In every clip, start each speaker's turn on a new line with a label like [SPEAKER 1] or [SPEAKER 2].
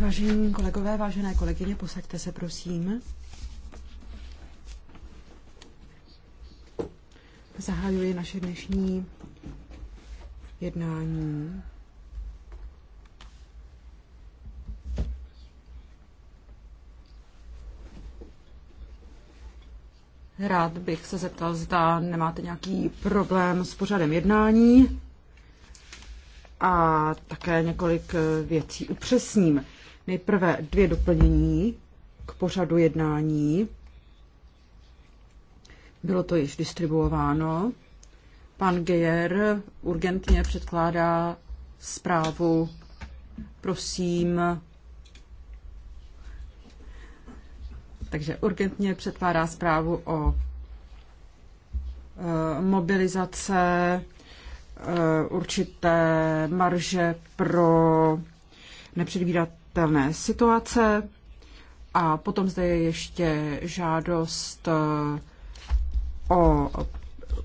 [SPEAKER 1] Vážení kolegové, vážené kolegyně, posaďte se, prosím. Zahajuji naše dnešní jednání. Rád bych se zeptal, zda nemáte nějaký problém s pořadem jednání a také několik eh, věcí upřesním. Nejprve dvě doplnění k pořadu jednání. Bylo to již distribuováno. Pan Geyer urgentně předkládá zprávu. Prosím. Takže urgentně předkládá zprávu o eh, mobilizace Eh, určité marže pro nepředvídatelné situace. A potom zde je ještě žádost eh, o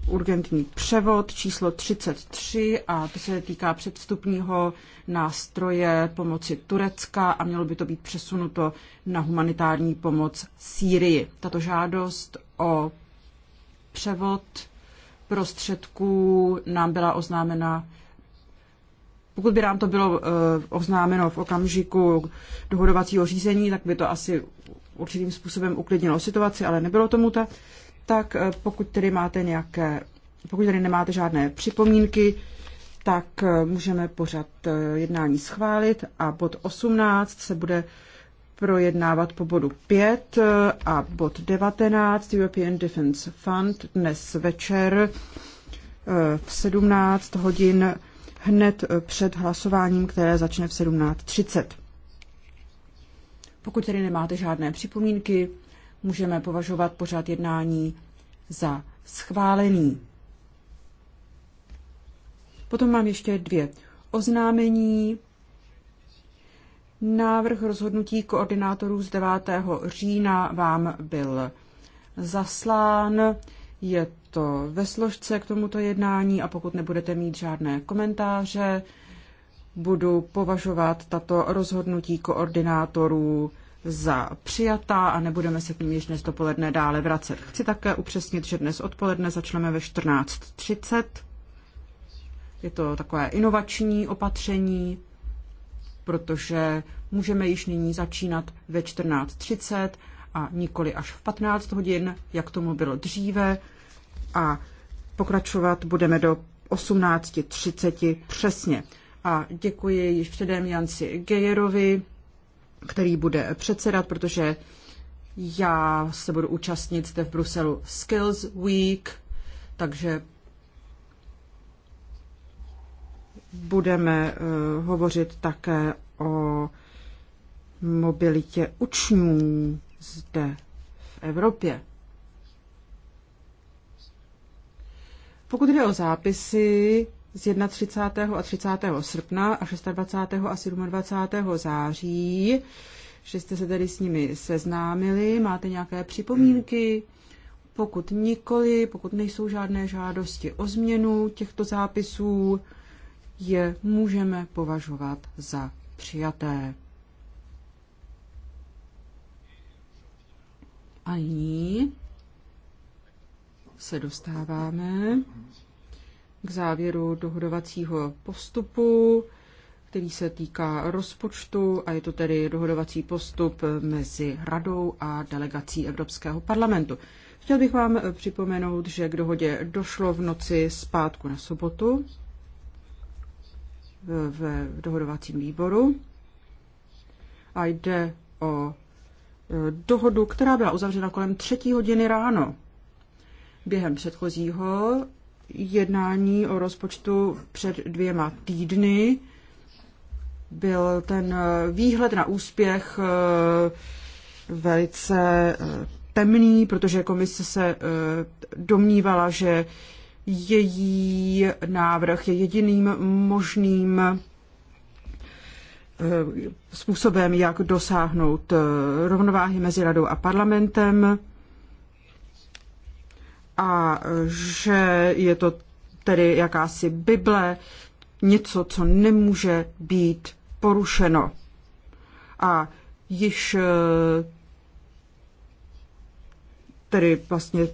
[SPEAKER 1] urgentní převod číslo 33 a to se týká předstupního nástroje pomoci Turecka a mělo by to být přesunuto na humanitární pomoc Sýrii. Tato žádost o převod prostředků nám byla oznámena pokud by nám to bylo eh, oznámeno v okamžiku dohodovacího řízení, tak by to asi určitým způsobem uklidnilo situaci, ale nebylo tomu tak. Tak eh, pokud tedy máte nějaké, pokud tedy nemáte žádné připomínky, tak eh, můžeme pořad jednání schválit a pod 18 se bude projednávat po bodu 5 eh, a bod 19 European Defence Fund dnes večer eh, v 17 hodin hned eh, před hlasováním, které začne v 17.30. Pokud tedy nemáte žádné připomínky, můžeme považovat pořád jednání za schválený. Potom mám ještě dvě oznámení. Návrh rozhodnutí koordinátorů z 9. října vám byl zaslán. Je to ve složce k tomuto jednání a pokud nebudete mít žádné komentáře, budu považovat tato rozhodnutí koordinátorů za přijatá a nebudeme se k ním již dnes dopoledne dále vracet. Chci také upřesnit, že dnes odpoledne začneme ve 14.30. Je to takové inovační opatření, protože můžeme již nyní začínat ve 14.30 a nikoli až v 15 hodin, jak tomu bylo dříve. A pokračovat budeme do 18.30 přesně. A děkuji již předem Janci Gejerovi, který bude předsedat, protože já se budu účastnit zde v Bruselu Skills Week, takže budeme eh, hovořit také o mobilitě učňů zde v Evropě. Pokud jde o zápisy z 31. a 30. srpna a 26. a 27. září, že jste se tedy s nimi seznámili, máte nějaké připomínky? Pokud nikoli, pokud nejsou žádné žádosti o změnu těchto zápisů, je můžeme považovat za přijaté. A nyní se dostáváme k závěru dohodovacího postupu, který se týká rozpočtu a je to tedy dohodovací postup mezi radou a delegací Evropského parlamentu. Chtěl bych vám připomenout, že k dohodě došlo v noci zpátku na sobotu v dohodovacím výboru a jde o e, dohodu, která byla uzavřena kolem třetí hodiny ráno. Během předchozího jednání o rozpočtu před dvěma týdny byl ten e, výhled na úspěch e, velice temný, protože komise se domnívala, že její návrh je jediným možným eh, způsobem, jak dosáhnout eh, rovnováhy mezi radou a parlamentem a že je to tedy jakási Bible, něco, co nemůže být porušeno. A již eh, tedy vlastně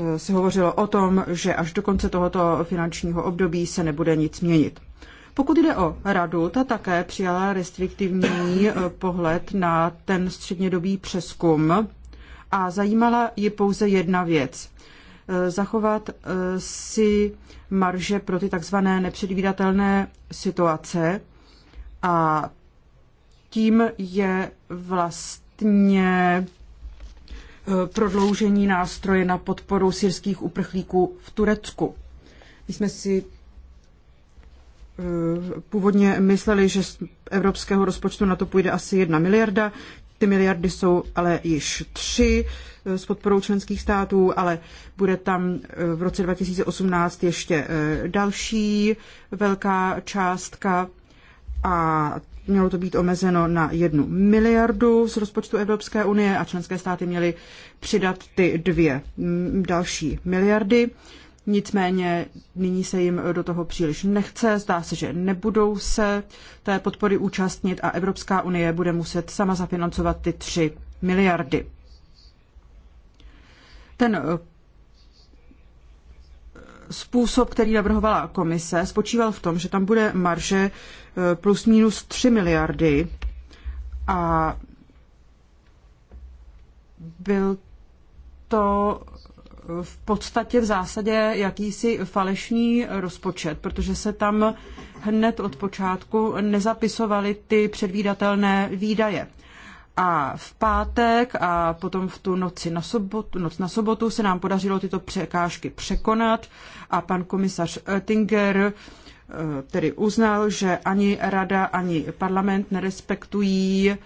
[SPEAKER 1] Eh, se hovořilo o tom, že až do konce tohoto finančního období se nebude nic měnit. Pokud jde o radu, ta také přijala restriktivní eh, pohled na ten střednědobý přeskum a zajímala ji pouze jedna věc. Eh, zachovat si marže pro ty takzvané nepředvídatelné situace a tím je vlastně Eh, prodloužení nástroje na podporu syrských uprchlíků v Turecku. My jsme si eh, původně mysleli, že z evropského rozpočtu na to půjde asi jedna miliarda. Ty miliardy jsou ale již tři eh, s podporou členských států, ale bude tam v roce 2018 ještě další velká částka a mělo to být omezeno na jednu miliardu z rozpočtu Evropské unie a členské státy měly přidat ty dvě další miliardy. Nicméně nyní se jim do toho příliš nechce, zdá se, že nebudou se té podpory účastnit a Evropská unie bude muset sama zafinancovat ty tři miliardy. Ten způsob, který navrhovala komise, spočíval v tom, že tam bude marže eh, plus minus 3 miliardy a byl to v podstatě v zásadě jakýsi falešný rozpočet, protože se tam hned od počátku nezapisovaly ty předvídatelné výdaje a v pátek a potom v tu noci na sobotu, noc na sobotu se nám podařilo tyto překážky překonat a pan komisař Oettinger eh, tedy uznal, že ani rada, ani parlament nerespektují eh,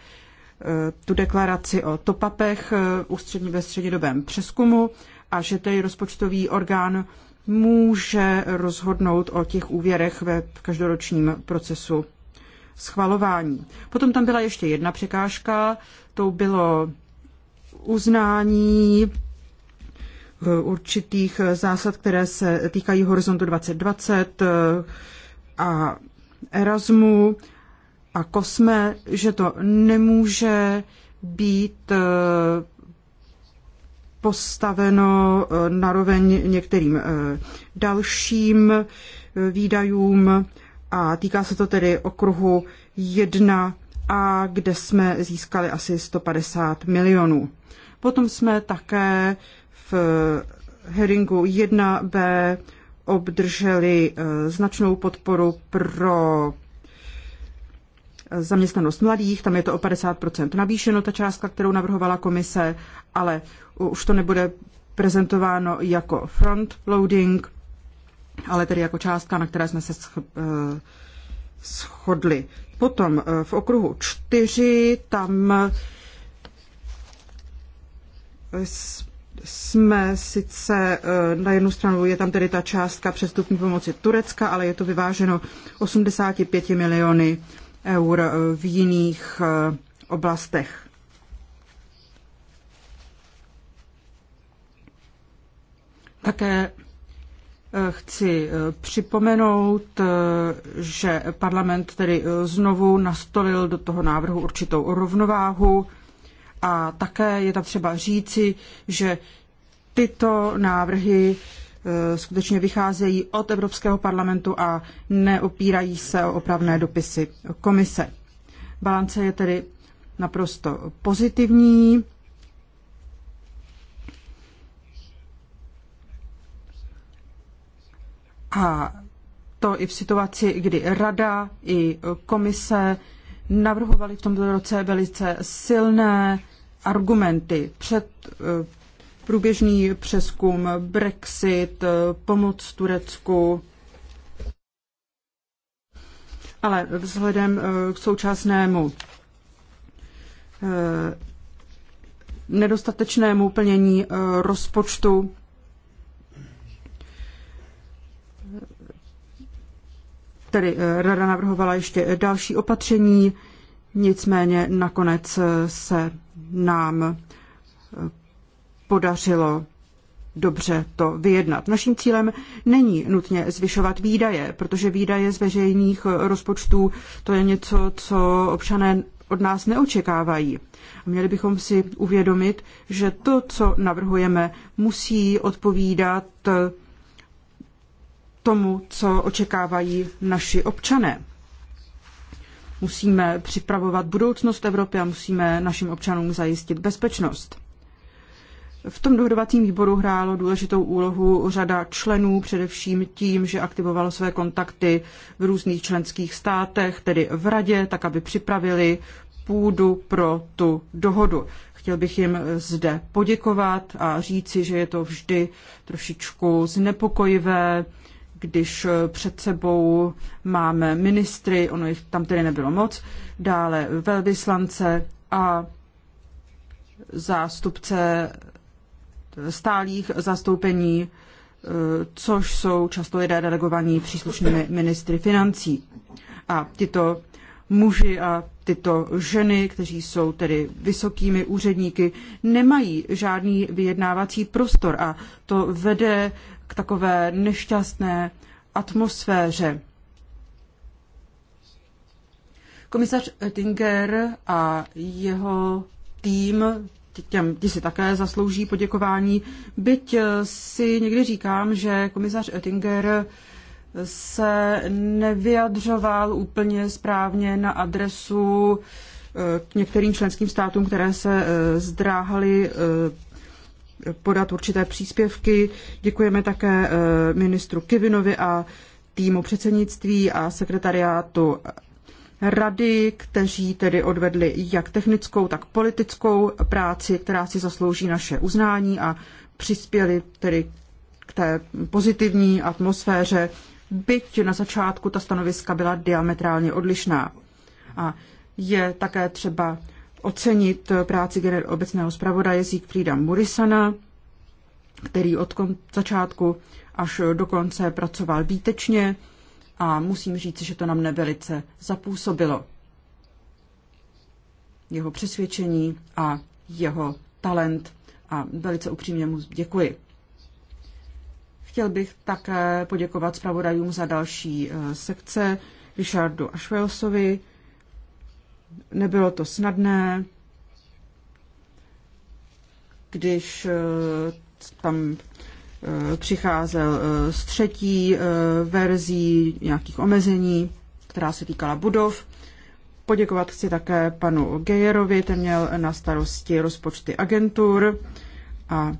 [SPEAKER 1] tu deklaraci o topapech eh, střední ve střednědobém přeskumu a že tedy rozpočtový orgán může rozhodnout o těch úvěrech ve každoročním procesu schvalování. Potom tam byla ještě jedna překážka, to bylo uznání eh, určitých eh, zásad, které se týkají Horizontu 2020 eh, a Erasmu a Kosme, že to nemůže být postaveno naroveň některým dalším výdajům a týká se to tedy okruhu 1 a kde jsme získali asi 150 milionů. Potom jsme také v heringu 1b obdrželi eh, značnou podporu pro zaměstnanost mladých, tam je to o 50% navýšeno, ta částka, kterou navrhovala komise, ale už to nebude prezentováno jako front loading, ale tedy jako částka, na které jsme se eh, shodli. Potom eh, v okruhu čtyři tam eh, jsme sice na jednu stranu je tam tedy ta částka přestupní pomoci Turecka, ale je to vyváženo 85 miliony eur v jiných oblastech. Také Chci eh, připomenout, eh, že parlament tedy eh, znovu nastolil do toho návrhu určitou rovnováhu a také je tam třeba říci, že tyto návrhy skutečně vycházejí od Evropského parlamentu a neopírají se o opravné dopisy komise. Balance je tedy naprosto pozitivní A to i v situaci, kdy rada i komise navrhovali v tomto roce velice silné argumenty před eh, průběžný přeskum, Brexit, eh, pomoc Turecku. Ale vzhledem eh, k současnému nedostatečnému plnění rozpočtu Tedy eh, rada navrhovala ještě další opatření, nicméně nakonec eh, se nám eh, podařilo dobře to vyjednat. Naším cílem není nutně zvyšovat výdaje, protože výdaje z veřejných rozpočtů to je něco, co občané od nás neočekávají. Měli bychom si uvědomit, že to, co navrhujeme, musí odpovídat tomu, co očekávají naši občané. Musíme připravovat budoucnost Evropy a musíme našim občanům zajistit bezpečnost. V tom dohodovacím výboru hrálo důležitou úlohu řada členů, především tím, že aktivoval své kontakty v různých členských státech, tedy v radě, tak aby připravili půdu pro tu dohodu. Chtěl bych jim zde poděkovat a říci, že je to vždy trošičku znepokojivé, když eh, před sebou máme ministry, ono jich tam tedy nebylo moc, dále velvyslance a zástupce stálých zastoupení, eh, což jsou často lidé delegovaní příslušnými ministry financí. A tyto muži a tyto ženy, kteří jsou tedy vysokými úředníky, nemají žádný vyjednávací prostor a to vede k takové nešťastné atmosféře. Komisař Oettinger a jeho tým, těm, ti si také zaslouží poděkování, byť eh, si někdy říkám, že komisař Oettinger se nevyjadřoval úplně správně na adresu eh, k některým členským státům, které se eh, zdráhaly podat určité příspěvky. Děkujeme také eh, ministru Kivinovi a týmu předsednictví a sekretariátu rady, kteří tedy odvedli jak technickou, tak politickou práci, která si zaslouží naše uznání a přispěli tedy k té pozitivní atmosféře, byť na začátku ta stanoviska byla diametrálně odlišná. A je také třeba ocenit práci obecného zpravodaje Siegfrieda Murisana, který od začátku až do konce pracoval výtečně a musím říct, že to na mne velice zapůsobilo. Jeho přesvědčení a jeho talent a velice upřímně mu děkuji. Chtěl bych také poděkovat zpravodajům za další eh, sekce Richardu Ashwellsovi, Nebylo to snadné, když eh, tam eh, přicházel z eh, třetí verzí nějakých omezení, která se týkala budov. Poděkovat chci také panu Gejerovi, ten měl na starosti rozpočty agentur a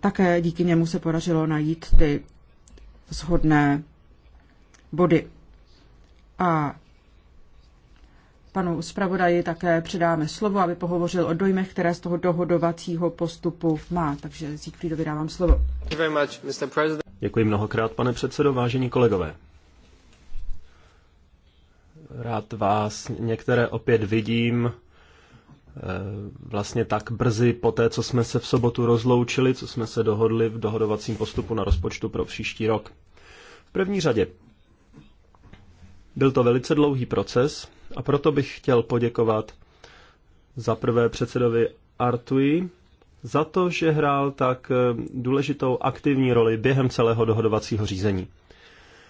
[SPEAKER 1] také díky němu se podařilo najít ty shodné body a panu zpravodaji také předáme slovo, aby pohovořil o dojmech, které z toho dohodovacího postupu má. Takže Siegfriedovi dávám slovo.
[SPEAKER 2] Děkuji mnohokrát, pane předsedo, vážení kolegové. Rád vás některé opět vidím eh, vlastně tak brzy po té, co jsme se v sobotu rozloučili, co jsme se dohodli v dohodovacím postupu na rozpočtu pro příští rok. V první řadě byl to velice dlouhý proces a proto bych chtěl poděkovat za prvé předsedovi Artui za to, že hrál tak eh, důležitou aktivní roli během celého dohodovacího řízení.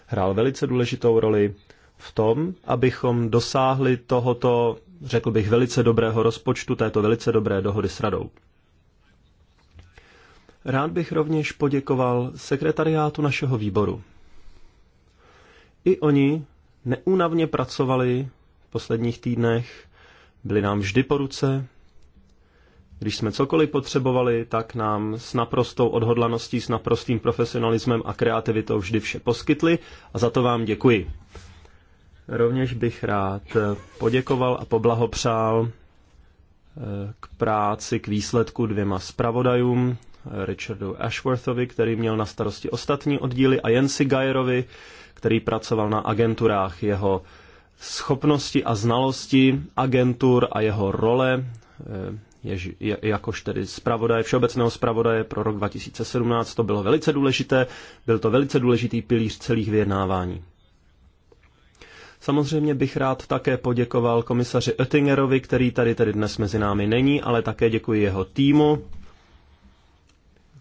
[SPEAKER 2] Hrál velice důležitou roli v tom, abychom dosáhli tohoto, řekl bych, velice dobrého rozpočtu, této velice dobré dohody s radou. Rád bych rovněž poděkoval sekretariátu našeho výboru. I oni neúnavně pracovali v posledních týdnech, byli nám vždy po ruce. Když jsme cokoliv potřebovali, tak nám s naprostou odhodlaností, s naprostým profesionalismem a kreativitou vždy vše poskytli a za to vám děkuji. Rovněž bych rád poděkoval a poblahopřál eh, k práci, k výsledku dvěma zpravodajům, Richardu Ashworthovi, který měl na starosti ostatní oddíly, a Jensi Gajerovi, který pracoval na agenturách. Jeho schopnosti a znalosti agentur a jeho role eh, jež, jakož tedy zpravodaje, všeobecného zpravodaje pro rok 2017, to bylo velice důležité, byl to velice důležitý pilíř celých vyjednávání. Samozřejmě bych rád také poděkoval komisaři Oettingerovi, který tady tedy dnes mezi námi není, ale také děkuji jeho týmu,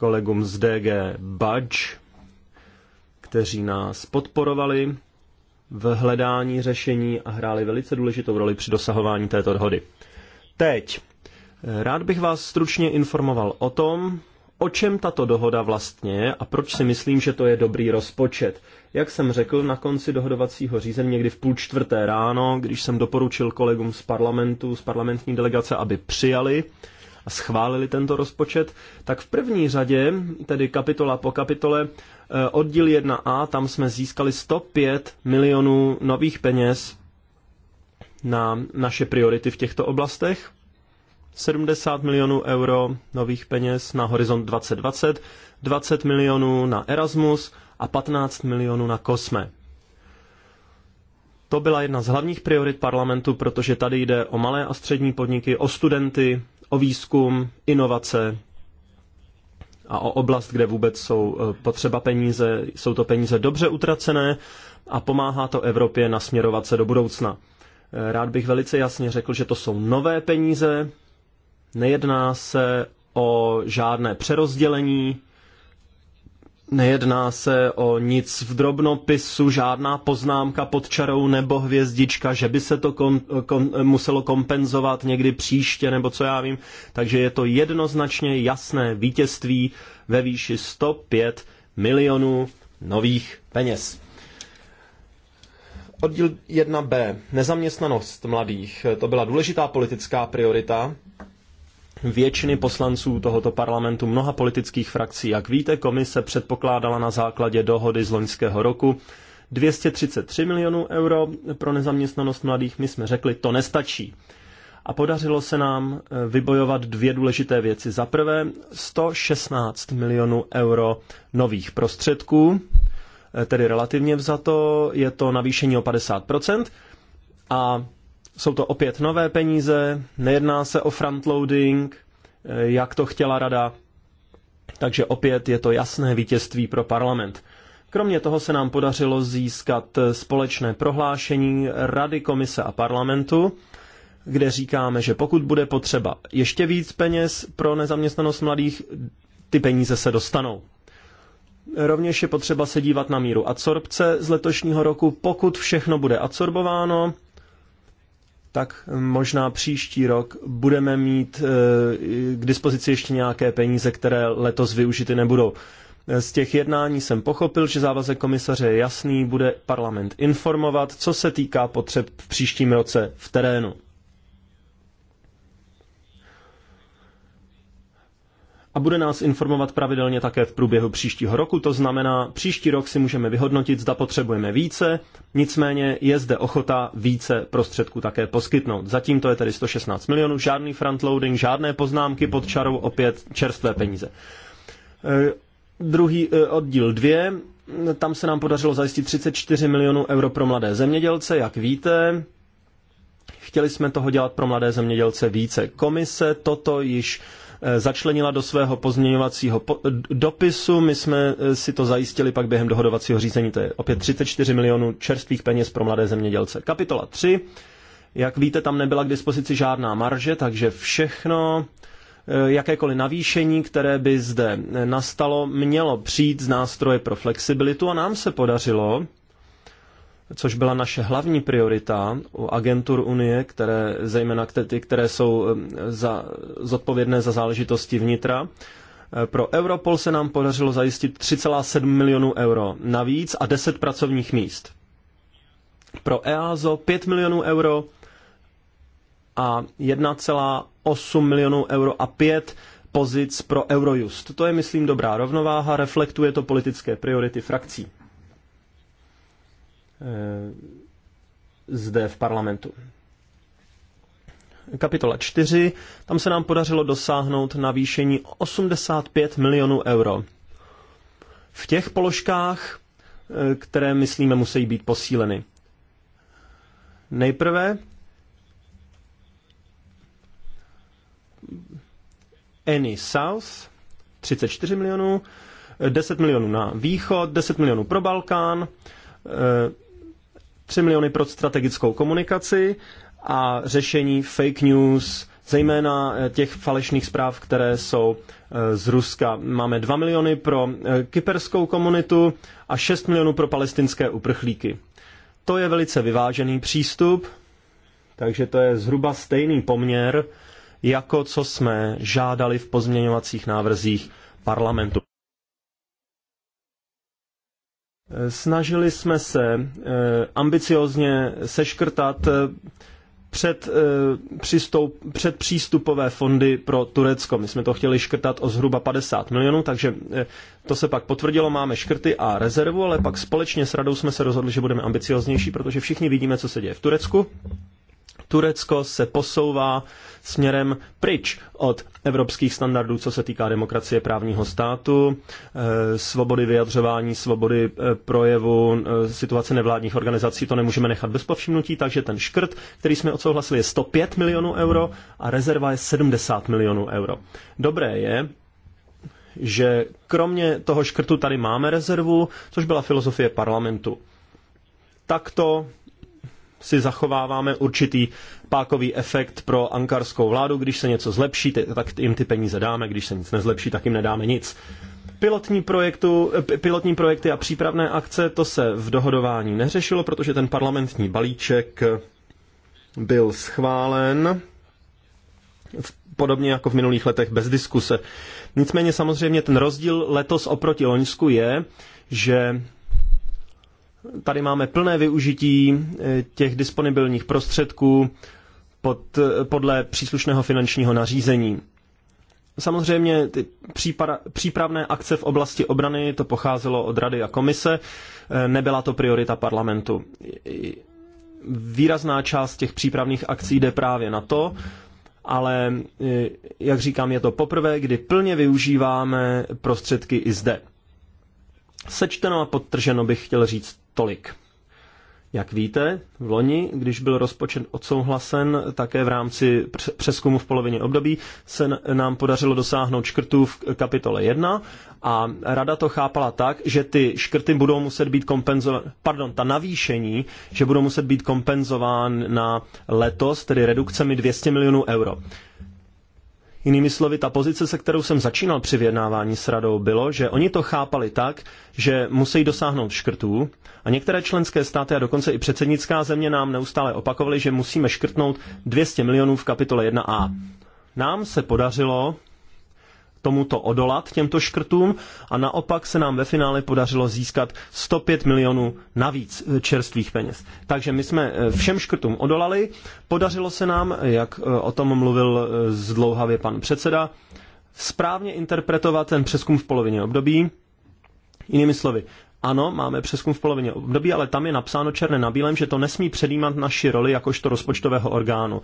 [SPEAKER 2] kolegům z DG Budge, kteří nás podporovali v hledání řešení a hráli velice důležitou roli při dosahování této dohody. Teď rád bych vás stručně informoval o tom, o čem tato dohoda vlastně je a proč si myslím, že to je dobrý rozpočet. Jak jsem řekl na konci dohodovacího řízení někdy v půl čtvrté ráno, když jsem doporučil kolegům z parlamentu, z parlamentní delegace, aby přijali a schválili tento rozpočet, tak v první řadě, tedy kapitola po kapitole, eh, oddíl 1a, tam jsme získali 105 milionů nových peněz na naše priority v těchto oblastech. 70 milionů euro nových peněz na Horizont 2020, 20 milionů na Erasmus a 15 milionů na Kosme. To byla jedna z hlavních priorit parlamentu, protože tady jde o malé a střední podniky, o studenty, o výzkum, inovace a o oblast, kde vůbec jsou eh, potřeba peníze. Jsou to peníze dobře utracené a pomáhá to Evropě nasměrovat se do budoucna. Eh, rád bych velice jasně řekl, že to jsou nové peníze, nejedná se o žádné přerozdělení, Nejedná se o nic v drobnopisu, žádná poznámka pod čarou nebo hvězdička, že by se to kon, kon, muselo kompenzovat někdy příště nebo co já vím. Takže je to jednoznačně jasné vítězství ve výši 105 milionů nových peněz. Oddíl 1b. Nezaměstnanost mladých. To byla důležitá politická priorita většiny poslanců tohoto parlamentu mnoha politických frakcí. Jak víte, komise předpokládala na základě dohody z loňského roku 233 milionů euro pro nezaměstnanost mladých. My jsme řekli, to nestačí. A podařilo se nám eh, vybojovat dvě důležité věci. Za prvé 116 milionů euro nových prostředků, eh, tedy relativně vzato je to navýšení o 50 a jsou to opět nové peníze, nejedná se o frontloading, eh, jak to chtěla rada, takže opět je to jasné vítězství pro parlament. Kromě toho se nám podařilo získat eh, společné prohlášení Rady, Komise a parlamentu, kde říkáme, že pokud bude potřeba ještě víc peněz pro nezaměstnanost mladých, ty peníze se dostanou. Rovněž je potřeba se dívat na míru adsorbce z letošního roku. Pokud všechno bude adsorbováno, tak možná příští rok budeme mít eh, k dispozici ještě nějaké peníze, které letos využity nebudou. Eh, z těch jednání jsem pochopil, že závazek komisaře je jasný, bude parlament informovat, co se týká potřeb v příštím roce v terénu. a bude nás informovat pravidelně také v průběhu příštího roku. To znamená, příští rok si můžeme vyhodnotit, zda potřebujeme více, nicméně je zde ochota více prostředků také poskytnout. Zatím to je tedy 116 milionů, žádný frontloading, žádné poznámky pod čarou, opět čerstvé peníze. E, druhý e, oddíl dvě. tam se nám podařilo zajistit 34 milionů euro pro mladé zemědělce, jak víte. Chtěli jsme toho dělat pro mladé zemědělce více. Komise toto již Eh, začlenila do svého pozměňovacího dopisu. My jsme eh, si to zajistili pak během dohodovacího řízení. To je opět 34 mhm. milionů čerstvých peněz pro mladé zemědělce. Kapitola 3. Jak víte, tam nebyla k dispozici žádná marže, takže všechno, eh, jakékoliv navýšení, které by zde nastalo, mělo přijít z nástroje pro flexibilitu a nám se podařilo což byla naše hlavní priorita u agentur Unie, které, zejména ty, které jsou eh, za, zodpovědné za záležitosti vnitra, eh, pro Europol se nám podařilo zajistit 3,7 milionů euro navíc a 10 pracovních míst. Pro EASO 5 milionů euro a 1,8 milionů euro a 5 pozic pro Eurojust. To je, myslím, dobrá rovnováha, reflektuje to politické priority frakcí. Eh, zde v parlamentu. Kapitola 4, tam se nám podařilo dosáhnout navýšení 85 milionů euro. V těch položkách, eh, které myslíme musí být posíleny. Nejprve Any South 34 milionů, 10 milionů na východ, 10 milionů pro Balkán, eh, 3 miliony pro strategickou komunikaci a řešení fake news, zejména eh, těch falešných zpráv, které jsou eh, z Ruska. Máme 2 miliony pro eh, kyperskou komunitu a 6 milionů pro palestinské uprchlíky. To je velice vyvážený přístup, takže to je zhruba stejný poměr, jako co jsme žádali v pozměňovacích návrzích parlamentu. Snažili jsme se eh, ambiciozně seškrtat eh, před, eh, přistoup, před přístupové fondy pro Turecko. My jsme to chtěli škrtat o zhruba 50 milionů, takže to se pak potvrdilo, máme škrty a rezervu, ale pak společně s radou jsme se rozhodli, že budeme ambicioznější, protože všichni vidíme, co se děje v Turecku. Turecko se posouvá směrem pryč od evropských standardů, co se týká demokracie právního státu, eh, svobody vyjadřování, svobody eh, projevu, eh, situace nevládních organizací, to nemůžeme nechat bez povšimnutí, takže ten škrt, který jsme odsouhlasili, je 105 milionů euro a rezerva je 70 milionů euro. Dobré je, že kromě toho škrtu tady máme rezervu, což byla filozofie parlamentu. Takto si zachováváme určitý pákový efekt pro ankarskou vládu. Když se něco zlepší, tak jim ty peníze dáme, když se nic nezlepší, tak jim nedáme nic. Pilotní, projektu, eh, pilotní projekty a přípravné akce, to se v dohodování neřešilo, protože ten parlamentní balíček byl schválen v podobně jako v minulých letech bez diskuse. Nicméně samozřejmě ten rozdíl letos oproti Loňsku je, že Tady máme plné využití eh, těch disponibilních prostředků pod, eh, podle příslušného finančního nařízení. Samozřejmě ty přípara, přípravné akce v oblasti obrany, to pocházelo od Rady a komise, eh, nebyla to priorita parlamentu. Výrazná část těch přípravných akcí jde právě na to, ale jak říkám, je to poprvé, kdy plně využíváme prostředky i zde. Sečteno a podtrženo bych chtěl říct tolik. Jak víte, v loni, když byl rozpočet odsouhlasen také v rámci přeskumu v polovině období, se nám podařilo dosáhnout škrtů v kapitole 1 a rada to chápala tak, že ty škrty budou muset být kompenzovány, pardon, ta navýšení, že budou muset být kompenzovány na letos, tedy redukcemi 200 milionů euro. Jinými slovy, ta pozice, se kterou jsem začínal při vyjednávání s radou, bylo, že oni to chápali tak, že musí dosáhnout škrtů a některé členské státy a dokonce i předsednická země nám neustále opakovali, že musíme škrtnout 200 milionů v kapitole 1a. Nám se podařilo tomuto odolat, těmto škrtům, a naopak se nám ve finále podařilo získat 105 milionů navíc eh, čerstvých peněz. Takže my jsme eh, všem škrtům odolali, podařilo se nám, eh, jak o tom mluvil zdlouhavě pan předseda, správně interpretovat ten přeskum v polovině období. Jinými slovy, ano, máme přeskum v polovině období, ale tam je napsáno černé na bílém, že to nesmí předjímat naši roli jakožto rozpočtového orgánu.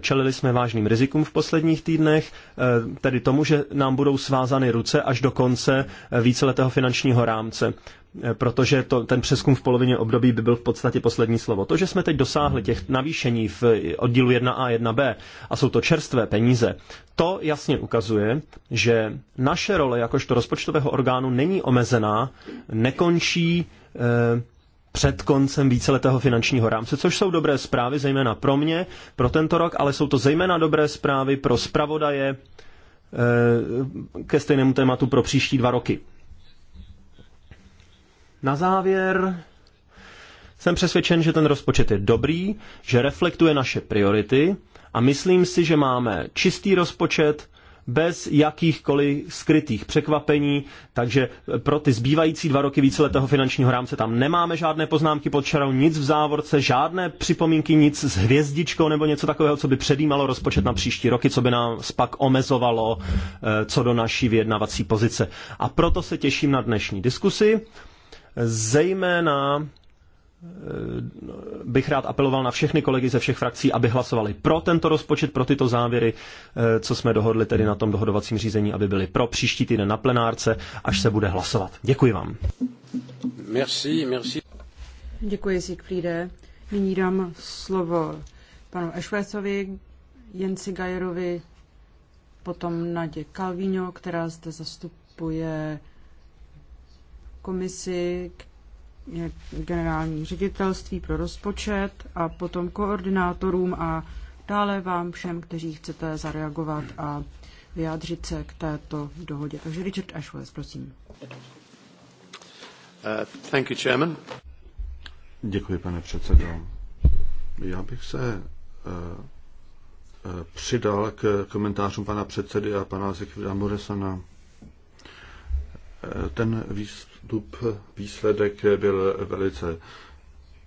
[SPEAKER 2] Čelili jsme vážným rizikům v posledních týdnech, eh, tedy tomu, že nám budou svázány ruce až do konce eh, víceletého finančního rámce. Eh, protože to, ten přeskum v polovině období by byl v podstatě poslední slovo. To, že jsme teď dosáhli těch navýšení v oddílu 1a, 1b a jsou to čerstvé peníze, to jasně ukazuje, že naše role jakožto rozpočtového orgánu není omezená, nekončí eh, před koncem víceletého finančního rámce, což jsou dobré zprávy zejména pro mě, pro tento rok, ale jsou to zejména dobré zprávy pro zpravodaje, eh, ke stejnému tématu pro příští dva roky. Na závěr jsem přesvědčen, že ten rozpočet je dobrý, že reflektuje naše priority a myslím si, že máme čistý rozpočet bez jakýchkoliv skrytých překvapení, takže pro ty zbývající dva roky víceletého finančního rámce tam nemáme žádné poznámky pod čarou, nic v závorce, žádné připomínky, nic s hvězdičkou nebo něco takového, co by předjímalo rozpočet na příští roky, co by nám pak omezovalo eh, co do naší vyjednavací pozice. A proto se těším na dnešní diskusi Zejména eh, bych rád apeloval na všechny kolegy ze všech frakcí, aby hlasovali pro tento rozpočet, pro tyto závěry, eh, co jsme dohodli tedy na tom dohodovacím řízení, aby byli pro příští týden na plenárce, až se bude hlasovat. Děkuji vám.
[SPEAKER 1] Merci, merci. Děkuji, Siegfriede. Nyní dám slovo panu Ešvécovi, Jenci Gajerovi, potom Nadě Kalvíňo, která zde zastupuje komisi, generální ředitelství pro rozpočet a potom koordinátorům a dále vám všem, kteří chcete zareagovat a vyjádřit se k této dohodě. Takže Richard Ashworth, prosím. Uh,
[SPEAKER 2] thank you, Chairman.
[SPEAKER 3] Děkuji, pane předsedo. Já bych se uh, uh, přidal k komentářům pana předsedy a pana Moresana. Uh, Ten výstup postup, výsledek byl velice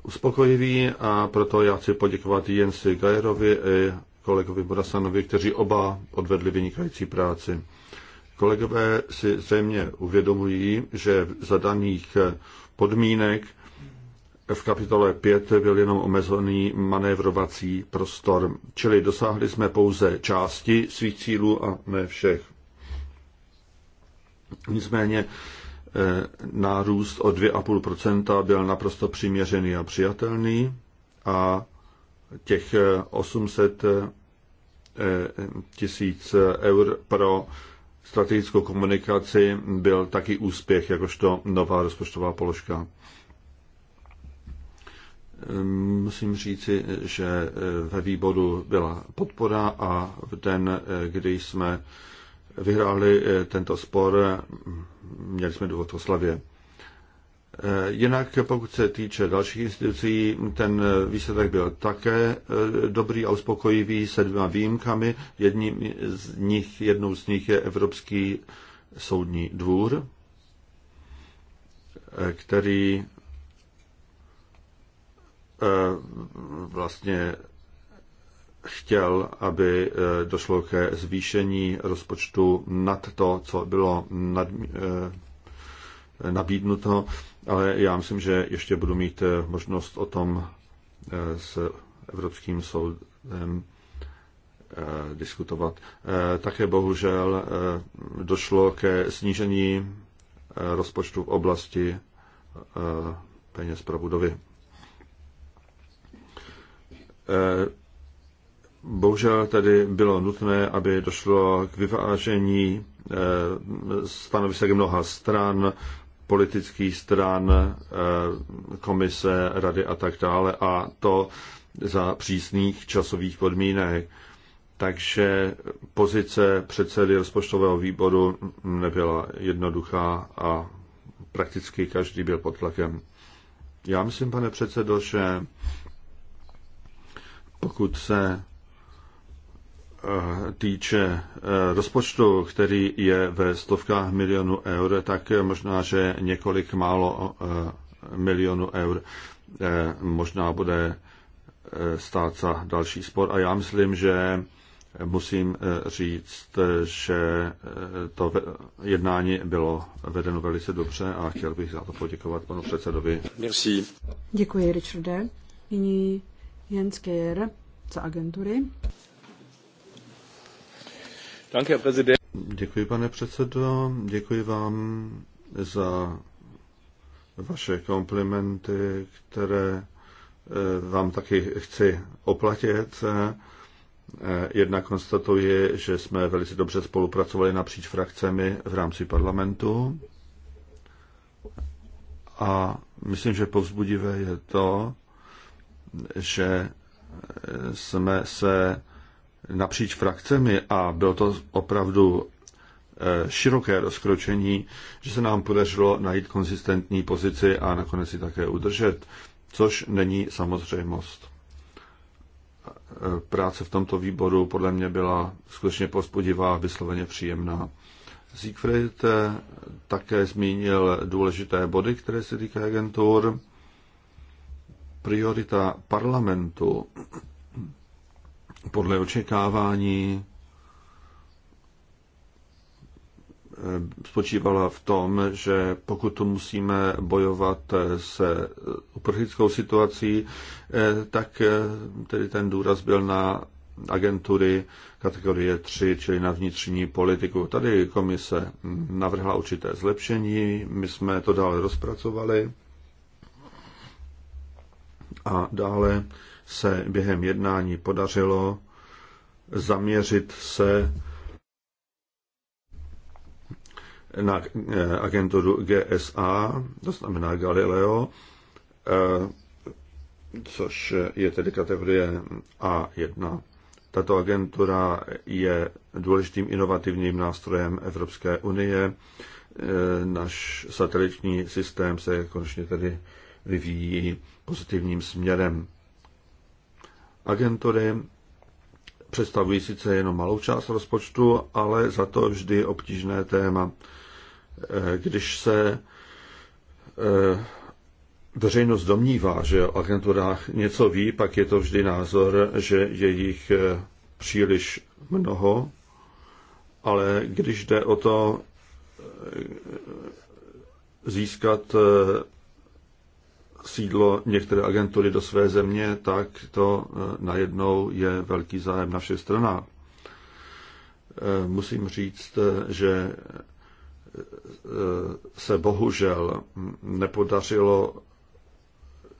[SPEAKER 3] uspokojivý a proto já chci poděkovat Jensi Gajerovi i kolegovi Borasanovi, kteří oba odvedli vynikající práci. Kolegové si zřejmě uvědomují, že za daných podmínek v kapitole 5 byl jenom omezený manévrovací prostor, čili dosáhli jsme pouze části svých cílů a ne všech. Nicméně Eh, nárůst o 2,5 byl naprosto přiměřený a přijatelný a těch 800 eh, eh, tisíc eur pro strategickou komunikaci byl taky úspěch, jakožto nová rozpočtová položka. Ehm, musím říci, že ve výboru byla podpora a v den, kdy jsme vyhráli eh, tento spor, měli jsme důvod k oslavě. Eh, jinak pokud se týče dalších institucí, ten eh, výsledek byl také dobrý a uspokojivý se dvěma výjimkami. Jedním z nich, jednou z nich je Evropský soudní dvůr, který vlastně chtěl, aby eh, došlo ke zvýšení rozpočtu nad to, co bylo nad, eh, nabídnuto, ale já myslím, že ještě budu mít eh, možnost o tom s Evropským soudem diskutovat. Také bohužel došlo ke snížení rozpočtu v oblasti peněz pro budovy. Bohužel tedy bylo nutné, aby došlo k vyvážení eh, stanovisek mnoha stran, politických stran, eh, komise, rady a tak dále a to za přísných časových podmínek. Takže pozice předsedy rozpočtového výboru nebyla jednoduchá a prakticky každý byl pod tlakem. Já myslím, pane předsedo, že pokud se Eh, týče eh, rozpočtu, který je ve stovkách milionů eur, tak možná, že několik málo eh, milionů eur možná bude stát za další spor. A já myslím, že musím říct, že to jednání bylo vedeno velice dobře a chtěl bych za to poděkovat panu předsedovi. Merci.
[SPEAKER 1] Děkuji, Richarde. Nyní Jens Kejer za agentury.
[SPEAKER 3] Děkuji, pane předsedo. Děkuji vám za vaše komplimenty, které eh, vám taky chci oplatit. Eh, jedna konstatuji, že jsme velice dobře spolupracovali napříč frakcemi v rámci parlamentu. A myslím, že povzbudivé je to, že eh, jsme se napříč frakcemi a bylo to opravdu eh, široké rozkročení, že se nám podařilo najít konzistentní pozici a nakonec ji také udržet, což není samozřejmost. Eh, práce v tomto výboru podle mě byla skutečně pospodivá a vysloveně příjemná. Siegfried eh, také zmínil důležité body, které se týkají agentur. Priorita parlamentu podle očekávání eh, spočívala v tom, že pokud tu musíme bojovat eh, se uprchlickou situací, eh, tak tedy ten důraz byl na agentury kategorie 3, čili na vnitřní politiku. Tady komise navrhla určité zlepšení, my jsme to dále rozpracovali a dále se během jednání podařilo zaměřit se na eh, agenturu GSA, to znamená Galileo, eh, což je tedy kategorie A1. Tato agentura je důležitým inovativním nástrojem Evropské unie. Eh, náš satelitní systém se konečně tedy vyvíjí pozitivním směrem. Agentury představují sice jenom malou část rozpočtu, ale za to vždy obtížné téma. Eh, když se eh, veřejnost domnívá, že o agenturách něco ví, pak je to vždy názor, že je jich eh, příliš mnoho, ale když jde o to získat sídlo některé agentury do své země, tak to eh, najednou je velký zájem na všech stranách. Eh, musím říct, eh, že se bohužel nepodařilo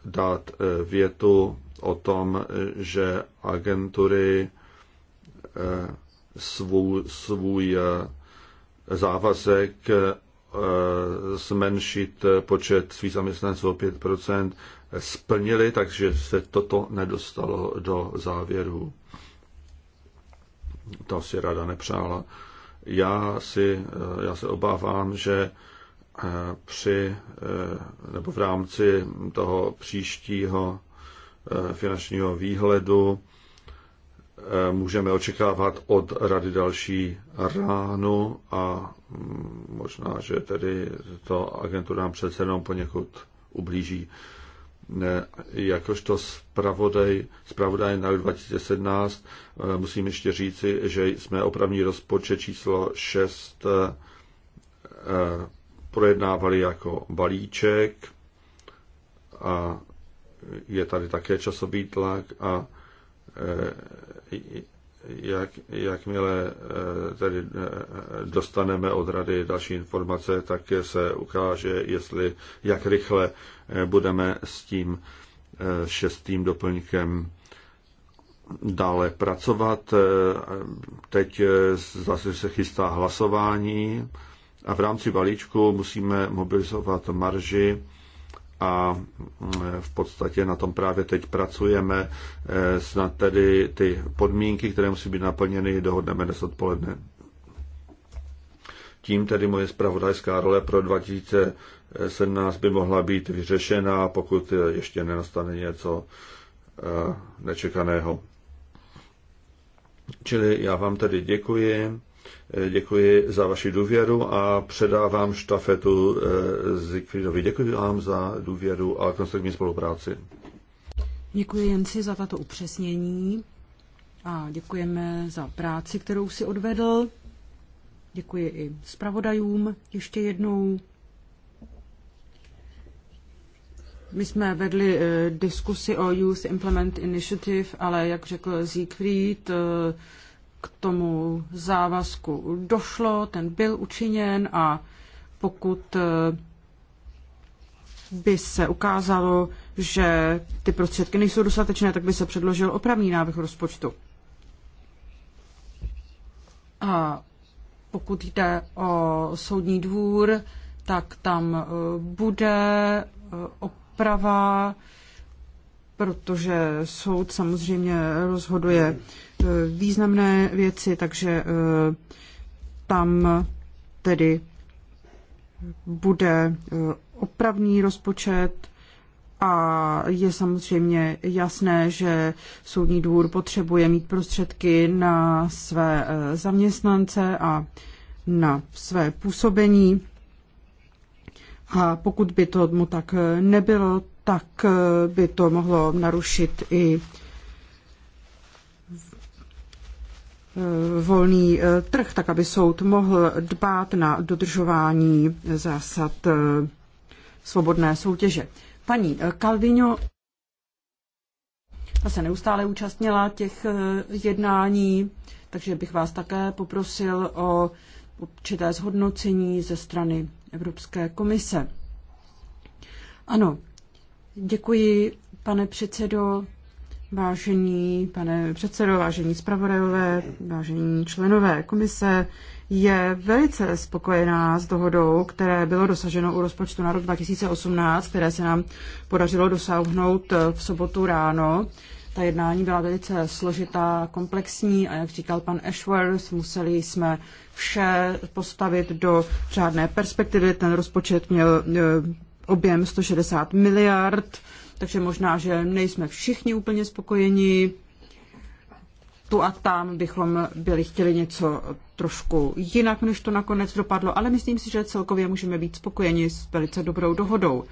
[SPEAKER 3] dát větu o tom, že agentury svůj, svůj závazek Eh, zmenšit počet svých zaměstnanců o 5 splnili, takže se toto nedostalo do závěru. To si rada nepřála. Já, si, eh, já se obávám, že eh, při nebo v rámci toho příštího finančního výhledu můžeme očekávat od rady další ránu a možná, že tedy to agentura nám přece jenom poněkud ublíží. Ne, jakožto zpravodaj, zpravodaj na 2017 eh, musím ještě říci, že jsme opravní rozpočet číslo 6 eh, projednávali jako balíček a je tady také časový tlak a Eh, jak, jakmile eh, tedy eh, dostaneme od rady další informace, tak se ukáže, jestli, jak rychle budeme s tím šestým doplňkem dále pracovat. Teď zase se chystá hlasování a v rámci balíčku musíme mobilizovat marži a mm, v podstatě na tom právě teď pracujeme. Eh, snad tedy ty podmínky, které musí být naplněny, dohodneme dnes odpoledne. Tím tedy moje zpravodajská role pro 2017 by mohla být vyřešena, pokud ještě nenastane něco eh, nečekaného. Čili já vám tedy děkuji Děkuji za vaši důvěru a předávám štafetu eh, Zikvidovi. Děkuji vám za důvěru a konstruktivní spolupráci.
[SPEAKER 1] Děkuji Jenci za tato upřesnění a děkujeme za práci, kterou si odvedl. Děkuji i zpravodajům ještě jednou. My jsme vedli eh, diskusi o Youth Implement Initiative, ale jak řekl Siegfried, eh, k tomu závazku došlo, ten byl učiněn a pokud eh, by se ukázalo, že ty prostředky nejsou dostatečné, tak by se předložil opravný návrh rozpočtu. A pokud jde o soudní dvůr, tak tam eh, bude eh, oprava, protože soud samozřejmě rozhoduje významné věci, takže eh, tam tedy bude eh, opravný rozpočet a je samozřejmě jasné, že soudní dvůr potřebuje mít prostředky na své eh, zaměstnance a na své působení. A pokud by to mu tak nebylo, tak by to mohlo narušit i Eh, volný eh, trh, tak aby soud mohl dbát na dodržování zásad eh, svobodné soutěže. Paní Kalvino, ta se neustále účastnila těch jednání, takže bych vás také poprosil o určité zhodnocení ze strany Evropské komise. Ano, děkuji, pane předsedo. Vážení pane předsedo, vážení zpravodajové, vážení členové komise, je velice spokojená s dohodou, které bylo dosaženo u rozpočtu na rok 2018, které se nám podařilo dosáhnout v sobotu ráno. Ta jednání byla velice složitá, komplexní a jak říkal pan Ashworth, museli jsme vše postavit do řádné perspektivy. Ten rozpočet měl eh, objem 160 miliard takže možná, že nejsme všichni úplně spokojeni. Tu a tam bychom byli chtěli něco trošku jinak, než to nakonec dopadlo, ale myslím si, že celkově můžeme být spokojeni s velice dobrou dohodou.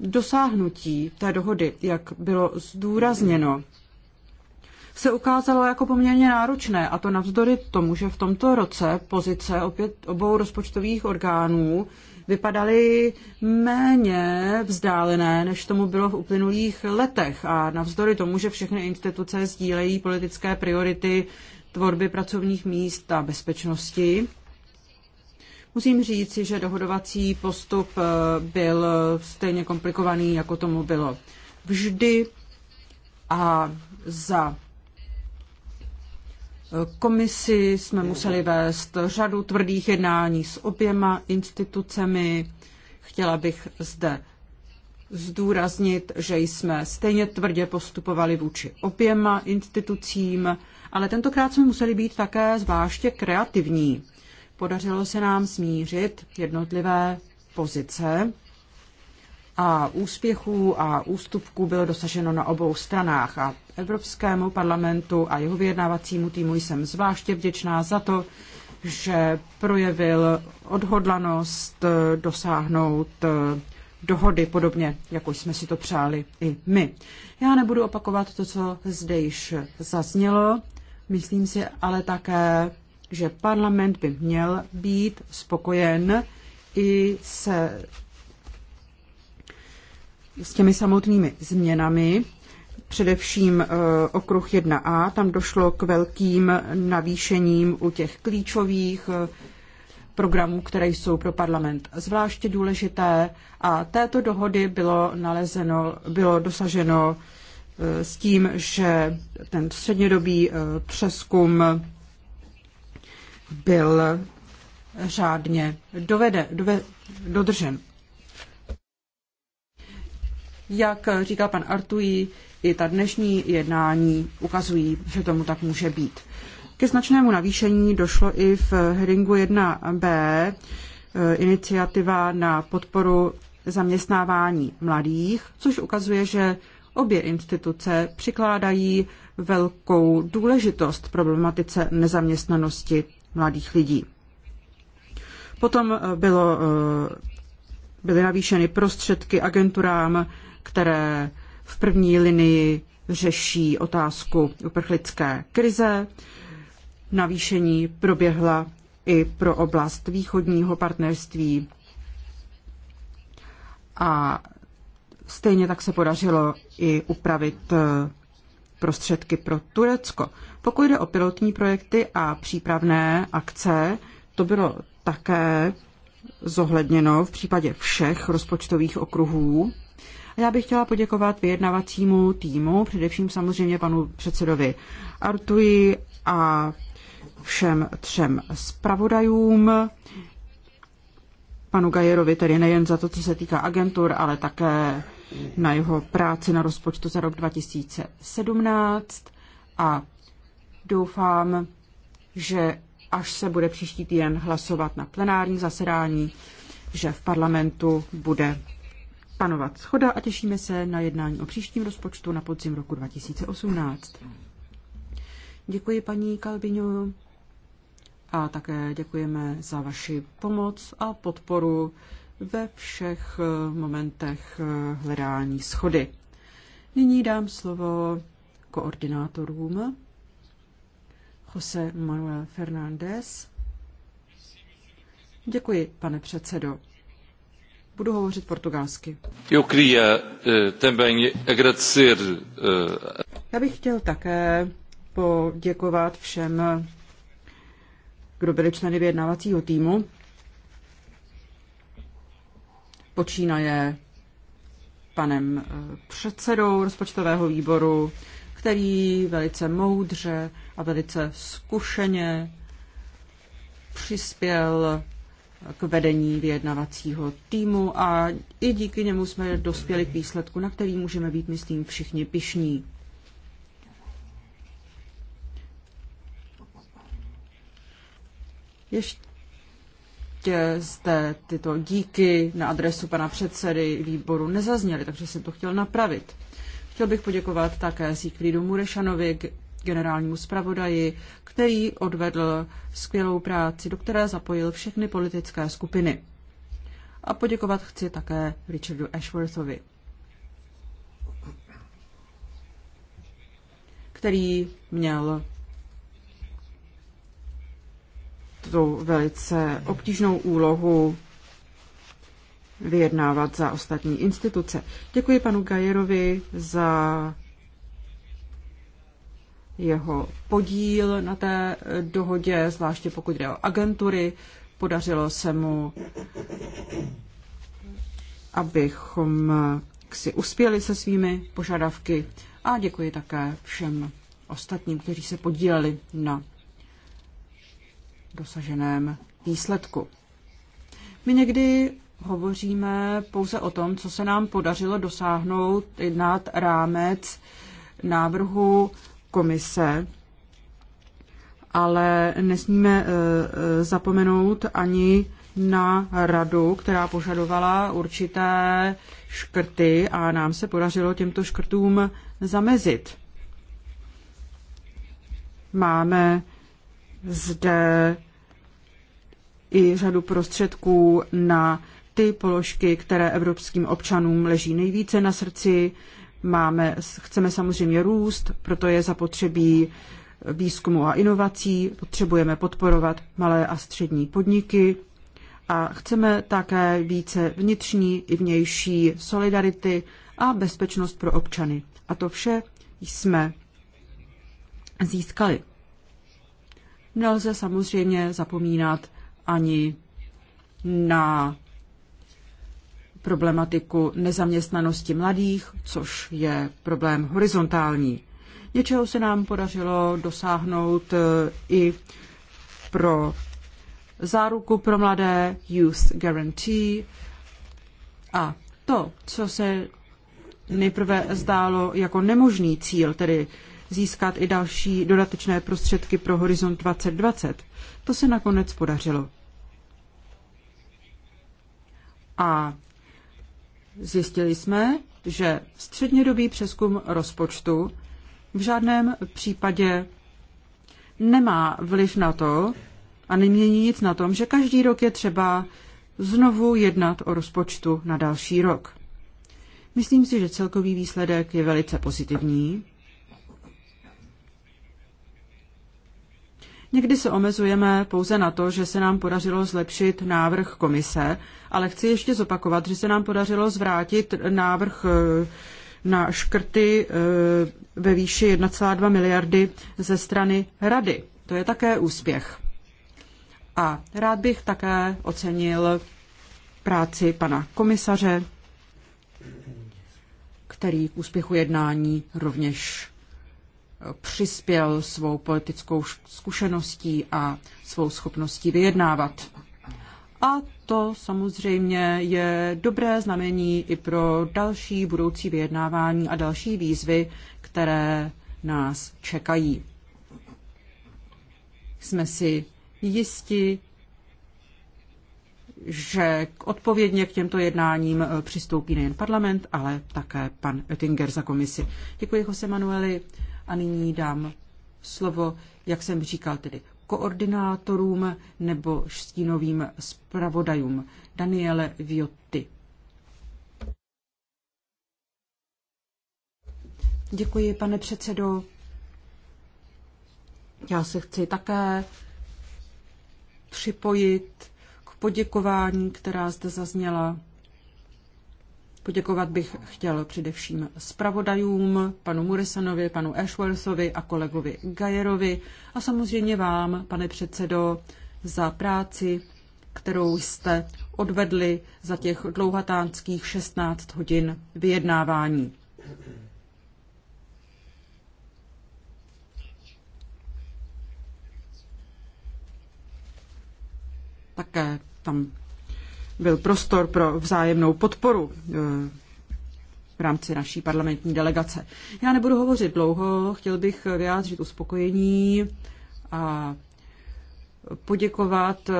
[SPEAKER 1] Dosáhnutí té dohody, jak bylo zdůrazněno, se ukázalo jako poměrně náročné a to navzdory tomu, že v tomto roce pozice opět obou rozpočtových orgánů vypadaly méně vzdálené, než tomu bylo v uplynulých letech. A navzdory tomu, že všechny instituce sdílejí politické priority tvorby pracovních míst a bezpečnosti, Musím říci, že dohodovací postup eh, byl stejně komplikovaný, jako tomu bylo vždy. A za komisi jsme museli vést řadu tvrdých jednání s oběma institucemi. Chtěla bych zde zdůraznit, že jsme stejně tvrdě postupovali vůči oběma institucím, ale tentokrát jsme museli být také zvláště kreativní. Podařilo se nám smířit jednotlivé pozice a úspěchů a ústupků bylo dosaženo na obou stranách a Evropskému parlamentu a jeho vyjednávacímu týmu jsem zvláště vděčná za to, že projevil odhodlanost eh, dosáhnout eh, dohody, podobně jako jsme si to přáli i my. Já nebudu opakovat to, co zde již zaznělo, myslím si ale také, že parlament by měl být spokojen i se s těmi samotnými změnami, především eh, okruh 1a, tam došlo k velkým navýšením u těch klíčových eh, programů, které jsou pro parlament zvláště důležité a této dohody bylo nalezeno, bylo dosaženo eh, s tím, že ten střednědobý přeskum byl řádně dovede, dove, dodržen. Jak říkal pan Artují, i ta dnešní jednání ukazují, že tomu tak může být. Ke značnému navýšení došlo i v heringu 1b eh, iniciativa na podporu zaměstnávání mladých, což ukazuje, že obě instituce přikládají velkou důležitost problematice nezaměstnanosti mladých lidí. Potom eh, bylo, eh, byly navýšeny prostředky agenturám které v první linii řeší otázku uprchlické krize. Navýšení proběhla i pro oblast východního partnerství a stejně tak se podařilo i upravit eh, prostředky pro Turecko. Pokud jde o pilotní projekty a přípravné akce, to bylo také zohledněno v případě všech rozpočtových okruhů. A Já bych chtěla poděkovat vyjednavacímu týmu, především samozřejmě panu předsedovi Artuji a všem třem zpravodajům, panu Gajerovi tedy nejen za to, co se týká agentur, ale také na jeho práci na rozpočtu za rok 2017 a doufám, že až se bude příští týden hlasovat na plenární zasedání, že v parlamentu bude panovat schoda a těšíme se na jednání o příštím rozpočtu na podzim roku 2018. Děkuji paní Kalbiňu a také děkujeme za vaši pomoc a podporu ve všech eh, momentech eh, hledání schody. Nyní dám slovo koordinátorům. Jose Manuel Fernández. Děkuji, pane předsedo. Budu hovořit portugalsky.
[SPEAKER 3] Eu queria eh, eh,
[SPEAKER 1] Já bych chtěl také poděkovat všem, kdo byli členy vyjednávacího týmu. Počínaje panem eh, předsedou rozpočtového výboru, který velice moudře a velice zkušeně přispěl k vedení vyjednavacího týmu a i díky němu jsme dospěli k výsledku, na který můžeme být, myslím, všichni pišní. Ještě zde tyto díky na adresu pana předsedy výboru nezazněly, takže jsem to chtěl napravit. Chtěl bych poděkovat také Siegfriedu Murešanovi, generálnímu zpravodaji, který odvedl skvělou práci, do které zapojil všechny politické skupiny. A poděkovat chci také Richardu Ashworthovi, který měl tu velice obtížnou úlohu vyjednávat za ostatní instituce. Děkuji panu Gajerovi za jeho podíl na té eh, dohodě, zvláště pokud jde o agentury. Podařilo se mu, abychom eh, si uspěli se svými požadavky a děkuji také všem ostatním, kteří se podíleli na dosaženém výsledku. My někdy hovoříme pouze o tom, co se nám podařilo dosáhnout nad rámec návrhu komise, ale nesmíme eh, eh, zapomenout ani na radu, která požadovala určité škrty a nám se podařilo těmto škrtům zamezit. Máme zde i řadu prostředků na ty položky, které evropským občanům leží nejvíce na srdci, Máme, chceme samozřejmě růst, proto je zapotřebí výzkumu a inovací, potřebujeme podporovat malé a střední podniky a chceme také více vnitřní i vnější solidarity a bezpečnost pro občany. A to vše jsme získali. Nelze samozřejmě zapomínat ani na problematiku nezaměstnanosti mladých, což je problém horizontální. Něčeho se nám podařilo dosáhnout e, i pro záruku pro mladé, Youth Guarantee. A to, co se nejprve zdálo jako nemožný cíl, tedy získat i další dodatečné prostředky pro Horizont 2020, to se nakonec podařilo. A Zjistili jsme, že střednědobý přeskum rozpočtu v žádném případě nemá vliv na to a nemění nic na tom, že každý rok je třeba znovu jednat o rozpočtu na další rok. Myslím si, že celkový výsledek je velice pozitivní Někdy se omezujeme pouze na to, že se nám podařilo zlepšit návrh komise, ale chci ještě zopakovat, že se nám podařilo zvrátit návrh eh, na škrty eh, ve výši 1,2 miliardy ze strany Rady. To je také úspěch. A rád bych také ocenil práci pana komisaře, který k úspěchu jednání rovněž přispěl svou politickou zkušeností a svou schopností vyjednávat. A to samozřejmě je dobré znamení i pro další budoucí vyjednávání a další výzvy, které nás čekají. Jsme si jisti, že odpovědně k těmto jednáním eh, přistoupí nejen parlament, ale také pan Oettinger za komisi. Děkuji, Jose Manueli. A nyní dám slovo, jak jsem říkal tedy, koordinátorům nebo štínovým zpravodajům. Daniele Viotti. Děkuji, pane předsedo. Já se chci také připojit k poděkování, která zde zazněla Poděkovat bych chtěl především zpravodajům, panu Muresanovi, panu Ashworthovi a kolegovi Gajerovi a samozřejmě vám, pane předsedo, za práci, kterou jste odvedli za těch dlouhatánských 16 hodin vyjednávání. Také tam byl prostor pro vzájemnou podporu eh, v rámci naší parlamentní delegace. Já nebudu hovořit dlouho, chtěl bych vyjádřit uspokojení a poděkovat eh,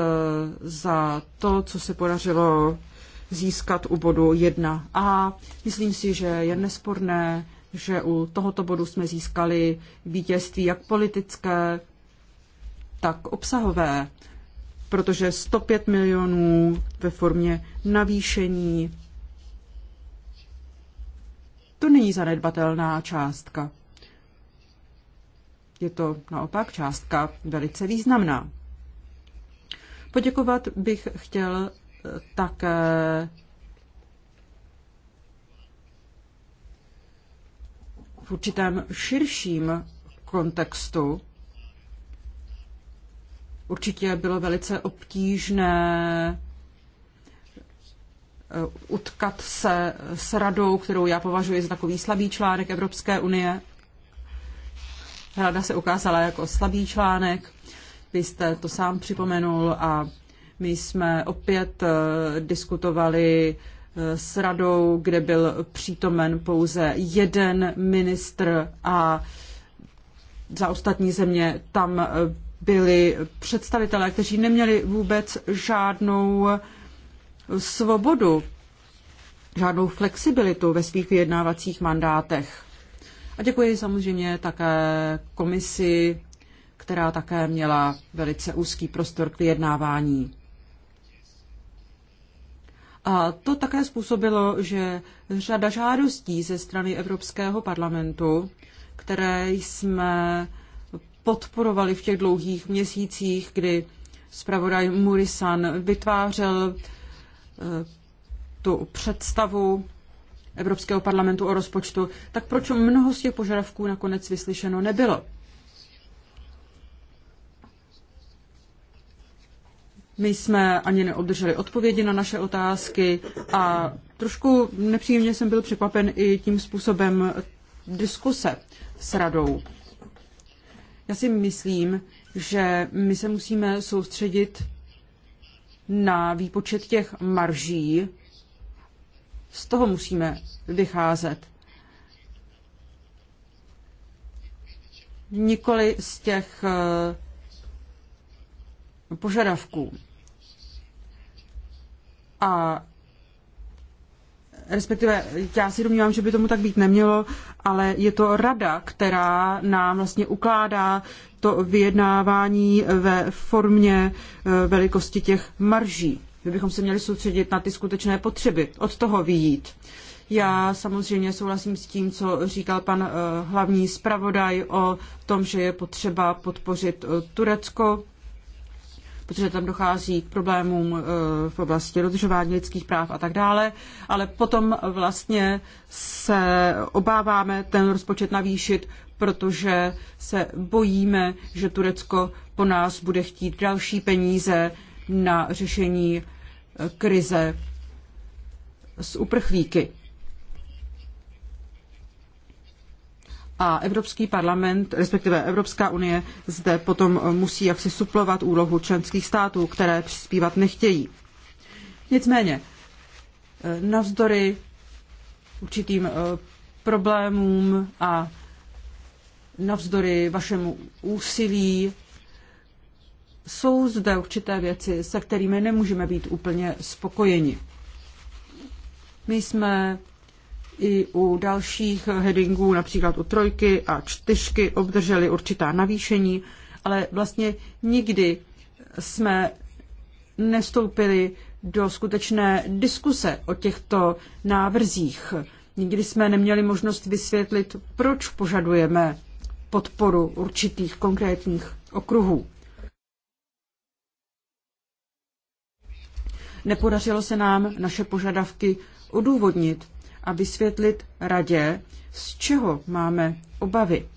[SPEAKER 1] za to, co se podařilo získat u bodu 1a. Myslím si, že je nesporné, že u tohoto bodu jsme získali vítězství jak politické, tak obsahové protože 105 milionů ve formě navýšení to není zanedbatelná částka. Je to naopak částka velice významná. Poděkovat bych chtěl eh, také v určitém širším kontextu určitě bylo velice obtížné eh, utkat se s radou, kterou já považuji za takový slabý článek Evropské unie. Rada se ukázala jako slabý článek, vy jste to sám připomenul a my jsme opět eh, diskutovali eh, s radou, kde byl přítomen pouze jeden ministr a za ostatní země tam byli představitelé, kteří neměli vůbec žádnou svobodu, žádnou flexibilitu ve svých vyjednávacích mandátech. A děkuji samozřejmě také komisi, která také měla velice úzký prostor k vyjednávání. A to také způsobilo, že řada žádostí ze strany Evropského parlamentu, které jsme podporovali v těch dlouhých měsících, kdy zpravodaj Murisan vytvářel eh, tu představu Evropského parlamentu o rozpočtu, tak proč mnoho z těch požadavků nakonec vyslyšeno nebylo? My jsme ani neobdrželi odpovědi na naše otázky a trošku nepříjemně jsem byl překvapen i tím způsobem diskuse s radou. Já si myslím, že my se musíme soustředit na výpočet těch marží. Z toho musíme vycházet. Nikoli z těch eh, požadavků. A respektive já si domnívám, že by tomu tak být nemělo, ale je to rada, která nám vlastně ukládá to vyjednávání ve formě e, velikosti těch marží. My bychom se měli soustředit na ty skutečné potřeby, od toho vyjít. Já samozřejmě souhlasím s tím, co říkal pan e, hlavní zpravodaj o tom, že je potřeba podpořit e, Turecko protože tam dochází k problémům eh, v oblasti dodržování lidských práv a tak dále, ale potom vlastně se obáváme ten rozpočet navýšit, protože se bojíme, že Turecko po nás bude chtít další peníze na řešení eh, krize s uprchlíky. a Evropský parlament, respektive Evropská unie, zde potom musí jaksi suplovat úlohu členských států, které přispívat nechtějí. Nicméně, eh, navzdory určitým eh, problémům a navzdory vašemu úsilí jsou zde určité věci, se kterými nemůžeme být úplně spokojeni. My jsme i u dalších headingů, například u trojky a čtyřky, obdrželi určitá navýšení, ale vlastně nikdy jsme nestoupili do skutečné diskuse o těchto návrzích. Nikdy jsme neměli možnost vysvětlit, proč požadujeme podporu určitých konkrétních okruhů. Nepodařilo se nám naše požadavky odůvodnit a vysvětlit radě, z čeho máme obavy.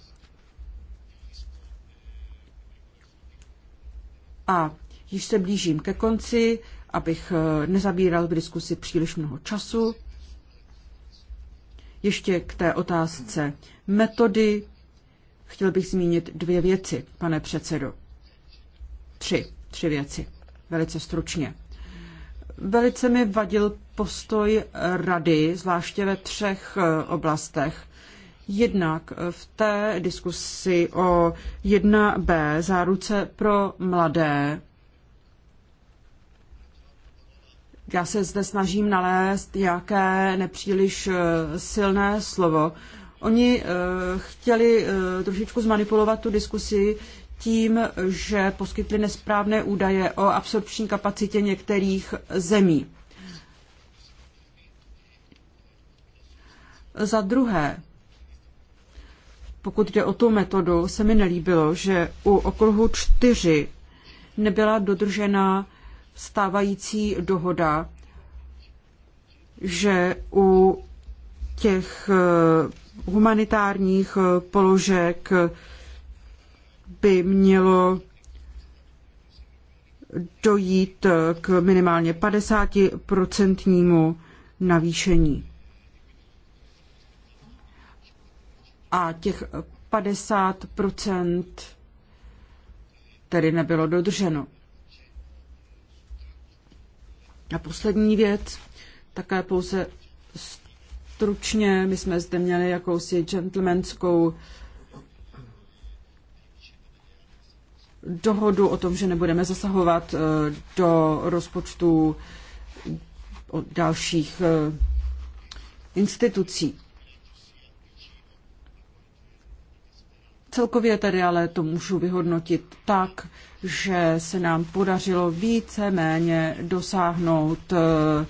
[SPEAKER 1] A již se blížím ke konci, abych eh, nezabíral v diskusi příliš mnoho času. Ještě k té otázce metody chtěl bych zmínit dvě věci, pane předsedo. Tři, tři věci, velice stručně. Velice mi vadil postoj rady, zvláště ve třech eh, oblastech. Jednak eh, v té diskusi o 1b záruce pro mladé já se zde snažím nalézt nějaké nepříliš eh, silné slovo. Oni chtěli trošičku zmanipulovat tu diskusi tím, že poskytli nesprávné údaje o absorpční kapacitě některých zemí. Za druhé, pokud jde o tu metodu, se mi nelíbilo, že u okruhu 4 nebyla dodržena stávající dohoda, že u těch eh, humanitárních eh, položek by mělo dojít eh, k minimálně 50% navýšení. a těch 50 tedy nebylo dodrženo. A poslední věc, také pouze stručně, my jsme zde měli jakousi gentlemanskou dohodu o tom, že nebudeme zasahovat eh, do rozpočtu od dalších eh, institucí. Celkově tedy ale to můžu vyhodnotit tak, že se nám podařilo více méně dosáhnout eh,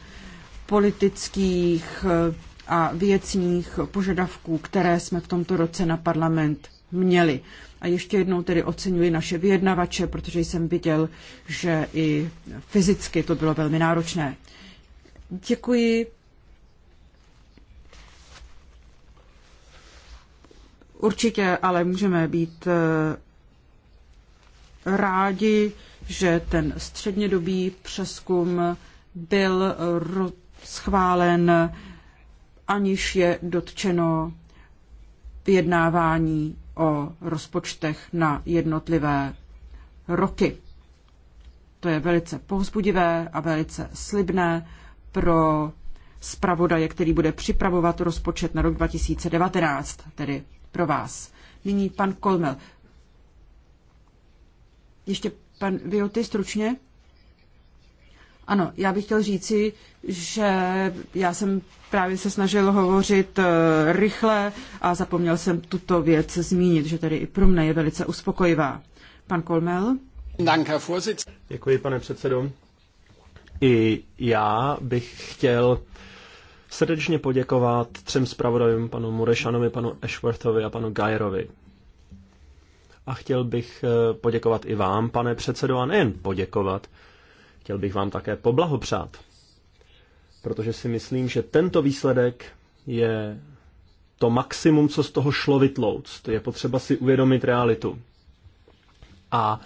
[SPEAKER 1] politických eh, a věcních požadavků, které jsme v tomto roce na parlament měli. A ještě jednou tedy oceňuji naše vyjednavače, protože jsem viděl, že i fyzicky to bylo velmi náročné. Děkuji Určitě ale můžeme být eh, rádi, že ten střednědobý přeskum byl eh, schválen, aniž je dotčeno vyjednávání o rozpočtech na jednotlivé roky. To je velice povzbudivé a velice slibné pro zpravodaje, který bude připravovat rozpočet na rok 2019, tedy pro vás. Nyní pan Kolmel. Ještě pan Vioty stručně. Ano, já bych chtěl říci, že já jsem právě se snažil hovořit eh, rychle a zapomněl jsem tuto věc zmínit, že tady i pro mne je velice uspokojivá. Pan Kolmel.
[SPEAKER 2] Děkuji, pane předsedo. I já bych chtěl srdečně poděkovat třem zpravodajům, panu Murešanovi, panu Ashworthovi a panu Gajerovi. A chtěl bych eh, poděkovat i vám, pane předsedo, a nejen poděkovat, chtěl bych vám také poblahopřát, protože si myslím, že tento výsledek je to maximum, co z toho šlo vytlouct. Je potřeba si uvědomit realitu. A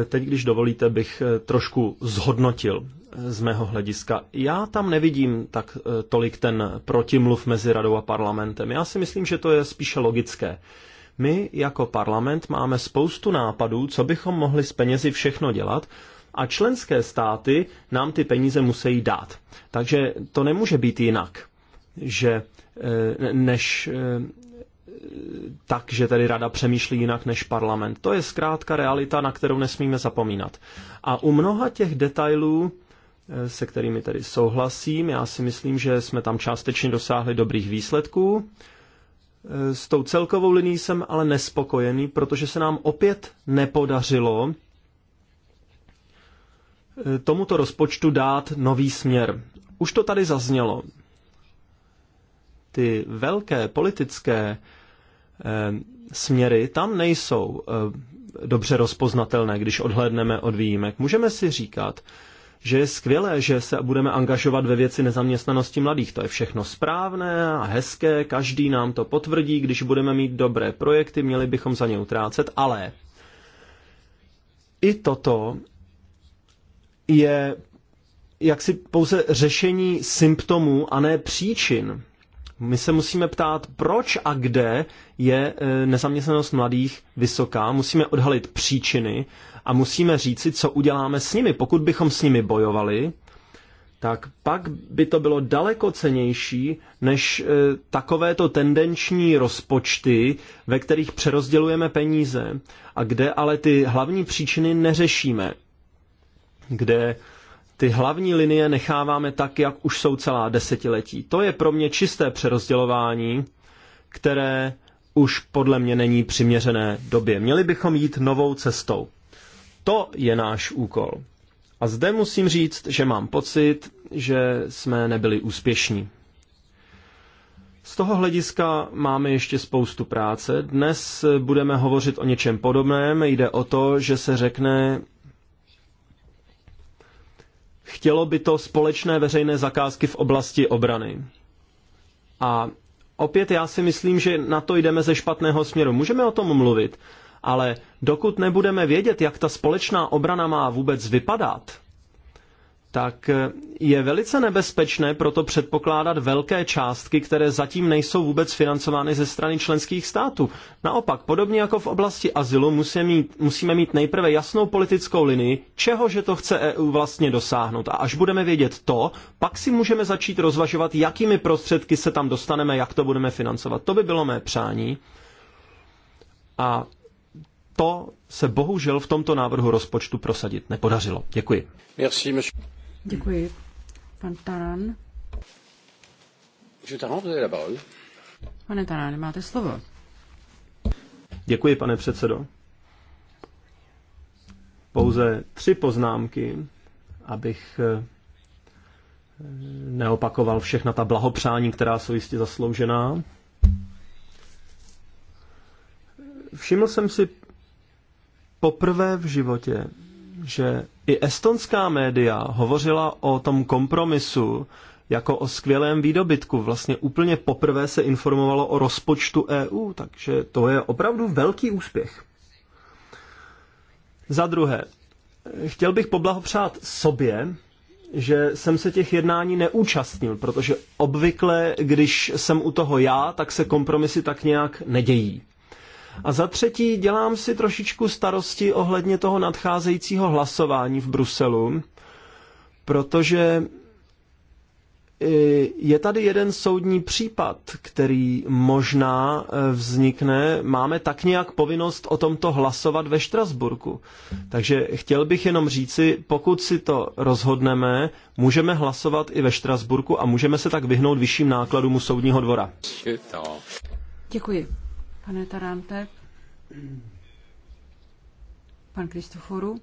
[SPEAKER 2] eh, teď, když dovolíte, bych eh, trošku zhodnotil z mého hlediska. Já tam nevidím tak eh, tolik ten protimluv mezi radou a parlamentem. Já si myslím, že to je spíše logické. My jako parlament máme spoustu nápadů, co bychom mohli s penězi všechno dělat, a členské státy nám ty peníze musí dát. Takže to nemůže být jinak, že eh, než eh, tak, že tady rada přemýšlí jinak než parlament. To je zkrátka realita, na kterou nesmíme zapomínat. A u mnoha těch detailů se kterými tedy souhlasím. Já si myslím, že jsme tam částečně dosáhli dobrých výsledků. E, s tou celkovou liní jsem ale nespokojený, protože se nám opět nepodařilo e, tomuto rozpočtu dát nový směr. Už to tady zaznělo. Ty velké politické e, směry tam nejsou dobře rozpoznatelné, když odhlédneme od výjimek. Můžeme si říkat, že je skvělé, že se budeme angažovat ve věci nezaměstnanosti mladých. To je všechno správné a hezké, každý nám to potvrdí, když budeme mít dobré projekty, měli bychom za ně utrácet, ale i toto je jaksi pouze řešení symptomů a ne příčin. My se musíme ptát, proč a kde je e, nezaměstnanost mladých vysoká. Musíme odhalit příčiny a musíme říci, co uděláme s nimi. Pokud bychom s nimi bojovali, tak pak by to bylo daleko cenější než e, takovéto tendenční rozpočty, ve kterých přerozdělujeme peníze a kde ale ty hlavní příčiny neřešíme. Kde ty hlavní linie necháváme tak, jak už jsou celá desetiletí. To je pro mě čisté přerozdělování, které už podle mě není přiměřené době. Měli bychom jít novou cestou. To je náš úkol. A zde musím říct, že mám pocit, že jsme nebyli úspěšní. Z toho hlediska máme ještě spoustu práce. Dnes budeme hovořit o něčem podobném. Jde o to, že se řekne, chtělo by to společné veřejné zakázky v oblasti obrany. A opět já si myslím, že na to jdeme ze špatného směru. Můžeme o tom mluvit, ale dokud nebudeme vědět, jak ta společná obrana má vůbec vypadat, tak je velice nebezpečné proto předpokládat velké částky, které zatím nejsou vůbec financovány ze strany členských států. Naopak, podobně jako v oblasti azylu, musíme mít, musíme mít nejprve jasnou politickou linii, čeho že to chce EU vlastně dosáhnout. A až budeme vědět to, pak si můžeme začít rozvažovat, jakými prostředky se tam dostaneme, jak to budeme financovat. To by bylo mé přání. A to se bohužel v tomto návrhu rozpočtu prosadit nepodařilo. Děkuji. Merci,
[SPEAKER 1] Děkuji. Pan Taran. Pane Taran, máte slovo.
[SPEAKER 2] Děkuji, pane předsedo. Pouze tři poznámky, abych eh, neopakoval všechna ta blahopřání, která jsou jistě zasloužená. Všiml jsem si poprvé v životě, že i estonská média hovořila o tom kompromisu jako o skvělém výdobytku. Vlastně úplně poprvé se informovalo o rozpočtu EU, takže to je opravdu velký úspěch. Za druhé, chtěl bych poblahopřát sobě, že jsem se těch jednání neúčastnil, protože obvykle, když jsem u toho já, tak se kompromisy tak nějak nedějí. A za třetí dělám si trošičku starosti ohledně toho nadcházejícího hlasování v Bruselu, protože e, je tady jeden soudní případ, který možná e, vznikne. Máme tak nějak povinnost o tomto hlasovat ve Štrasburku. Takže chtěl bych jenom říci, pokud si to rozhodneme, můžeme hlasovat i ve Štrasburku a můžeme se tak vyhnout vyšším nákladům u soudního dvora.
[SPEAKER 1] Děkuji. Pane Tarante, pan Kristoforu.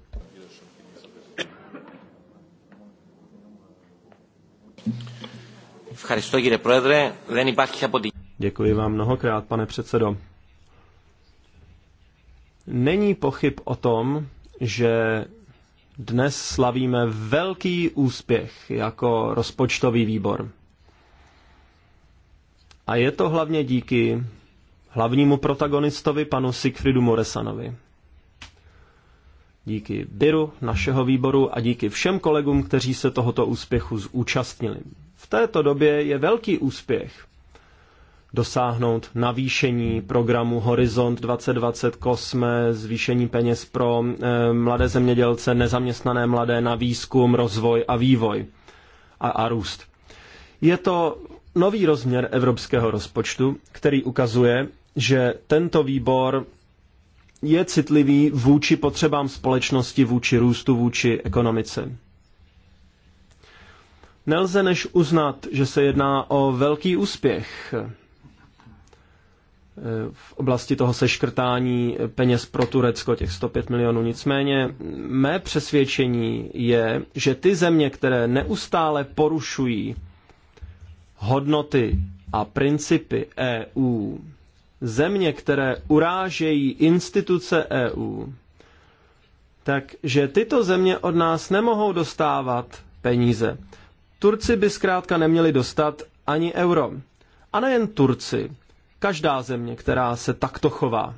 [SPEAKER 2] Děkuji vám mnohokrát, pane předsedo. Není pochyb o tom, že dnes slavíme velký úspěch jako rozpočtový výbor. A je to hlavně díky hlavnímu protagonistovi, panu Siegfriedu Moresanovi. Díky Biru, našeho výboru a díky všem kolegům, kteří se tohoto úspěchu zúčastnili. V této době je velký úspěch dosáhnout navýšení programu Horizont 2020 Kosme, zvýšení peněz pro e, mladé zemědělce, nezaměstnané mladé na výzkum, rozvoj a vývoj a, a růst. Je to nový rozměr evropského rozpočtu, který ukazuje, že tento výbor je citlivý vůči potřebám společnosti, vůči růstu, vůči ekonomice. Nelze než uznat, že se jedná o velký úspěch eh, v oblasti toho seškrtání peněz pro Turecko, těch 105 milionů. Nicméně mé přesvědčení je, že ty země, které neustále porušují hodnoty a principy EU, země, které urážejí instituce EU, takže tyto země od nás nemohou dostávat peníze. Turci by zkrátka neměli dostat ani euro. A nejen Turci, každá země, která se takto chová.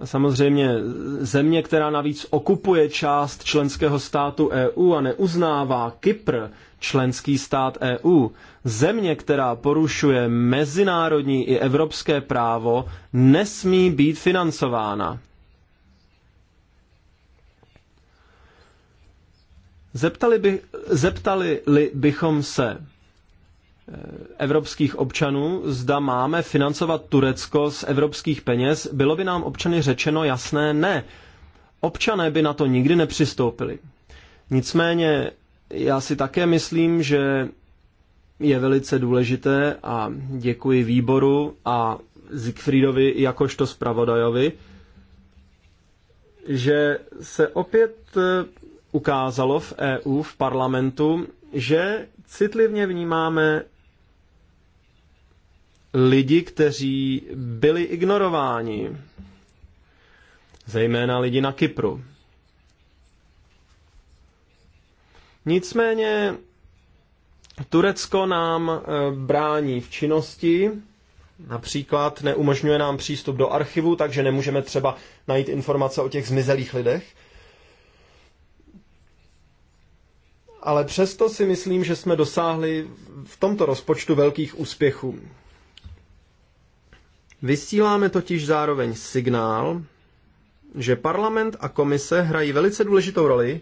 [SPEAKER 2] A samozřejmě země, která navíc okupuje část členského státu EU a neuznává Kypr členský stát EU. Země, která porušuje mezinárodní i evropské právo, nesmí být financována. Zeptali, by, zeptali -li bychom se eh, evropských občanů, zda máme financovat Turecko z evropských peněz, bylo by nám občany řečeno jasné ne. Občané by na to nikdy nepřistoupili. Nicméně já si také myslím, že je velice důležité a děkuji výboru a Zigfriedovi jakožto zpravodajovi, že se opět e, ukázalo v EU, v parlamentu, že citlivně vnímáme lidi, kteří byli ignorováni, zejména lidi na Kypru. Nicméně Turecko nám eh, brání v činnosti, například neumožňuje nám přístup do archivu, takže nemůžeme třeba najít informace o těch zmizelých lidech. Ale přesto si myslím, že jsme dosáhli v tomto rozpočtu velkých úspěchů. Vysíláme totiž zároveň signál, že parlament a komise hrají velice důležitou roli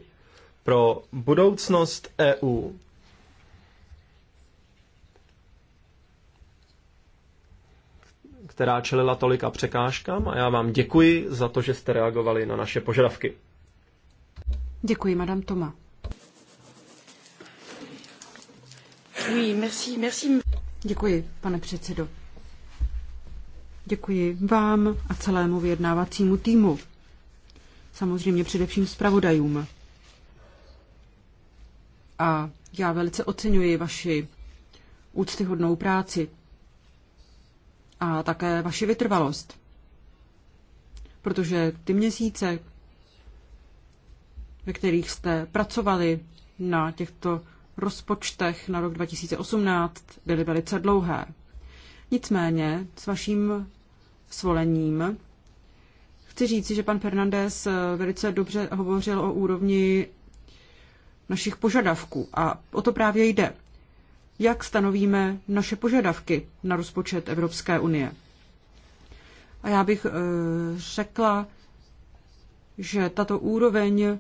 [SPEAKER 2] pro budoucnost EU. která čelila tolika překážkám a já vám děkuji za to, že jste reagovali na naše požadavky.
[SPEAKER 1] Děkuji, madam Toma. Oui, merci, merci. Děkuji, pane předsedo. Děkuji vám a celému vyjednávacímu týmu. Samozřejmě především zpravodajům a já velice oceňuji vaši úctyhodnou práci a také vaši vytrvalost. Protože ty měsíce, ve kterých jste pracovali na těchto rozpočtech na rok 2018, byly velice dlouhé. Nicméně s vaším svolením chci říci, že pan Fernandez velice dobře hovořil o úrovni našich požadavků. A o to právě jde. Jak stanovíme naše požadavky na rozpočet Evropské unie? A já bych eh, řekla, že tato úroveň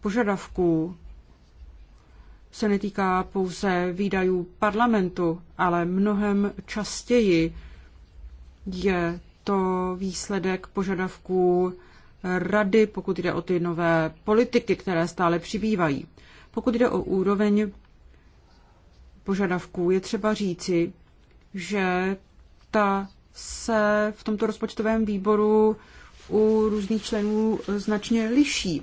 [SPEAKER 1] požadavků se netýká pouze výdajů parlamentu, ale mnohem častěji je to výsledek požadavků rady, pokud jde o ty nové politiky, které stále přibývají. Pokud jde o úroveň požadavků, je třeba říci, že ta se v tomto rozpočtovém výboru u různých členů značně liší.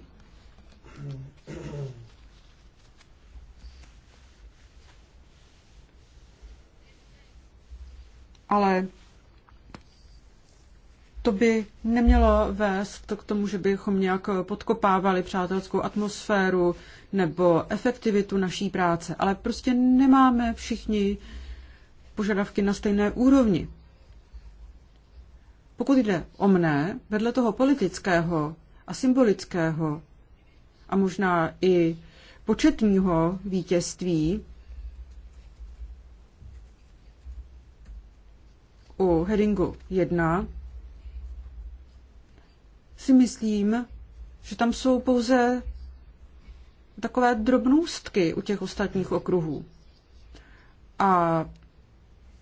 [SPEAKER 1] Ale to by nemělo vést k tomu, že bychom nějak podkopávali přátelskou atmosféru nebo efektivitu naší práce, ale prostě nemáme všichni požadavky na stejné úrovni. Pokud jde o mne, vedle toho politického a symbolického a možná i početního vítězství u Heringu 1, si myslím, že tam jsou pouze takové drobnůstky u těch ostatních okruhů. A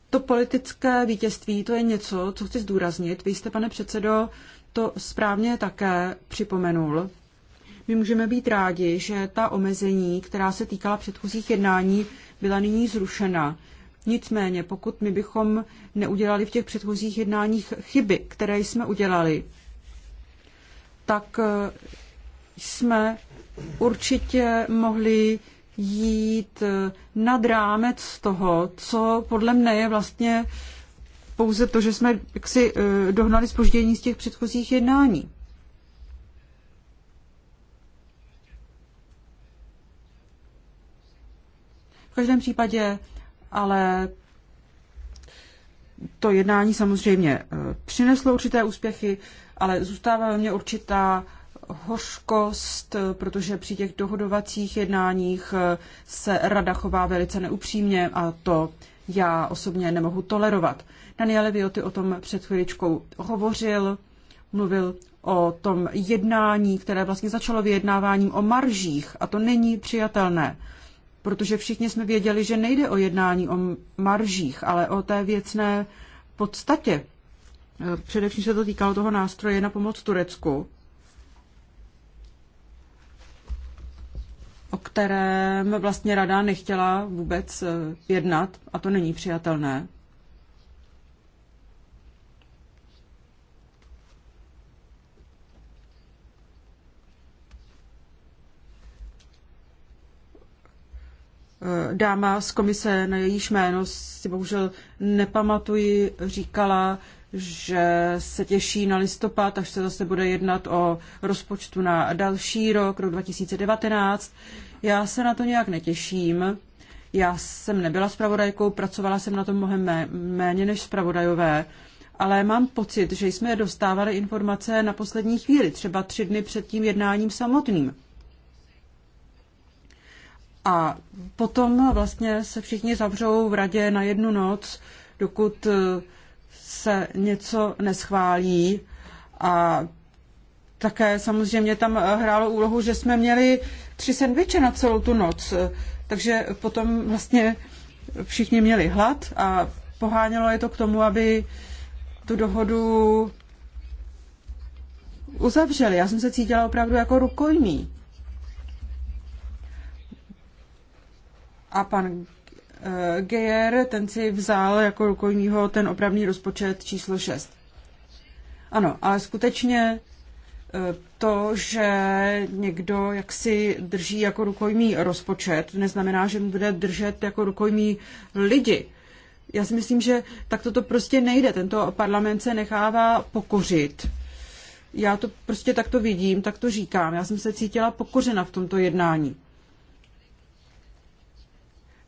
[SPEAKER 1] to politické vítězství, to je něco, co chci zdůraznit. Vy jste, pane předsedo, to správně také připomenul. My můžeme být rádi, že ta omezení, která se týkala předchozích jednání, byla nyní zrušena. Nicméně, pokud my bychom neudělali v těch předchozích jednáních chyby, které jsme udělali, tak eh, jsme určitě mohli jít eh, nad rámec toho, co podle mne je vlastně pouze to, že jsme jaksi eh, dohnali spoždění z těch předchozích jednání. V každém případě ale to jednání samozřejmě eh, přineslo určité úspěchy, ale zůstává ve mně určitá hořkost, eh, protože při těch dohodovacích jednáních eh, se rada chová velice neupřímně a to já osobně nemohu tolerovat. Daniel Vioty o tom před chviličkou hovořil, mluvil o tom jednání, které vlastně začalo vyjednáváním o maržích a to není přijatelné protože všichni jsme věděli, že nejde o jednání o maržích, ale o té věcné podstatě. E, především se to týkalo toho nástroje na pomoc Turecku, o kterém vlastně rada nechtěla vůbec e, jednat a to není přijatelné. Eh, dáma z komise, na jejíž jméno si bohužel nepamatuji, říkala, že se těší na listopad, až se zase bude jednat o rozpočtu na další rok, rok 2019. Já se na to nějak netěším. Já jsem nebyla spravodajkou, pracovala jsem na tom mnohem méně než spravodajové, ale mám pocit, že jsme dostávali informace na poslední chvíli, třeba tři dny před tím jednáním samotným. A potom vlastně se všichni zavřou v radě na jednu noc, dokud eh, se něco neschválí. A také samozřejmě tam hrálo úlohu, že jsme měli tři sendviče na celou tu noc. Eh, takže potom vlastně všichni měli hlad a pohánělo je to k tomu, aby tu dohodu uzavřeli. Já jsem se cítila opravdu jako rukojmí. A pan eh, Geyer, ten si vzal jako rukojního ten opravný rozpočet číslo 6. Ano, ale skutečně eh, to, že někdo jaksi drží jako rukojmí rozpočet, neznamená, že bude držet jako rukojmí lidi. Já si myslím, že tak toto prostě nejde. Tento parlament se nechává pokořit. Já to prostě takto vidím, tak to říkám. Já jsem se cítila pokořena v tomto jednání.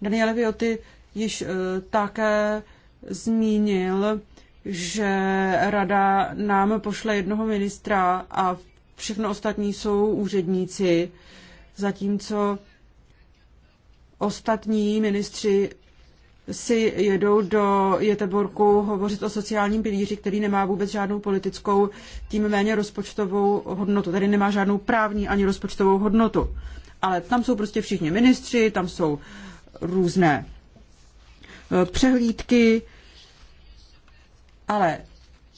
[SPEAKER 1] Daniel Vioty již eh, také zmínil, že rada nám pošle jednoho ministra a všechno ostatní jsou úředníci, zatímco ostatní ministři si jedou do Jeteborku hovořit o sociálním pilíři, který nemá vůbec žádnou politickou, tím méně rozpočtovou hodnotu, tedy nemá žádnou právní ani rozpočtovou hodnotu. Ale tam jsou prostě všichni ministři, tam jsou uh, různé eh, přehlídky, ale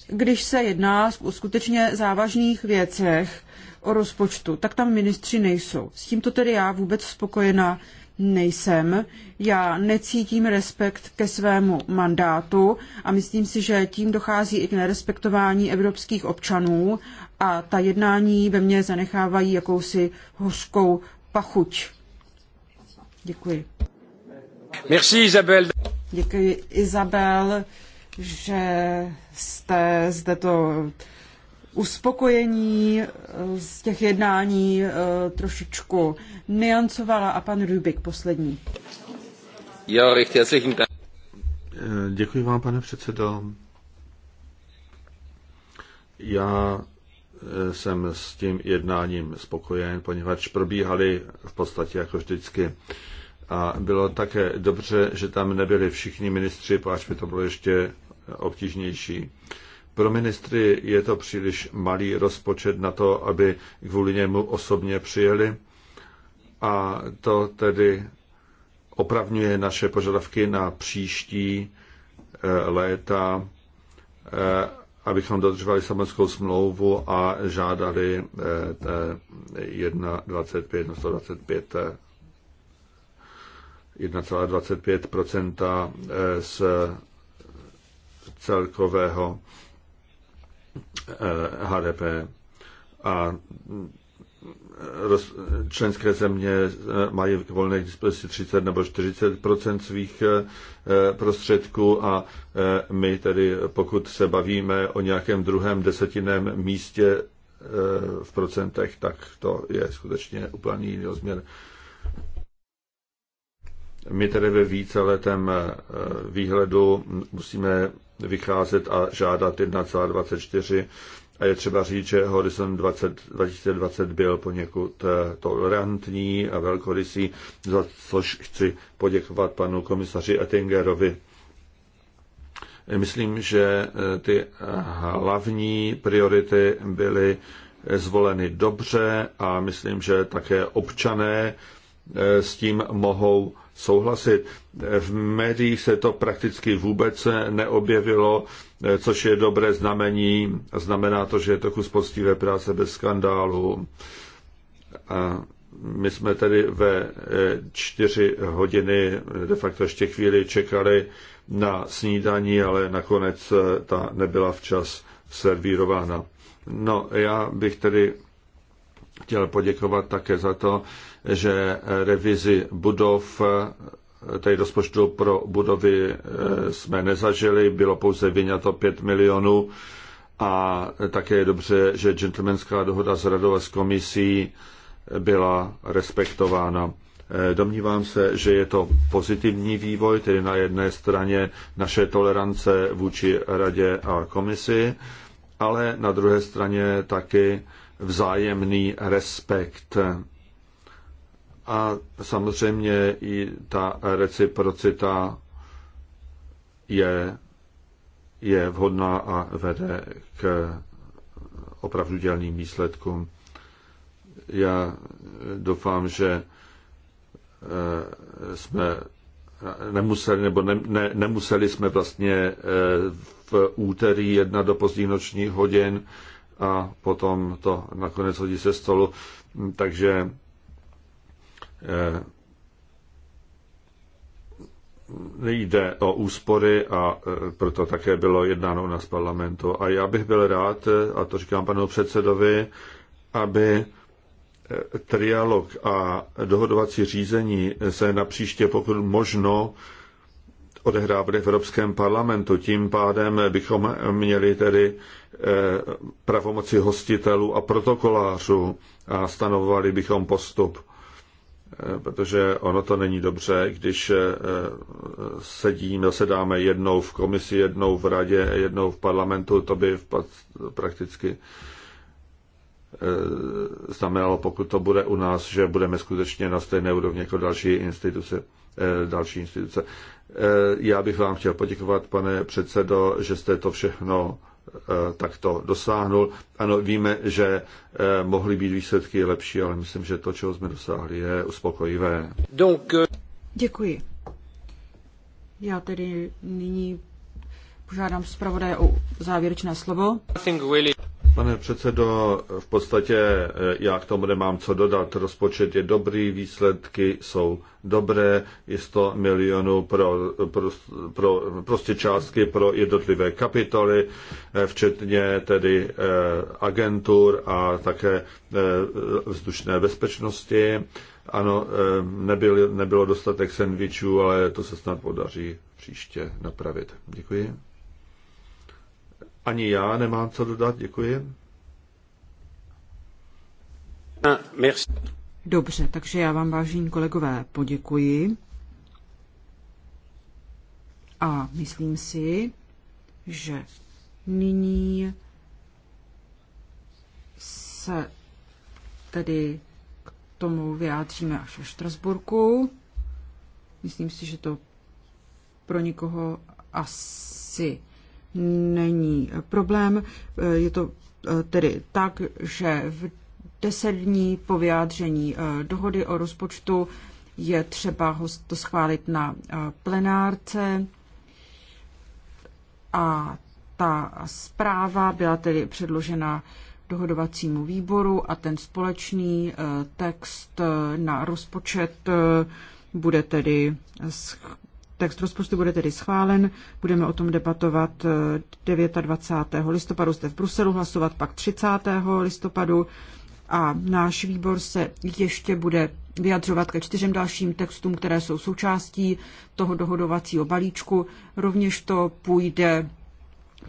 [SPEAKER 1] když se jedná o skutečně závažných věcech, o rozpočtu, tak tam ministři nejsou. S tímto tedy já vůbec spokojena nejsem. Já necítím respekt ke svému mandátu a myslím si, že tím dochází i k nerespektování evropských občanů a ta jednání ve mně zanechávají jakousi hořkou pachuť. Děkuji. Děkuji Izabel, že jste zde to uspokojení eh, z těch jednání eh, trošičku niancovala a pan Rubik poslední.
[SPEAKER 3] Jo, eh, Děkuji vám, pane předsedo. Já jsem s tím jednáním spokojen, poněvadž probíhaly v podstatě jako vždycky. A bylo také dobře, že tam nebyli všichni ministři, páč by to bylo ještě obtížnější. Pro ministry je to příliš malý rozpočet na to, aby kvůli němu osobně přijeli a to tedy opravňuje naše požadavky na příští eh, léta, eh, abychom dodržovali samotnou smlouvu a žádali 1,25, eh, 125 1,25 eh, z celkového HDP. Eh, a mm, členské země eh, mají volné dispozici 30 nebo 40 svých prostředků a my tedy, pokud se bavíme o nějakém druhém desetinném místě v procentech, tak to je skutečně úplně jiný rozměr. My tedy ve víceletém eh, výhledu musíme vycházet a žádat 1,24 a je třeba říct, že Horizon 20, 2020 byl poněkud eh, tolerantní a velkorysý, za což chci poděkovat panu komisaři Ettingerovi. Myslím, že eh, ty hlavní priority byly zvoleny dobře a myslím, že také občané s tím mohou souhlasit. V médiích se to prakticky vůbec neobjevilo, což je dobré znamení. Znamená to, že je to kus poctivé práce bez skandálu. A my jsme tedy ve e, čtyři hodiny de facto ještě chvíli čekali na snídaní, ale nakonec e, ta nebyla včas servírována. No, já bych tedy chtěl poděkovat také za to, že revizi budov, tedy rozpočtu pro budovy eh, jsme nezažili, bylo pouze vyňato 5 milionů a také je dobře, že gentlemanská dohoda s radou a s komisí byla respektována. Eh, domnívám se, že je to pozitivní vývoj, tedy na jedné straně naše tolerance vůči radě a komisi, ale na druhé straně taky vzájemný respekt a samozřejmě i ta reciprocita je, je vhodná a vede k opravdu dělným výsledkům. Já doufám, že eh, jsme nemuseli, nebo ne, ne, nemuseli jsme vlastně eh, v úterý jedna do pozdních nočních hodin a potom to nakonec hodí se stolu. Takže Eh, nejde o úspory a eh, proto také bylo jednáno u nás parlamentu. A já bych byl rád, eh, a to říkám panu předsedovi, aby trialog a dohodovací řízení se napříště pokud možno odehrávali v Evropském parlamentu. Tím pádem bychom měli tedy pravomoci hostitelů a protokolářů a stanovovali bychom postup. Eh, protože ono to není dobře, když eh, sedíme, sedáme jednou v komisi, jednou v radě, jednou v parlamentu, to by prakticky eh, znamenalo, pokud to bude u nás, že budeme skutečně na stejné úrovni jako další instituce. Další instituce. Já bych vám chtěl poděkovat, pane předsedo, že jste to všechno Eh, takto dosáhnul. Ano, víme, že eh, mohly být výsledky lepší, ale myslím, že to, čeho jsme dosáhli, je uspokojivé. Eh,
[SPEAKER 1] Děkuji. Já tedy nyní požádám zpravodaje o závěrečné slovo.
[SPEAKER 3] Pane předsedo, v podstatě eh, já k tomu nemám co dodat. Rozpočet je dobrý, výsledky jsou dobré, Je 100 milionů pro, pro, pro, prostě částky pro jednotlivé kapitoly, eh, včetně tedy eh, agentur a také vzdušné bezpečnosti. Ano, nebyl, nebylo dostatek sendvičů, ale to se snad podaří příště napravit. Děkuji. Ani já nemám co dodat, děkuji. Ah,
[SPEAKER 1] Dobře, takže já vám, vážení kolegové, poděkuji. A myslím si, že nyní se tedy k tomu vyjádříme až ve Štrasburku. Myslím si, že to pro nikoho asi není problém. Je to eh, tedy tak, že v deset dní po vyjádření eh, dohody o rozpočtu je třeba ho to schválit na eh, plenárce a ta zpráva byla tedy předložena dohodovacímu výboru a ten společný text na rozpočet bude tedy Text rozpočtu bude tedy schválen, budeme o tom debatovat 29. Eh, listopadu zde v Bruselu, hlasovat pak 30. listopadu a náš výbor se ještě bude vyjadřovat ke čtyřem dalším textům, které jsou součástí toho dohodovacího balíčku. Rovněž to půjde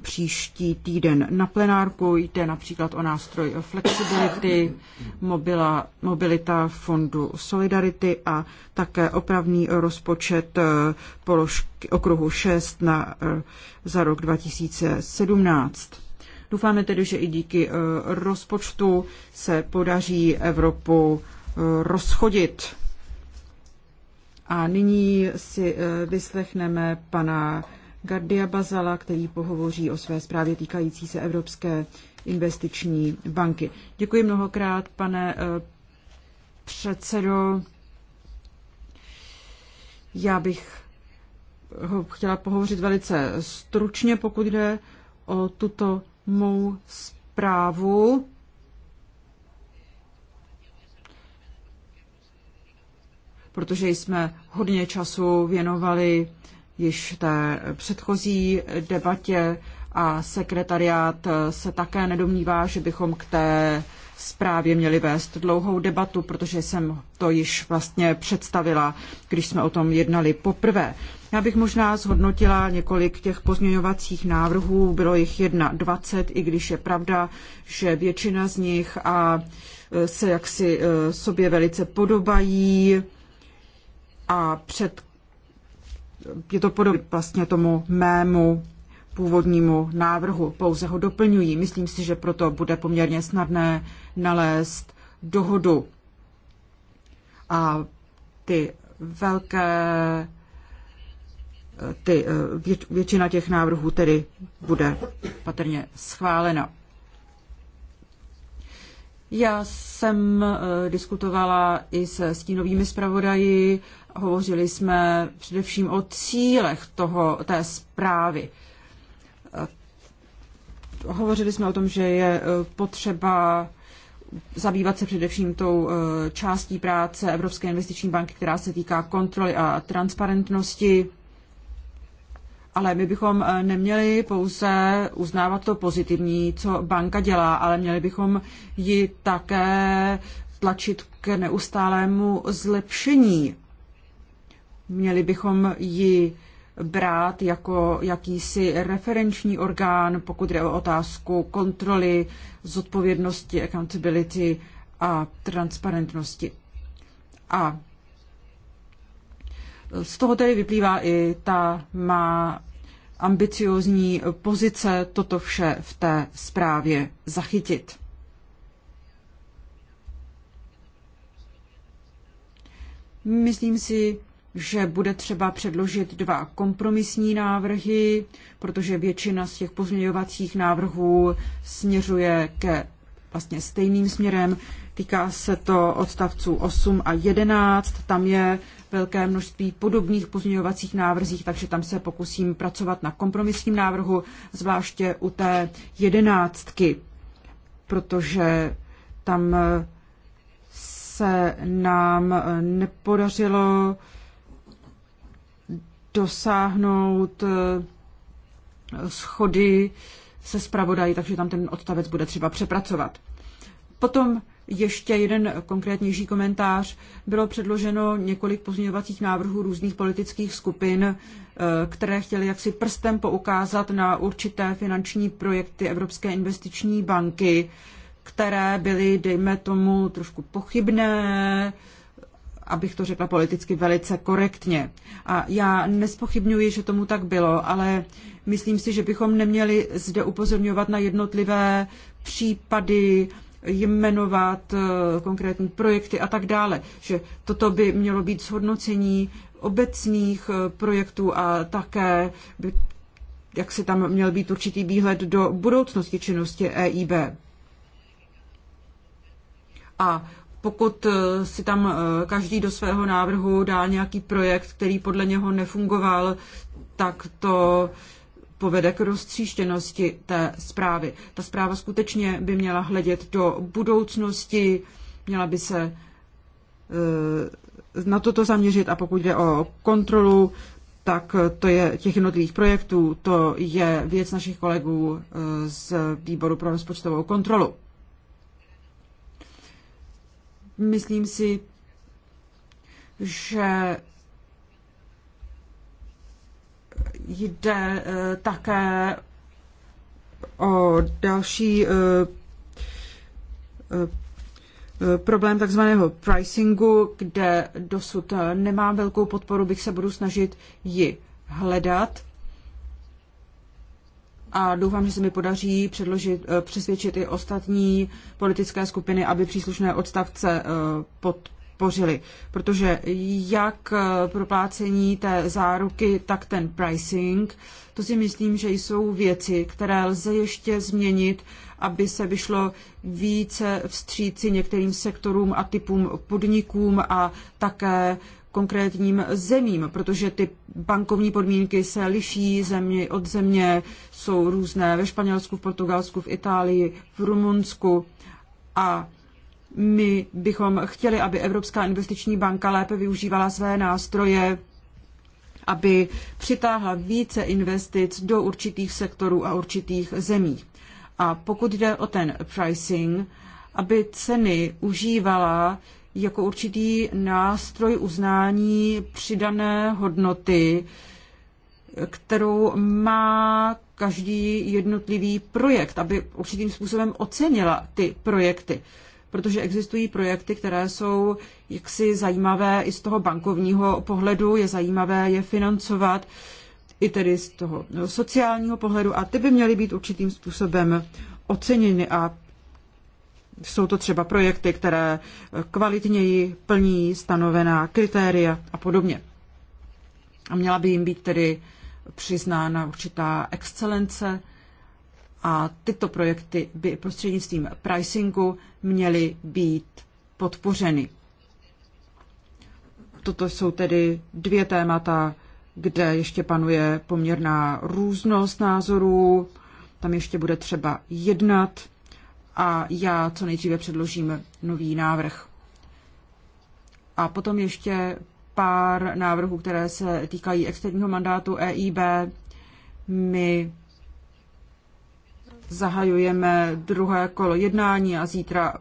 [SPEAKER 1] příští týden na plenárku. Jde například o nástroj flexibility, mobila, mobilita fondu Solidarity a také opravný rozpočet eh, položky okruhu 6 na, eh, za rok 2017. Doufáme tedy, že i díky eh, rozpočtu se podaří Evropu rozchodit. A nyní si vyslechneme pana Gardia Bazala, který pohovoří o své zprávě týkající se Evropské investiční banky. Děkuji mnohokrát, pane eh, předsedo. Já bych ho chtěla pohovořit velice stručně, pokud jde o tuto mou zprávu. protože jsme hodně času věnovali již té předchozí debatě a sekretariát se také nedomnívá, že bychom k té zprávě měli vést dlouhou debatu, protože jsem to již vlastně představila, když jsme o tom jednali poprvé. Já bych možná zhodnotila několik těch pozměňovacích návrhů, bylo jich 21, i když je pravda, že většina z nich a e, se jaksi e, sobě velice podobají a před je to podobné vlastně tomu mému původnímu návrhu, pouze ho doplňují. Myslím si, že proto bude poměrně snadné nalézt dohodu. A ty velké, ty, eh, vět, většina těch návrhů tedy bude patrně schválena. Já jsem eh, diskutovala i se stínovými zpravodaji Hovořili jsme především o cílech toho, té zprávy. Hovořili jsme o tom, že je e, potřeba zabývat se především tou e, částí práce Evropské investiční banky, která se týká kontroly a transparentnosti. Ale my bychom e, neměli pouze uznávat to pozitivní, co banka dělá, ale měli bychom ji také tlačit k neustálému zlepšení. Měli bychom ji brát jako jakýsi referenční orgán, pokud jde o otázku kontroly, zodpovědnosti, accountability a transparentnosti. A z toho tedy vyplývá i ta má ambiciozní pozice toto vše v té zprávě zachytit. Myslím si, že bude třeba předložit dva kompromisní návrhy, protože většina z těch pozměňovacích návrhů směřuje ke vlastně stejným směrem. Týká se to odstavců 8 a 11. Tam je velké množství podobných pozměňovacích návrzích, takže tam se pokusím pracovat na kompromisním návrhu, zvláště u té jedenáctky, protože tam se nám nepodařilo dosáhnout eh, schody se zpravodají, takže tam ten odstavec bude třeba přepracovat. Potom ještě jeden konkrétnější komentář. Bylo předloženo několik pozměňovacích návrhů různých politických skupin, eh, které chtěly jaksi prstem poukázat na určité finanční projekty Evropské investiční banky, které byly, dejme tomu, trošku pochybné, abych to řekla politicky velice korektně. A já nespochybňuji, že tomu tak bylo, ale myslím si, že bychom neměli zde upozorňovat na jednotlivé případy, jmenovat eh, konkrétní projekty a tak dále. Že toto by mělo být shodnocení obecných eh, projektů a také by jak se tam měl být určitý výhled do budoucnosti činnosti EIB. A pokud eh, si tam eh, každý do svého návrhu dá nějaký projekt, který podle něho nefungoval, tak to povede k roztříštěnosti té zprávy. Ta zpráva skutečně by měla hledět do budoucnosti, měla by se eh, na toto zaměřit a pokud jde o kontrolu, tak to je těch jednotlivých projektů, to je věc našich kolegů z výboru pro rozpočtovou kontrolu. Myslím si, že jde eh, také o další eh, eh, problém takzvaného pricingu, kde dosud nemám velkou podporu, bych se budu snažit ji hledat a doufám, že se mi podaří předložit, eh, přesvědčit i ostatní politické skupiny, aby příslušné odstavce eh, podpořili. Protože jak eh, proplácení té záruky, tak ten pricing, to si myslím, že jsou věci, které lze ještě změnit, aby se vyšlo více vstříci některým sektorům a typům podnikům a také konkrétním zemím, protože ty bankovní podmínky se liší země od země, jsou různé ve Španělsku, v Portugalsku, v Itálii, v Rumunsku a my bychom chtěli, aby Evropská investiční banka lépe využívala své nástroje, aby přitáhla více investic do určitých sektorů a určitých zemí. A pokud jde o ten pricing, aby ceny užívala jako určitý nástroj uznání přidané hodnoty, kterou má každý jednotlivý projekt, aby určitým způsobem ocenila ty projekty. Protože existují projekty, které jsou jaksi zajímavé i z toho bankovního pohledu, je zajímavé je financovat i tedy z toho sociálního pohledu a ty by měly být určitým způsobem oceněny a jsou to třeba projekty, které kvalitněji plní stanovená kritéria a podobně. A měla by jim být tedy přiznána určitá excelence a tyto projekty by prostřednictvím pricingu měly být podpořeny. Toto jsou tedy dvě témata, kde ještě panuje poměrná různost názorů. Tam ještě bude třeba jednat a já co nejdříve předložím nový návrh. A potom ještě pár návrhů, které se týkají externího mandátu EIB. My zahajujeme druhé kolo jednání a zítra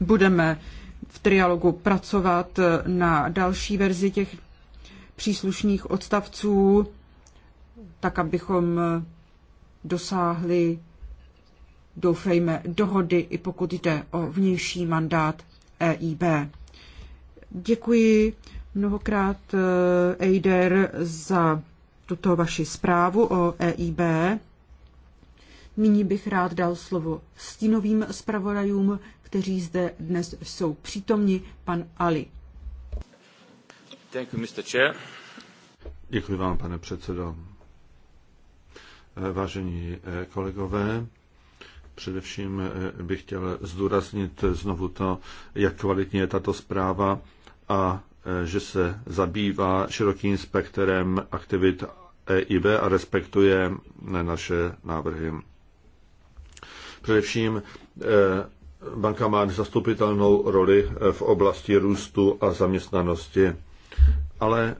[SPEAKER 1] budeme v trialogu pracovat na další verzi těch příslušných odstavců, tak abychom dosáhli doufejme, dohody, i pokud jde o vnější mandát EIB. Děkuji mnohokrát eh, Eider za tuto vaši zprávu o EIB. Nyní bych rád dal slovo stínovým zpravodajům, kteří zde dnes jsou přítomni, pan Ali.
[SPEAKER 3] Thank you, Mr. Chair. Děkuji vám, pane předsedo. Eh, vážení eh, kolegové, Především eh, bych chtěl zdůraznit znovu to, jak kvalitně je tato zpráva a eh, že se zabývá širokým spektrem aktivit EIB a respektuje eh, naše návrhy. Především banka má zastupitelnou roli v oblasti růstu a zaměstnanosti, ale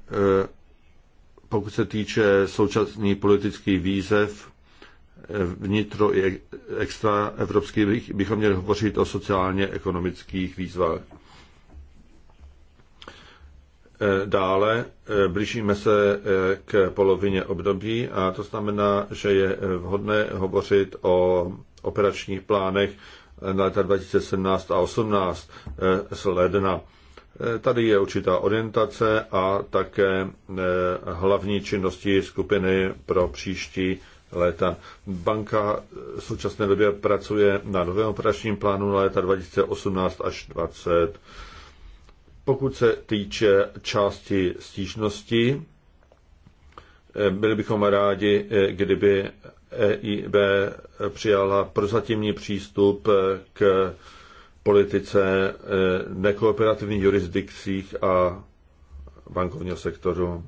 [SPEAKER 3] pokud se týče současný politický výzev, vnitro i extra evropských bychom měli hovořit o sociálně-ekonomických výzvách. Dále eh, blížíme se eh, k polovině období a to znamená, že je eh, vhodné hovořit o operačních plánech na leta 2017 a 2018 z ledna. Tady je určitá orientace a také hlavní činnosti skupiny pro příští léta. Banka v současné době pracuje na novém operačním plánu na léta 2018 až 2020. Pokud se týče části stížnosti, byli bychom rádi, kdyby EIB přijala prozatímní přístup k politice eh, nekooperativních jurisdikcích a bankovního sektoru.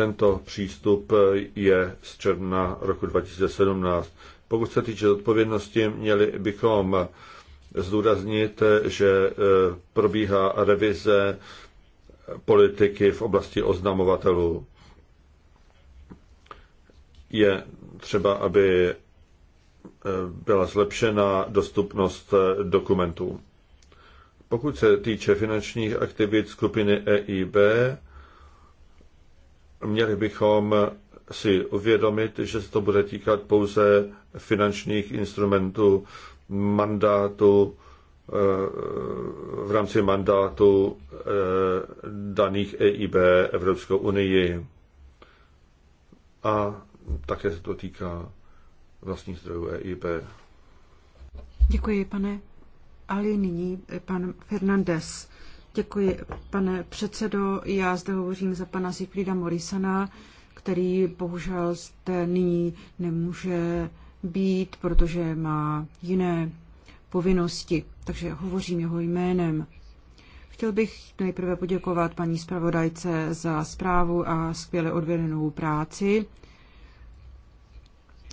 [SPEAKER 3] Tento přístup je z června roku 2017. Pokud se týče odpovědnosti, měli bychom zdůraznit, že e, probíhá revize politiky v oblasti oznamovatelů. Je třeba, aby e, byla zlepšena dostupnost e, dokumentů. Pokud se týče finančních aktivit skupiny EIB, měli bychom si uvědomit, že se to bude týkat pouze finančních instrumentů mandátu, eh, v rámci mandátu eh, daných EIB Evropskou unii. A také se to týká vlastních zdrojů EIB.
[SPEAKER 1] Děkuji, pane Ale Nyní eh, pan Fernandez. Děkuji, pane předsedo. Já zde hovořím za pana Siklida Morisana, který bohužel zde nyní nemůže být, protože má jiné povinnosti, takže hovořím jeho jménem. Chtěl bych nejprve poděkovat paní zpravodajce za zprávu a skvěle odvedenou práci.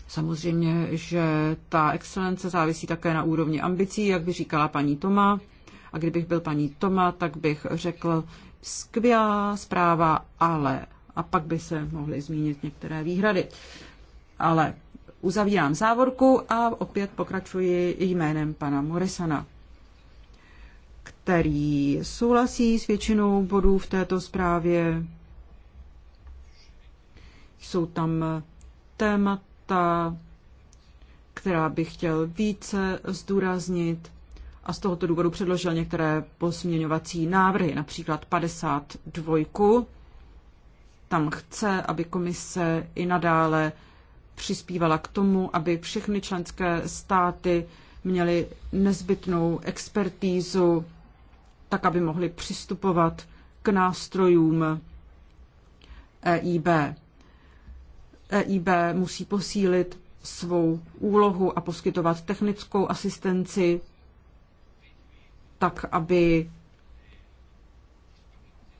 [SPEAKER 1] Samozřejmě, že ta excelence závisí také na úrovni ambicí, jak by říkala paní Toma. A kdybych byl paní Toma, tak bych řekl skvělá zpráva, ale. A pak by se mohly zmínit některé výhrady. Ale uzavírám závorku a opět pokračuji jménem pana Morisana který souhlasí s většinou bodů v této zprávě. Jsou tam témata, která bych chtěl více zdůraznit a z tohoto důvodu předložil některé posměňovací návrhy, například 52. Tam chce, aby komise i nadále přispívala k tomu, aby všechny členské státy měly nezbytnou expertízu, tak aby mohly přistupovat k nástrojům EIB. EIB musí posílit svou úlohu a poskytovat technickou asistenci tak aby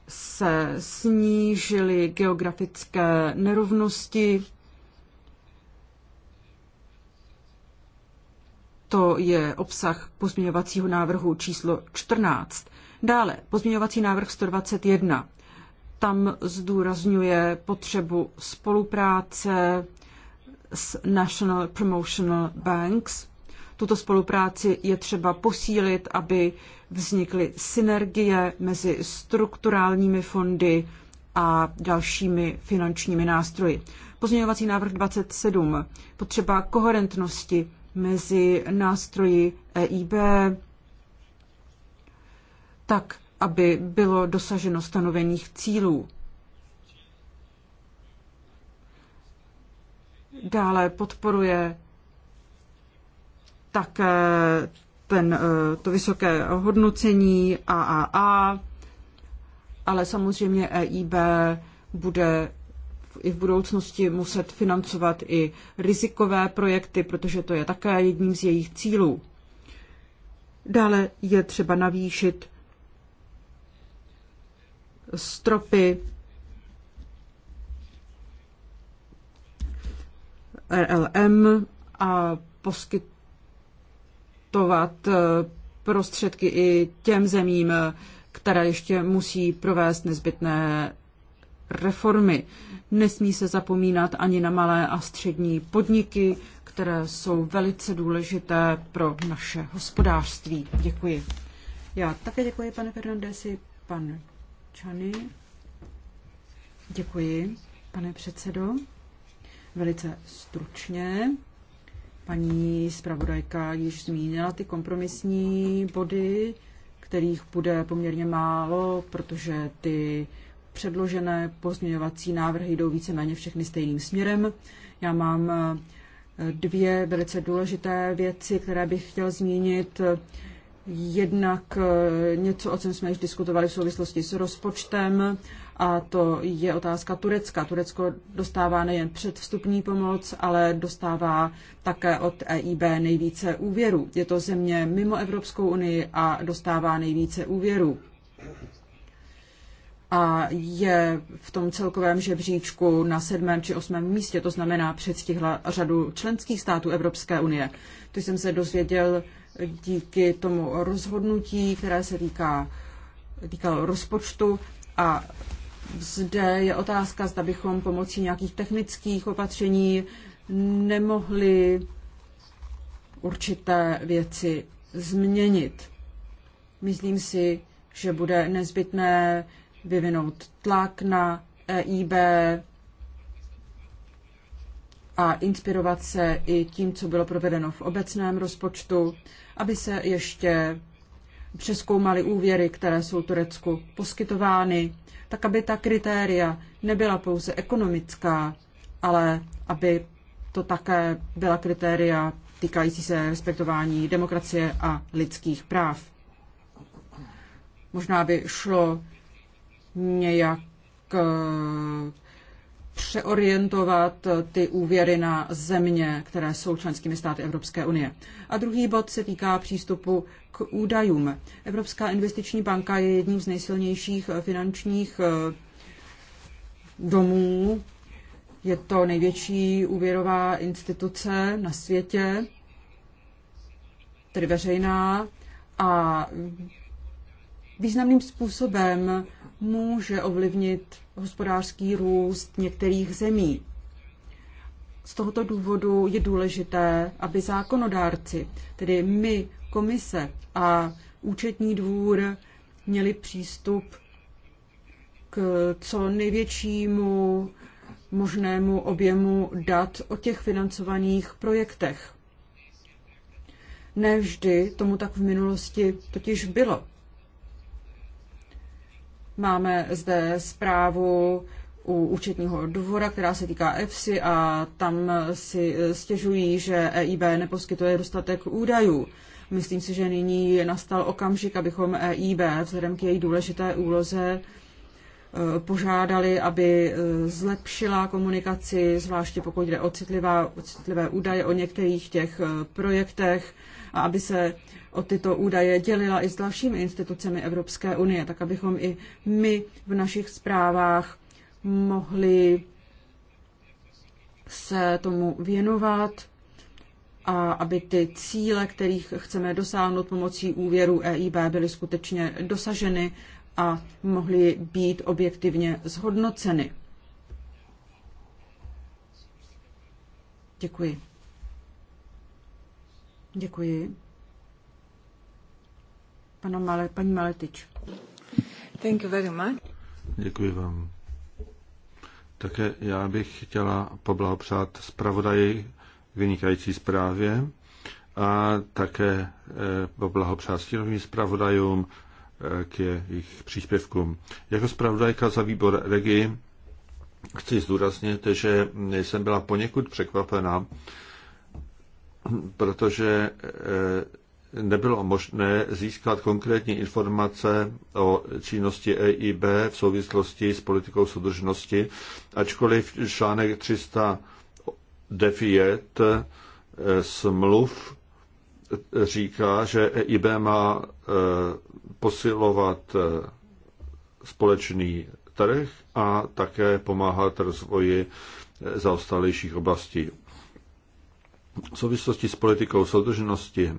[SPEAKER 1] se snížily geografické nerovnosti. To je obsah pozměňovacího návrhu číslo 14. Dále pozměňovací návrh 121. Tam zdůrazňuje potřebu spolupráce s National Promotional Banks tuto spolupráci je třeba posílit, aby vznikly synergie mezi strukturálními fondy a dalšími finančními nástroji. Pozměňovací návrh 27. Potřeba koherentnosti mezi nástroji EIB, tak, aby bylo dosaženo stanovených cílů. Dále podporuje také ten, eh, to vysoké hodnocení AAA, ale samozřejmě EIB bude i v budoucnosti muset financovat i rizikové projekty, protože to je také jedním z jejich cílů. Dále je třeba navýšit stropy RLM e a poskyt poskytovat eh, prostředky i těm zemím, eh, které ještě musí provést nezbytné reformy. Nesmí se zapomínat ani na malé a střední podniky, které jsou velice důležité pro naše hospodářství. Děkuji. Já také děkuji, pane Fernandesi, pan Čany. Děkuji, pane předsedo. Velice stručně. Paní zpravodajka již zmínila ty kompromisní body, kterých bude poměrně málo, protože ty předložené pozměňovací návrhy jdou víceméně všechny stejným směrem. Já mám eh, dvě velice důležité věci, které bych chtěl zmínit. Jednak eh, něco, o čem jsme již diskutovali v souvislosti s rozpočtem, a to je otázka Turecka. Turecko dostává nejen předvstupní pomoc, ale dostává také od EIB nejvíce úvěrů. Je to země mimo Evropskou unii a dostává nejvíce úvěrů. A je v tom celkovém žebříčku na sedmém či osmém místě, to znamená předstihla řadu členských států Evropské unie. To jsem se dozvěděl díky tomu rozhodnutí, které se týká, týká rozpočtu a zde je otázka, zda bychom pomocí nějakých technických opatření nemohli určité věci změnit. Myslím si, že bude nezbytné vyvinout tlak na EIB a inspirovat se i tím, co bylo provedeno v obecném rozpočtu, aby se ještě přeskoumaly úvěry, které jsou Turecku poskytovány tak aby ta kritéria nebyla pouze ekonomická, ale aby to také byla kritéria týkající se respektování demokracie a lidských práv. Možná by šlo nějak eh, přeorientovat ty úvěry na země, které jsou členskými státy Evropské unie. A druhý bod se týká přístupu k údajům. Evropská investiční banka je jedním z nejsilnějších eh, finančních eh, domů. Je to největší úvěrová instituce na světě, tedy veřejná, a významným způsobem může ovlivnit hospodářský růst některých zemí. Z tohoto důvodu je důležité, aby zákonodárci, tedy my komise a účetní dvůr měli přístup k co největšímu možnému objemu dat o těch financovaných projektech. Nevždy tomu tak v minulosti totiž bylo. Máme zde zprávu u účetního dvora, která se týká EFSI a tam si stěžují, že EIB neposkytuje dostatek údajů. Myslím si, že nyní nastal okamžik, abychom EIB vzhledem k její důležité úloze e, požádali, aby e, zlepšila komunikaci, zvláště pokud jde o citlivá, citlivé údaje o některých těch e, projektech a aby se o tyto údaje dělila i s dalšími institucemi Evropské unie, tak abychom i my v našich zprávách mohli se tomu věnovat a aby ty cíle, kterých chceme dosáhnout pomocí úvěru EIB, byly skutečně dosaženy a mohly být objektivně zhodnoceny. Děkuji. Děkuji. Pana Male, paní Maletič. Thank you very much.
[SPEAKER 3] Děkuji vám. Také já bych chtěla poblahopřát zpravodaji vynikající zprávě a také eh, poblahopřát stínovým zpravodajům eh, k jejich příspěvkům. Jako zpravodajka za výbor Regi chci zdůraznit, že jsem byla poněkud překvapena, protože eh, nebylo možné získat konkrétní informace o činnosti EIB v souvislosti s politikou soudržnosti, ačkoliv článek 300 devět eh, smluv eh, říká, že EIB má eh, posilovat společný trh a také pomáhat rozvoji zaostalejších oblastí. V souvislosti s politikou soudržnosti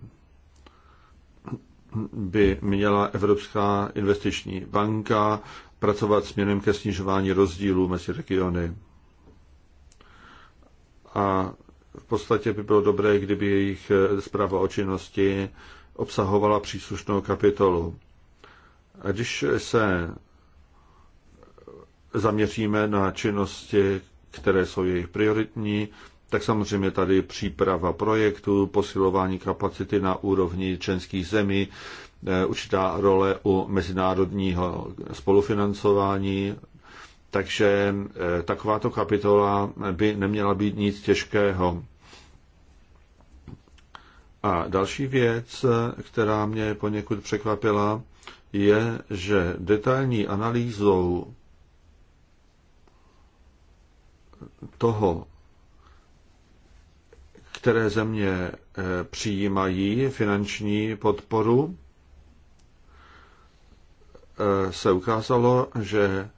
[SPEAKER 3] by měla Evropská investiční banka pracovat směrem ke snižování rozdílů mezi regiony a v podstatě by bylo dobré, kdyby jejich eh, zpráva o činnosti obsahovala příslušnou kapitolu. A když se zaměříme na činnosti, které jsou jejich prioritní, tak samozřejmě tady příprava projektu, posilování kapacity na úrovni členských zemí, eh, určitá role u mezinárodního spolufinancování takže eh, takováto kapitola by neměla být nic těžkého. A další věc, která mě poněkud překvapila, je, že detailní analýzou toho, které země eh, přijímají finanční podporu, eh, se ukázalo, že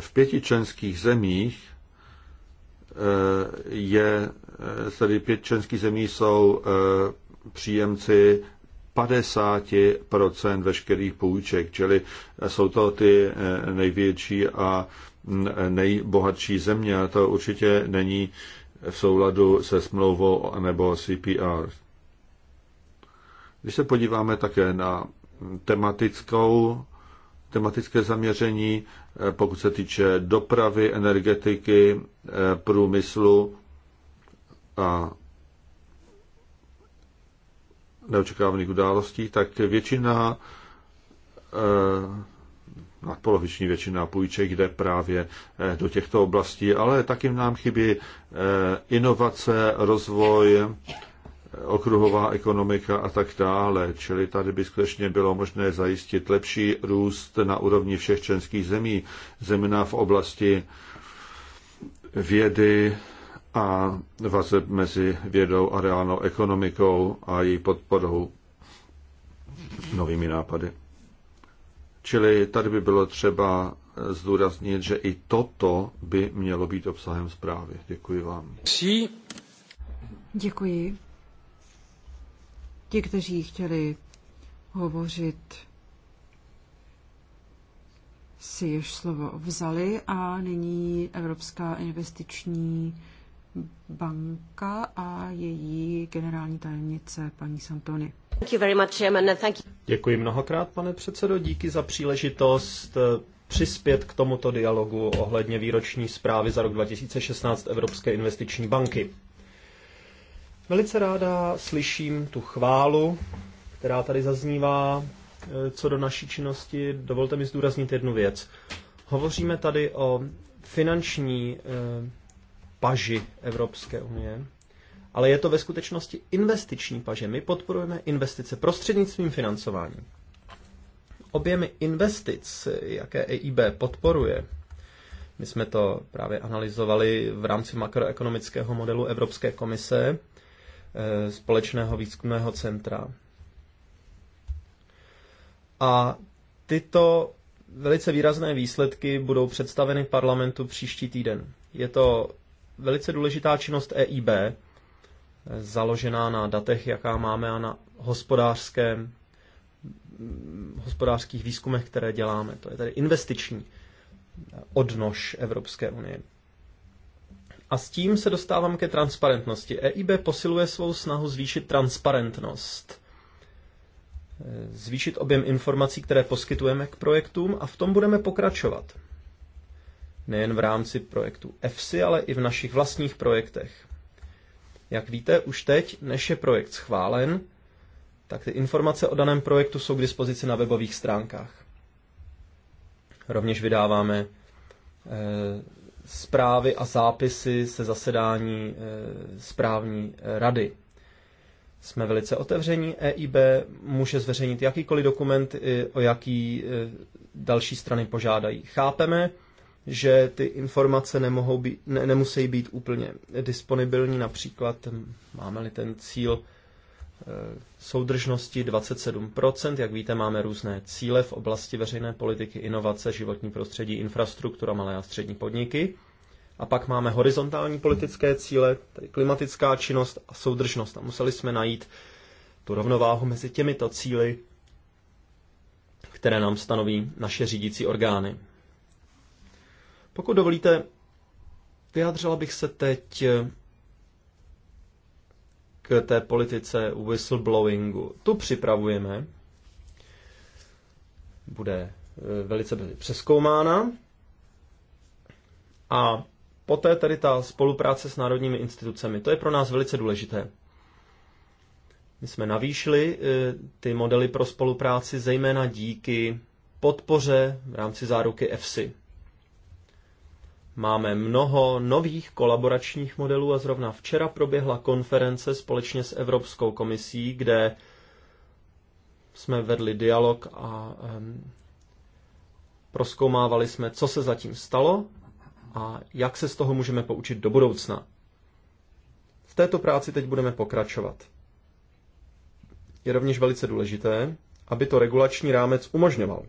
[SPEAKER 3] v pěti členských zemích eh, je, eh, tedy pět členských zemí jsou eh, příjemci 50% veškerých půjček, čili jsou to ty největší a mm, nejbohatší země a to určitě není v souladu se smlouvou nebo CPR. Když se podíváme také na tematickou, tematické zaměření, Eh, pokud se týče dopravy, energetiky, eh, průmyslu a neočekávaných událostí, tak většina, eh, nadpoloviční většina půjček jde právě do těchto oblastí, ale taky nám chybí inovace, rozvoj, okruhová ekonomika a tak dále. Čili tady by skutečně bylo možné zajistit lepší růst na úrovni všech členských zemí, zejména v oblasti vědy a vazeb mezi vědou a reálnou ekonomikou a její podporou novými nápady. Čili tady by bylo třeba zdůraznit, že i toto by mělo být obsahem zprávy. Děkuji vám.
[SPEAKER 1] Děkuji ti, kteří chtěli hovořit, si již slovo vzali a nyní Evropská investiční banka a její generální tajemnice paní Santony.
[SPEAKER 2] Děkuji mnohokrát, pane předsedo, díky za příležitost eh, přispět k tomuto dialogu ohledně výroční zprávy za rok 2016 Evropské investiční banky. Velice ráda slyším tu chválu, která tady zaznívá eh, co do naší činnosti. Dovolte mi zdůraznit jednu věc. Hovoříme tady o finanční eh, paži Evropské unie, ale je to ve skutečnosti investiční paže. My podporujeme investice prostřednictvím financování. Objemy investic, jaké EIB podporuje, my jsme to právě analyzovali v rámci makroekonomického modelu Evropské komise, Eh, společného výzkumného centra. A tyto velice výrazné výsledky budou představeny parlamentu příští týden. Je to velice důležitá činnost EIB, eh, založená na datech, jaká máme a na hospodářském, hospodářských výzkumech, které děláme. To je tedy investiční odnož Evropské unie. A s tím se dostávám ke transparentnosti. EIB posiluje svou snahu zvýšit transparentnost e, zvýšit objem informací, které poskytujeme k projektům a v tom budeme pokračovat. Nejen v rámci projektu EFSI, ale i v našich vlastních projektech. Jak víte, už teď, než je projekt schválen, tak ty informace o daném projektu jsou k dispozici na webových stránkách. Rovněž vydáváme e, zprávy a zápisy se zasedání eh, správní rady. Jsme velice otevření. EIB může zveřejnit jakýkoliv dokument, o jaký eh, další strany požádají. Chápeme, že ty informace nemohou být, ne, nemusí být úplně disponibilní. Například hm, máme-li ten cíl Eh, soudržnosti 27%. Jak víte, máme různé cíle v oblasti veřejné politiky, inovace, životní prostředí, infrastruktura, malé a střední podniky. A pak máme horizontální politické cíle, tedy klimatická činnost a soudržnost. A museli jsme najít tu rovnováhu mezi těmito cíly, které nám stanoví naše řídící orgány. Pokud dovolíte, vyjádřila bych se teď k té politice whistleblowingu. Tu připravujeme. Bude e, velice brzy přeskoumána. A poté tady ta spolupráce s národními institucemi. To je pro nás velice důležité. My jsme navýšili e, ty modely pro spolupráci zejména díky podpoře v rámci záruky EFSI. Máme mnoho nových kolaboračních modelů a zrovna včera proběhla konference společně s Evropskou komisí, kde jsme vedli dialog a um, proskoumávali jsme, co se zatím stalo a jak se z toho můžeme poučit do budoucna. V této práci teď budeme pokračovat. Je rovněž velice důležité, aby to regulační rámec umožňoval.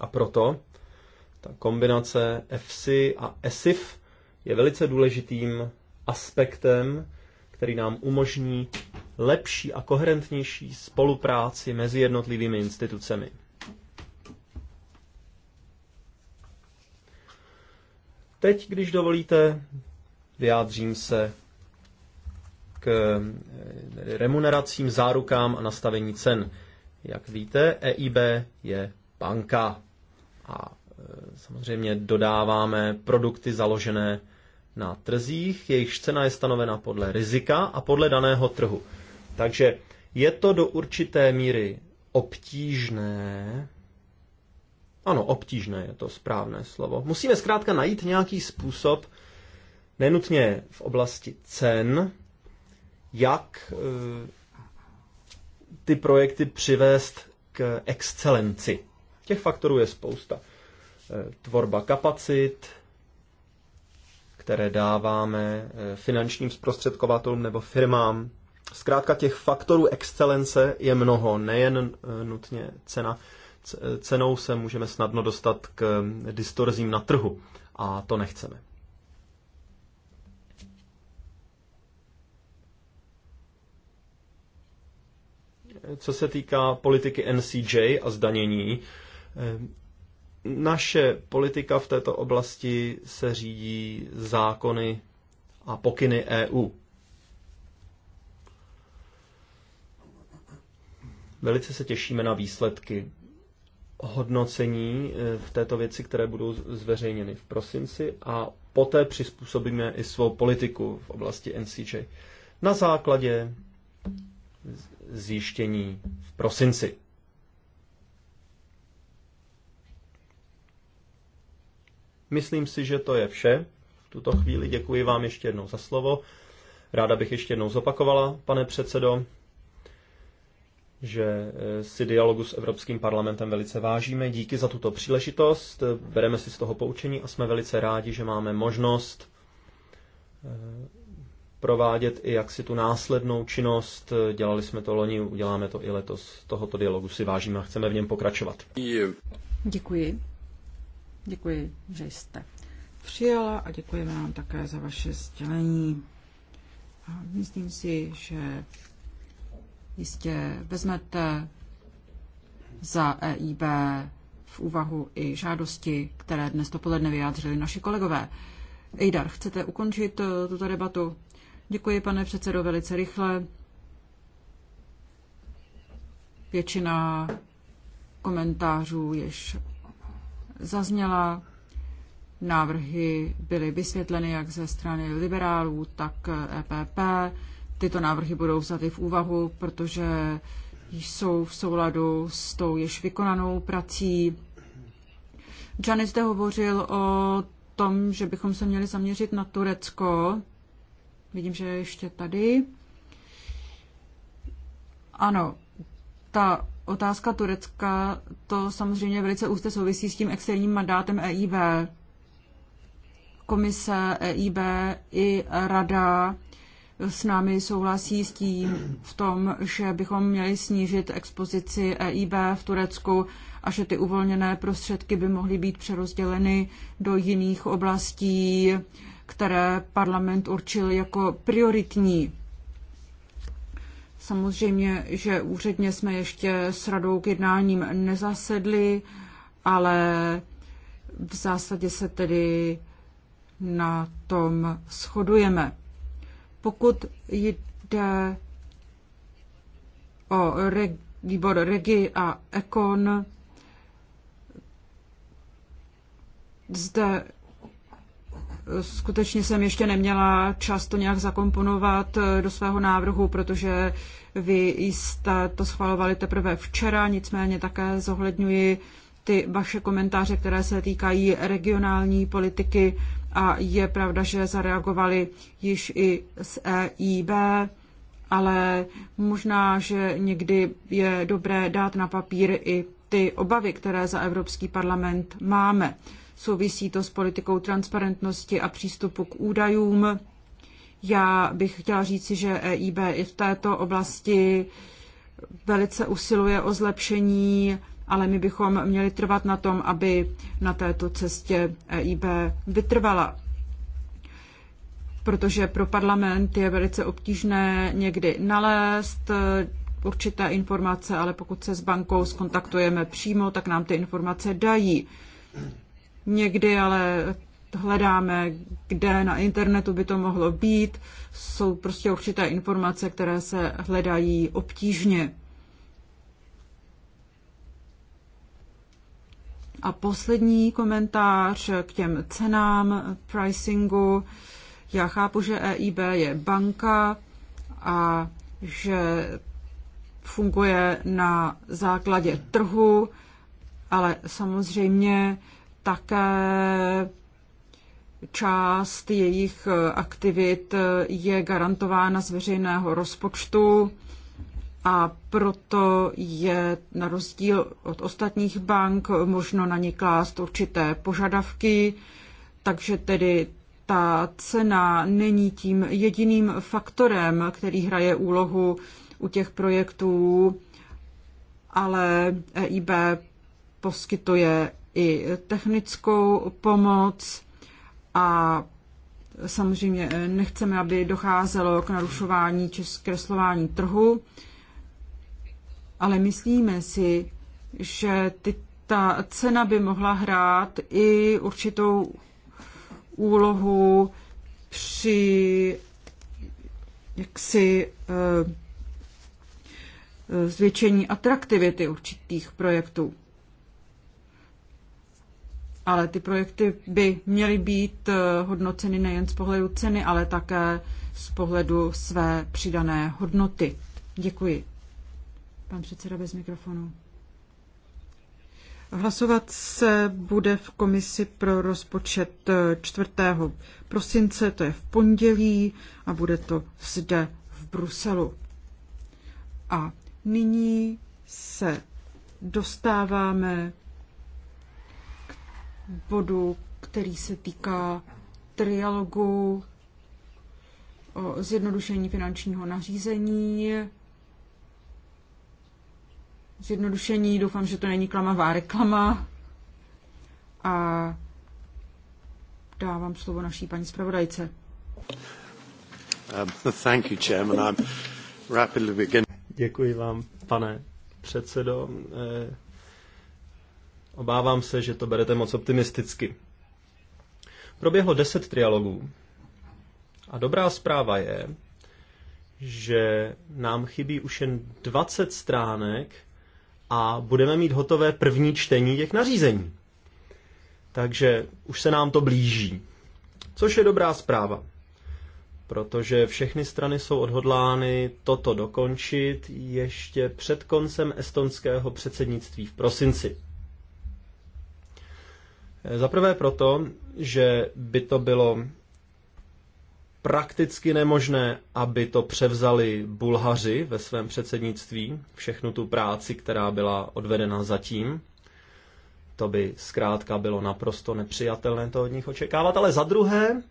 [SPEAKER 2] A proto ta kombinace EFSI a ESIF je velice důležitým aspektem, který nám umožní lepší a koherentnější spolupráci mezi jednotlivými institucemi. Teď, když dovolíte, vyjádřím se k remuneracím, zárukám a nastavení cen. Jak víte, EIB je banka a Eh, samozřejmě dodáváme produkty založené na trzích, jejich cena je stanovena podle rizika a podle daného trhu. Takže je to do určité míry obtížné. Ano, obtížné je to správné slovo. Musíme zkrátka najít nějaký způsob, nenutně v oblasti cen, jak eh, ty projekty přivést k excelenci. Těch faktorů je spousta. Eh, tvorba kapacit, které dáváme eh, finančním zprostředkovatelům nebo firmám. Zkrátka těch faktorů excelence je mnoho, nejen eh, nutně cena. Cenou se můžeme snadno dostat k distorzím na trhu a to nechceme. Co se týká politiky NCJ a zdanění, naše politika v této oblasti se řídí zákony a pokyny EU. Velice se těšíme na výsledky hodnocení e, v této věci, které budou zveřejněny v prosinci a poté přizpůsobíme i svou politiku v oblasti NCJ na základě zjištění v prosinci. Myslím si, že to je vše. V tuto chvíli děkuji vám ještě jednou za slovo. Ráda bych ještě jednou zopakovala, pane předsedo, že eh, si dialogu s Evropským parlamentem velice vážíme. Díky za tuto příležitost, bereme si z toho poučení a jsme velice rádi, že máme možnost eh, provádět i jaksi tu následnou činnost. Dělali jsme to loni, uděláme to i letos. Tohoto dialogu si vážíme a chceme v něm pokračovat.
[SPEAKER 1] Děkuji. Děkuji, že jste přijala a děkuji vám také za vaše sdělení. A myslím si, že jistě vezmete za EIB v úvahu i žádosti, které dnes dopoledne vyjádřili naši kolegové. Ejdar, chcete ukončit eh, tuto debatu? Děkuji, pane předsedo, velice rychle. Většina komentářů jež zazněla. Návrhy byly vysvětleny jak ze strany liberálů, tak EPP. Tyto návrhy budou vzaty v úvahu, protože jsou v souladu s tou již vykonanou prací. Gianni zde hovořil o tom, že bychom se měli zaměřit na Turecko. Vidím, že je ještě tady. Ano, ta Otázka Turecka, to samozřejmě velice úzce souvisí s tím externím mandátem EIB. Komise EIB i rada s námi souhlasí s tím v tom, že bychom měli snížit expozici EIB v Turecku a že ty uvolněné prostředky by mohly být přerozděleny do jiných oblastí, které parlament určil jako prioritní. Samozřejmě, že úředně jsme ještě s radou k jednáním nezasedli, ale v zásadě se tedy na tom shodujeme. Pokud jde o reg- výbor Regi a Ekon, zde skutečně jsem ještě neměla čas to nějak zakomponovat eh, do svého návrhu, protože vy jste to schvalovali teprve včera, nicméně také zohledňuji ty vaše komentáře, které se týkají regionální politiky a je pravda, že zareagovali již i z EIB, ale možná, že někdy je dobré dát na papír i ty obavy, které za Evropský parlament máme. Souvisí to s politikou transparentnosti a přístupu k údajům. Já bych chtěla říci, že EIB i v této oblasti velice usiluje o zlepšení, ale my bychom měli trvat na tom, aby na této cestě EIB vytrvala protože pro parlament je velice obtížné někdy nalézt určité informace, ale pokud se s bankou skontaktujeme přímo, tak nám ty informace dají. Někdy ale hledáme, kde na internetu by to mohlo být. Jsou prostě určité informace, které se hledají obtížně. A poslední komentář k těm cenám, pricingu. Já chápu, že EIB je banka a že funguje na základě trhu, ale samozřejmě také část jejich aktivit je garantována z veřejného rozpočtu a proto je na rozdíl od ostatních bank možno na ně klást určité požadavky, takže tedy ta cena není tím jediným faktorem, který hraje úlohu u těch projektů, ale EIB poskytuje i technickou pomoc a samozřejmě eh, nechceme, aby docházelo k narušování či zkreslování trhu, ale myslíme si, že ty, ta cena by mohla hrát i určitou úlohu při jaksi eh, eh, zvětšení atraktivity určitých projektů ale ty projekty by měly být eh, hodnoceny nejen z pohledu ceny, ale také z pohledu své přidané hodnoty. Děkuji. Pan předseda bez mikrofonu. Hlasovat se bude v komisi pro rozpočet 4. Eh, prosince, to je v pondělí, a bude to zde v Bruselu. A nyní se dostáváme bodu, který se týká trialogu o zjednodušení finančního nařízení. Zjednodušení, doufám, že to není klamavá reklama. A dávám slovo naší paní zpravodajce.
[SPEAKER 3] Um, no, Děkuji
[SPEAKER 2] vám, pane předsedo. Eh, Obávám se, že to berete moc optimisticky. Proběhlo deset trialogů. A dobrá zpráva je, že nám chybí už jen 20 stránek a budeme mít hotové první čtení těch nařízení. Takže už se nám to blíží. Což je dobrá zpráva, protože všechny strany jsou odhodlány toto dokončit ještě před koncem estonského předsednictví v prosinci. Zaprvé proto, že by to bylo prakticky nemožné, aby to převzali Bulhaři ve svém předsednictví, všechnu tu práci, která byla odvedena zatím. To by zkrátka bylo naprosto nepřijatelné to od nich očekávat, ale za druhé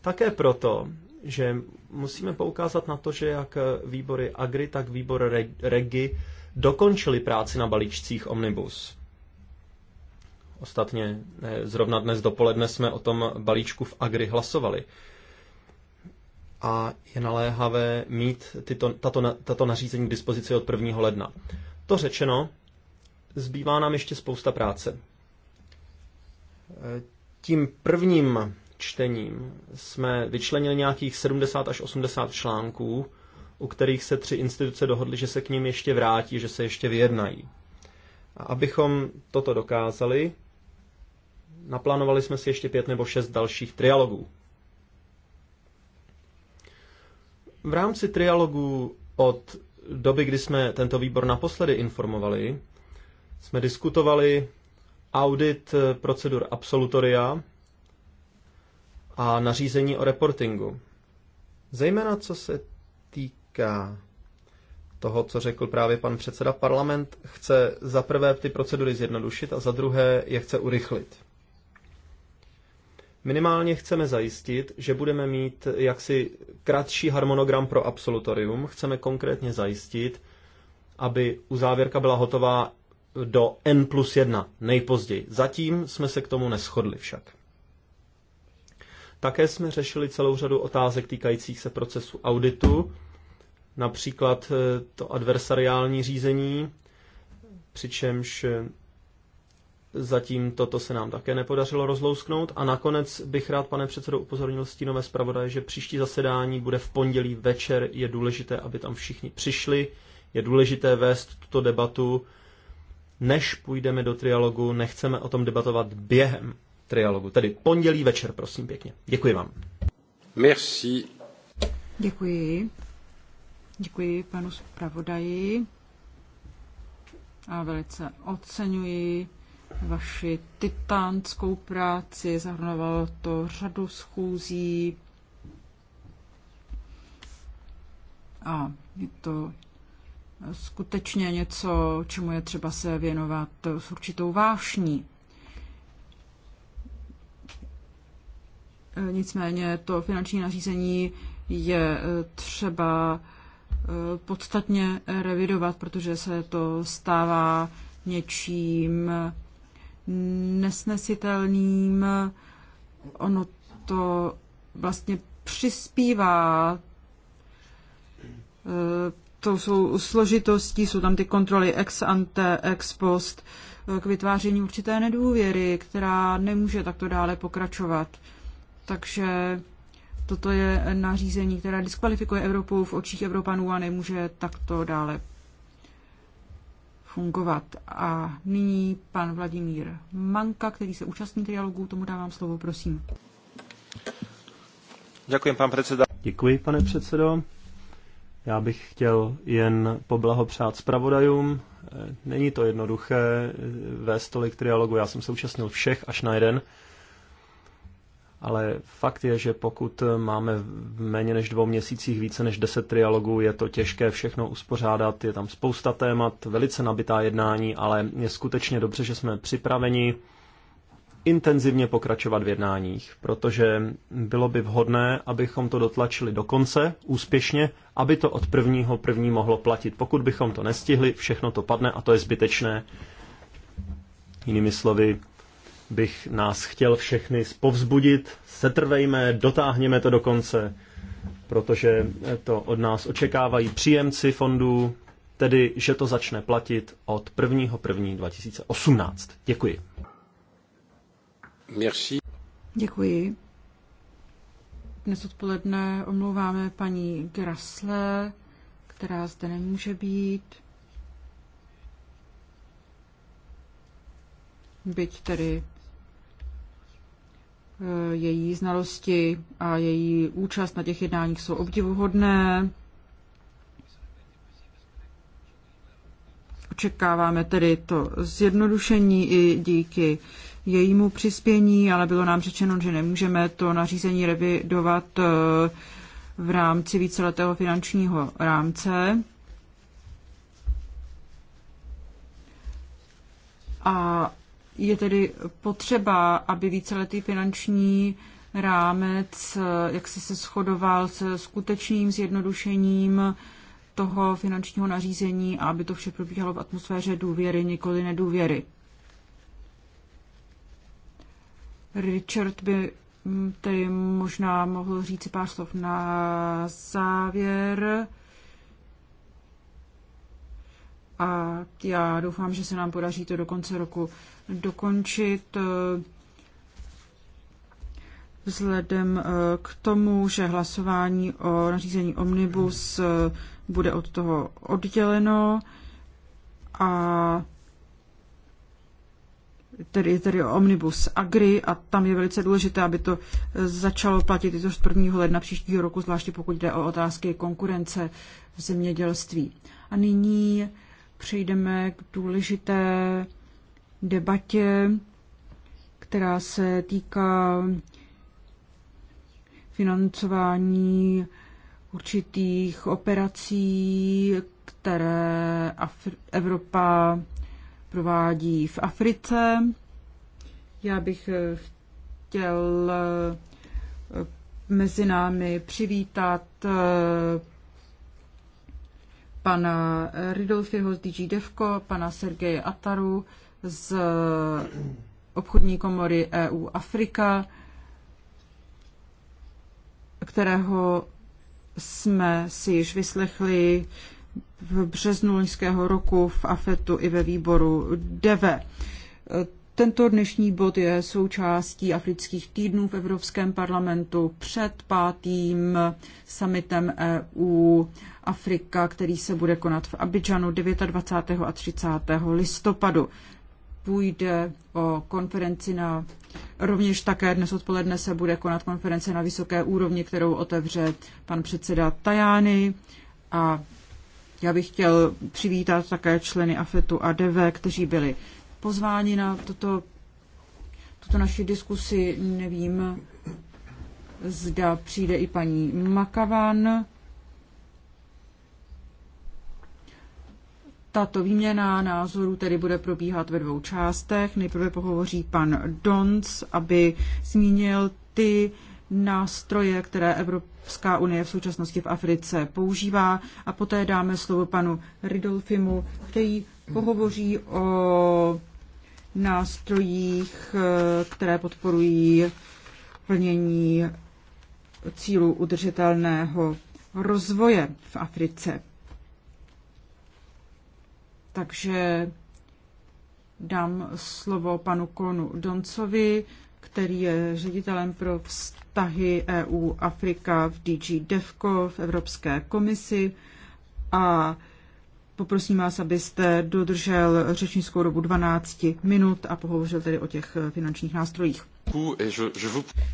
[SPEAKER 2] také proto, že musíme poukázat na to, že jak výbory Agri, tak výbor Regi dokončili práci na balíčcích Omnibus. Ostatně eh, zrovna dnes dopoledne jsme o tom balíčku v Agri hlasovali. A je naléhavé mít tyto, tato, tato nařízení k dispozici od 1. ledna. To řečeno, zbývá nám ještě spousta práce. Eh, tím prvním čtením jsme vyčlenili nějakých 70 až 80 článků, u kterých se tři instituce dohodly, že se k ním ještě vrátí, že se ještě vyjednají. A abychom toto dokázali, naplánovali jsme si ještě pět nebo šest dalších trialogů. V rámci trialogů od doby, kdy jsme tento výbor naposledy informovali, jsme diskutovali audit procedur absolutoria a nařízení o reportingu. Zejména co se týká toho, co řekl právě pan předseda parlament, chce za prvé ty procedury zjednodušit a za druhé je chce urychlit. Minimálně chceme zajistit, že budeme mít jaksi kratší harmonogram pro absolutorium. Chceme konkrétně zajistit, aby uzávěrka byla hotová do N plus 1 nejpozději. Zatím jsme se k tomu neschodli však. Také jsme řešili celou řadu otázek týkajících se procesu auditu, například eh, to adversariální řízení, přičemž eh, Zatím toto se nám také nepodařilo rozlousknout. A nakonec bych rád, pane předsedo, upozornil stínové zpravodaje, že příští zasedání bude v pondělí večer. Je důležité, aby tam všichni přišli. Je důležité vést tuto debatu. Než půjdeme do trialogu, nechceme o tom debatovat během trialogu. Tedy pondělí večer, prosím pěkně. Děkuji vám. Merci.
[SPEAKER 1] Děkuji. Děkuji panu zpravodaji a velice oceňuji vaši titánskou práci, zahrnovalo to řadu schůzí a je to skutečně něco, čemu je třeba se věnovat s určitou vášní. Nicméně to finanční nařízení je třeba eh, podstatně revidovat, protože se to stává něčím nesnesitelným. Ono to vlastně přispívá. Eh, to jsou složitosti, jsou tam ty kontroly ex ante, ex post, eh, k vytváření určité nedůvěry, která nemůže takto dále pokračovat. Takže toto je nařízení, které diskvalifikuje Evropu v očích Evropanů a nemůže takto dále fungovat. A nyní pan Vladimír Manka, který se účastní dialogu, tomu dávám slovo, prosím.
[SPEAKER 2] Děkuji, pan předseda. Děkuji, pane předsedo. Já bych chtěl jen poblahopřát zpravodajům. Není to jednoduché vést tolik trialogu. Já jsem se účastnil všech až na jeden ale fakt je, že pokud máme v méně než dvou měsících více než deset trialogů, je to těžké všechno uspořádat, je tam spousta témat, velice nabitá jednání, ale je skutečně dobře, že jsme připraveni intenzivně pokračovat v jednáních, protože bylo by vhodné, abychom to dotlačili do konce úspěšně, aby to od prvního první mohlo platit. Pokud bychom to nestihli, všechno to padne a to je zbytečné. Jinými slovy, bych nás chtěl všechny povzbudit. Setrvejme, dotáhněme to do konce, protože to od nás očekávají příjemci fondů, tedy že to začne platit od 1.1.2018. 2018. Děkuji.
[SPEAKER 1] Merci. Děkuji. Dnes odpoledne omlouváme paní Grasle, která zde nemůže být. Byť tedy Eh, její znalosti a její účast na těch jednáních jsou obdivuhodné. Očekáváme tedy to zjednodušení i díky jejímu přispění, ale bylo nám řečeno, že nemůžeme to nařízení revidovat eh, v rámci víceletého finančního rámce. A je tedy potřeba, aby víceletý finanční rámec, jak se se shodoval se skutečným zjednodušením toho finančního nařízení a aby to vše probíhalo v atmosféře důvěry, nikoli nedůvěry. Richard by mm, tady možná mohl říct pár slov na závěr. A já doufám, že se nám podaří to do konce roku dokončit eh, vzhledem eh, k tomu, že hlasování o nařízení Omnibus eh, bude od toho odděleno a tedy tedy Omnibus Agri a tam je velice důležité, aby to začalo platit i to z 1. ledna příštího roku, zvláště pokud jde o otázky konkurence v zemědělství. A nyní přejdeme k důležité debatě, která se týká financování určitých operací, které Afri- Evropa provádí v Africe. Já bych eh, chtěl eh, mezi námi přivítat eh, pana Ridolfiho z DG Devko, pana Sergeje Ataru, z obchodní komory EU Afrika, kterého jsme si již vyslechli v březnu loňského roku v AFETu i ve výboru DEVE. Tento dnešní bod je součástí afrických týdnů v Evropském parlamentu před pátým summitem EU Afrika, který se bude konat v Abidžanu 29. a 30. listopadu půjde o konferenci na Rovněž také dnes odpoledne se bude konat konference na vysoké úrovni, kterou otevře pan předseda Tajány. A já bych chtěl přivítat také členy AFETu a DV, kteří byli pozváni na toto, tuto naši diskusi. Nevím, zda přijde i paní Makavan. Tato výměna názorů tedy bude probíhat ve dvou částech. Nejprve pohovoří pan Donc, aby zmínil ty nástroje, které Evropská unie v současnosti v Africe používá. A poté dáme slovo panu Ridolfimu, který pohovoří o nástrojích, které podporují plnění cílu udržitelného rozvoje v Africe. Takže dám slovo panu Konu Doncovi, který je ředitelem pro vztahy EU-Afrika v DG DEFCO v Evropské komisi a poprosím vás, abyste dodržel řečnickou dobu 12 minut a pohovořil tedy o těch finančních nástrojích.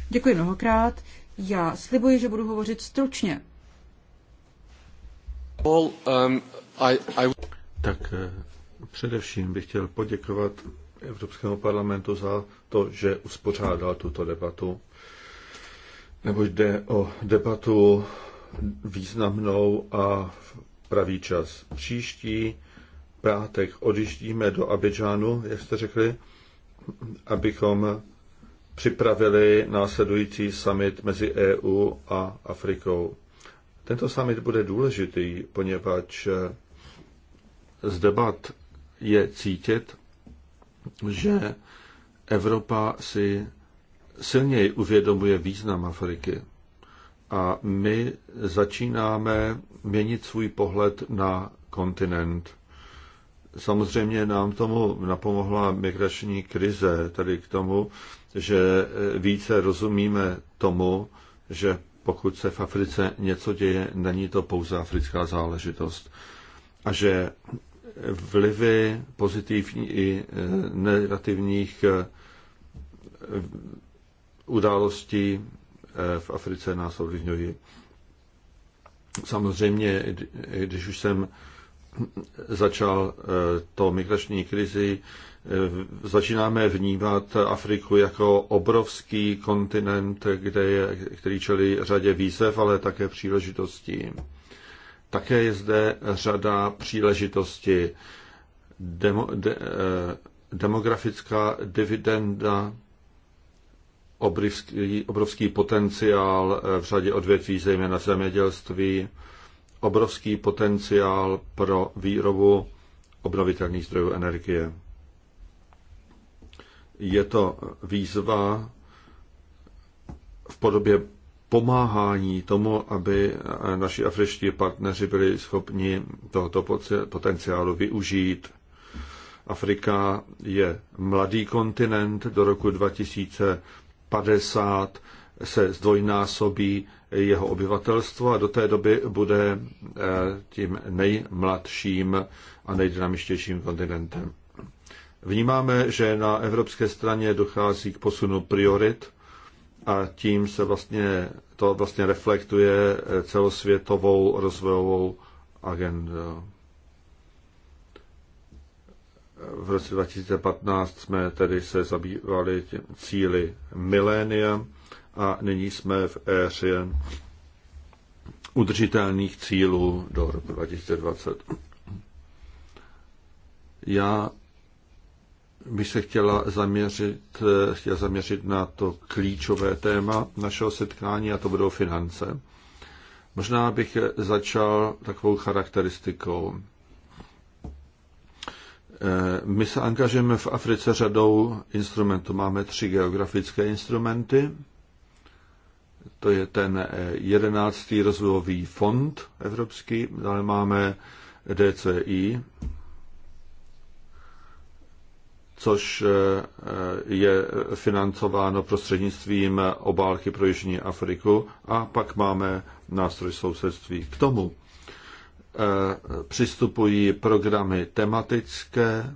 [SPEAKER 1] Děkuji mnohokrát. Já slibuji, že budu hovořit stručně.
[SPEAKER 3] Paul, um, I, I... Tak eh, především bych chtěl poděkovat Evropskému parlamentu za to, že uspořádal tuto debatu. Nebo jde o debatu významnou a v pravý čas. Příští pátek odjíždíme do Abidžánu, jak jste řekli, abychom připravili následující summit mezi EU a Afrikou. Tento summit bude důležitý, poněvadž z debat je cítit, že Evropa si silněji uvědomuje význam Afriky a my začínáme měnit svůj pohled na kontinent. Samozřejmě nám tomu napomohla migrační krize, tedy k tomu, že více rozumíme tomu, že pokud se v Africe něco děje, není to pouze africká záležitost. A že vlivy pozitivní i eh, negativních eh, událostí eh, v Africe nás ovlivňují. Samozřejmě, když už jsem začal to migrační krizi, začínáme vnímat Afriku jako obrovský kontinent, kde je, který čelí řadě výzev, ale také příležitostí. Také je zde řada příležitosti demo, de, eh, demografická dividenda, obrovský, obrovský potenciál eh, v řadě odvětví, zejména v zemědělství, obrovský potenciál pro výrobu obnovitelných zdrojů energie. Je to výzva v podobě pomáhání tomu, aby naši afričtí partneři byli schopni tohoto potenciálu využít. Afrika je mladý kontinent, do roku 2050 se zdvojnásobí jeho obyvatelstvo a do té doby bude eh, tím nejmladším a nejdynamičtějším kontinentem. Vnímáme, že na evropské straně dochází k posunu priorit a tím se vlastně to vlastně reflektuje celosvětovou rozvojovou agendu. V roce 2015 jsme tedy se zabývali těm cíly milénia a nyní jsme v éře udržitelných cílů do roku 2020. Já bych se chtěla zaměřit, chtěla zaměřit na to klíčové téma našeho setkání a to budou finance. Možná bych začal takovou charakteristikou. Eh, my se angažujeme v Africe řadou instrumentů. Máme tři geografické instrumenty. To je ten jedenáctý rozvojový fond evropský. Dále máme DCI, což eh, eh, je financováno prostřednictvím obálky pro Jižní Afriku a pak máme nástroj sousedství. K tomu eh, přistupují programy tematické,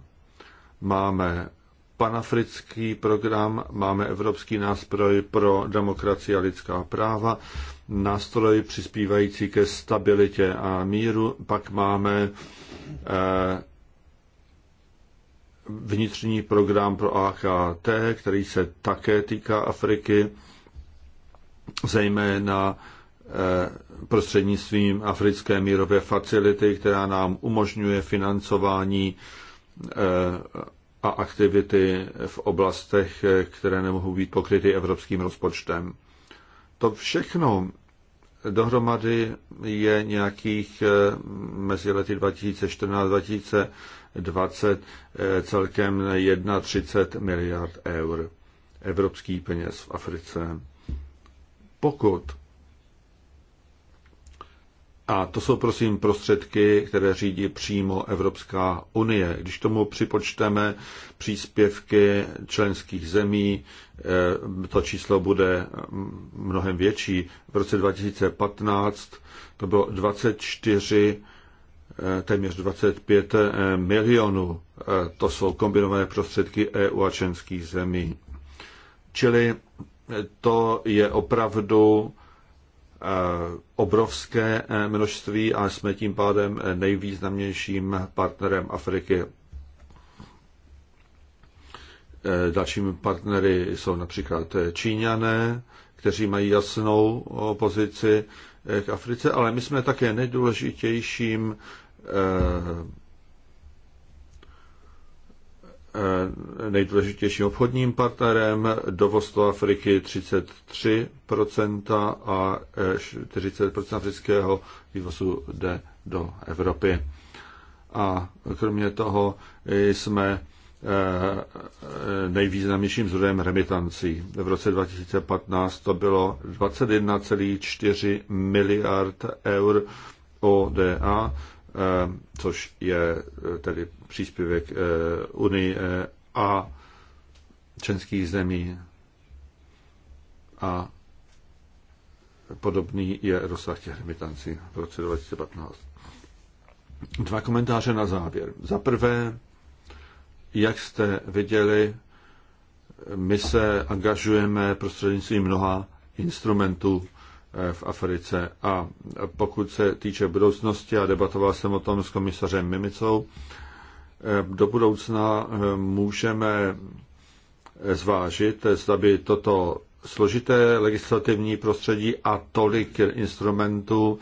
[SPEAKER 3] máme panafrický program, máme Evropský nástroj pro demokracii a lidská práva, nástroj přispívající ke stabilitě a míru, pak máme vnitřní program pro AKT, který se také týká Afriky, zejména eh, prostřednictvím Africké mírové facility, která nám umožňuje financování eh, a aktivity v oblastech, eh, které nemohou být pokryty evropským rozpočtem. To všechno dohromady je nějakých mezi lety 2014-2015 2020 eh, celkem 31 miliard eur evropský peněz v Africe. Pokud a to jsou prosím prostředky, které řídí přímo Evropská unie. Když tomu připočteme příspěvky členských zemí, eh, to číslo bude mnohem větší. V roce 2015 to bylo 24 téměř 25 eh, milionů. Eh, to jsou kombinované prostředky EU a členských zemí. Čili eh, to je opravdu obrovské množství a jsme tím pádem nejvýznamnějším partnerem Afriky. Dalšími partnery jsou například Číňané, kteří mají jasnou pozici k Africe, ale my jsme také nejdůležitějším Eh, eh, nejdůležitějším obchodním partnerem, dovoz do Afriky 33% a 40% eh, afrického vývozu jde do Evropy. A kromě toho jsme nejvýznamnějším zdrojem remitancí. V roce 2015 to bylo 21,4 miliard eur ODA, Eh, což je eh, tedy příspěvek eh, Unii a členských zemí a podobný je rozsah těch remitancí v roce 2015. Dva komentáře na závěr. Za prvé, jak jste viděli, my se angažujeme prostřednictvím mnoha instrumentů Eh, v Africe. A pokud se týče budoucnosti, a debatoval jsem o tom s komisařem Mimicou, eh, do budoucna eh, můžeme zvážit, zda by toto složité legislativní prostředí a tolik instrumentů,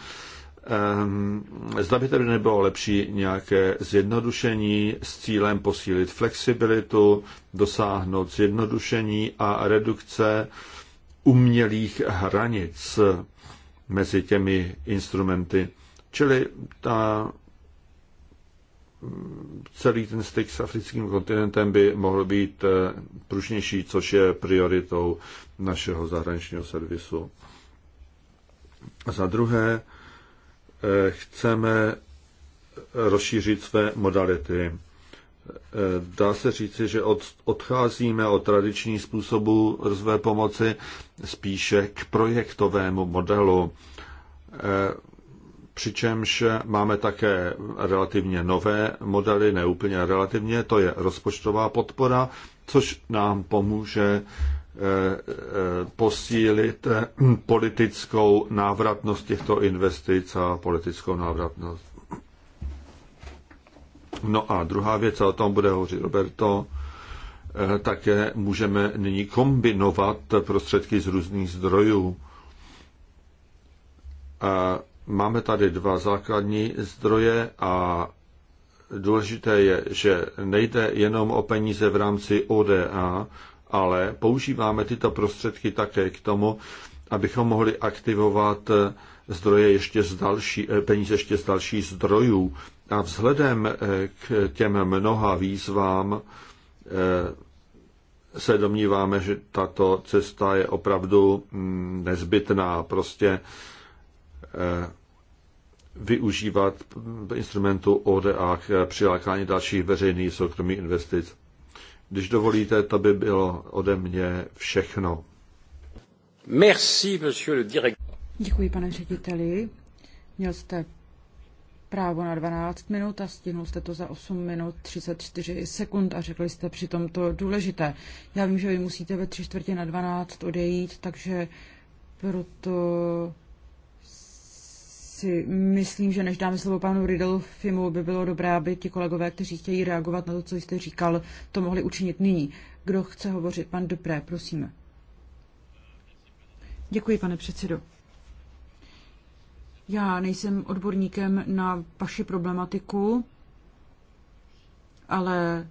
[SPEAKER 3] zda by tedy nebylo lepší nějaké zjednodušení s cílem posílit flexibilitu, dosáhnout zjednodušení a redukce umělých hranic mezi těmi instrumenty. Čili ta, celý ten styk s africkým kontinentem by mohl být eh, pružnější, což je prioritou našeho zahraničního servisu. Za druhé, eh, chceme rozšířit své modality. Eh, dá se říci, že od, odcházíme od tradiční způsobu rozvoje pomoci spíše k projektovému modelu. Eh, přičemž máme také relativně nové modely, neúplně relativně, to je rozpočtová podpora, což nám pomůže eh, posílit politickou návratnost těchto investic a politickou návratnost No a druhá věc, a o tom bude hovořit Roberto, eh, také můžeme nyní kombinovat prostředky z různých zdrojů. Máme tady dva základní zdroje a důležité je, že nejde jenom o peníze v rámci ODA, ale používáme tyto prostředky také k tomu, abychom mohli aktivovat zdroje ještě z další, eh, peníze ještě z dalších zdrojů. A vzhledem eh, k těm mnoha výzvám eh, se domníváme, že tato cesta je opravdu mm, nezbytná. Prostě eh, využívat mm, instrumentu ODA k přilákání dalších veřejných soukromých investic. Když dovolíte, to by bylo ode mě všechno. Merci, monsieur le
[SPEAKER 1] Děkuji, pane řediteli. Měl jste právo na 12 minut a stihnul jste to za 8 minut 34 sekund a řekli jste při tom to důležité. Já vím, že vy musíte ve 3 čtvrtě na 12 odejít, takže proto si myslím, že než dáme slovo panu Ridolfimu, by bylo dobré, aby ti kolegové, kteří chtějí reagovat na to, co jste říkal, to mohli učinit nyní. Kdo chce hovořit? Pan Dobré, prosím. Děkuji, pane předsedo. Já nejsem odborníkem na vaši problematiku, ale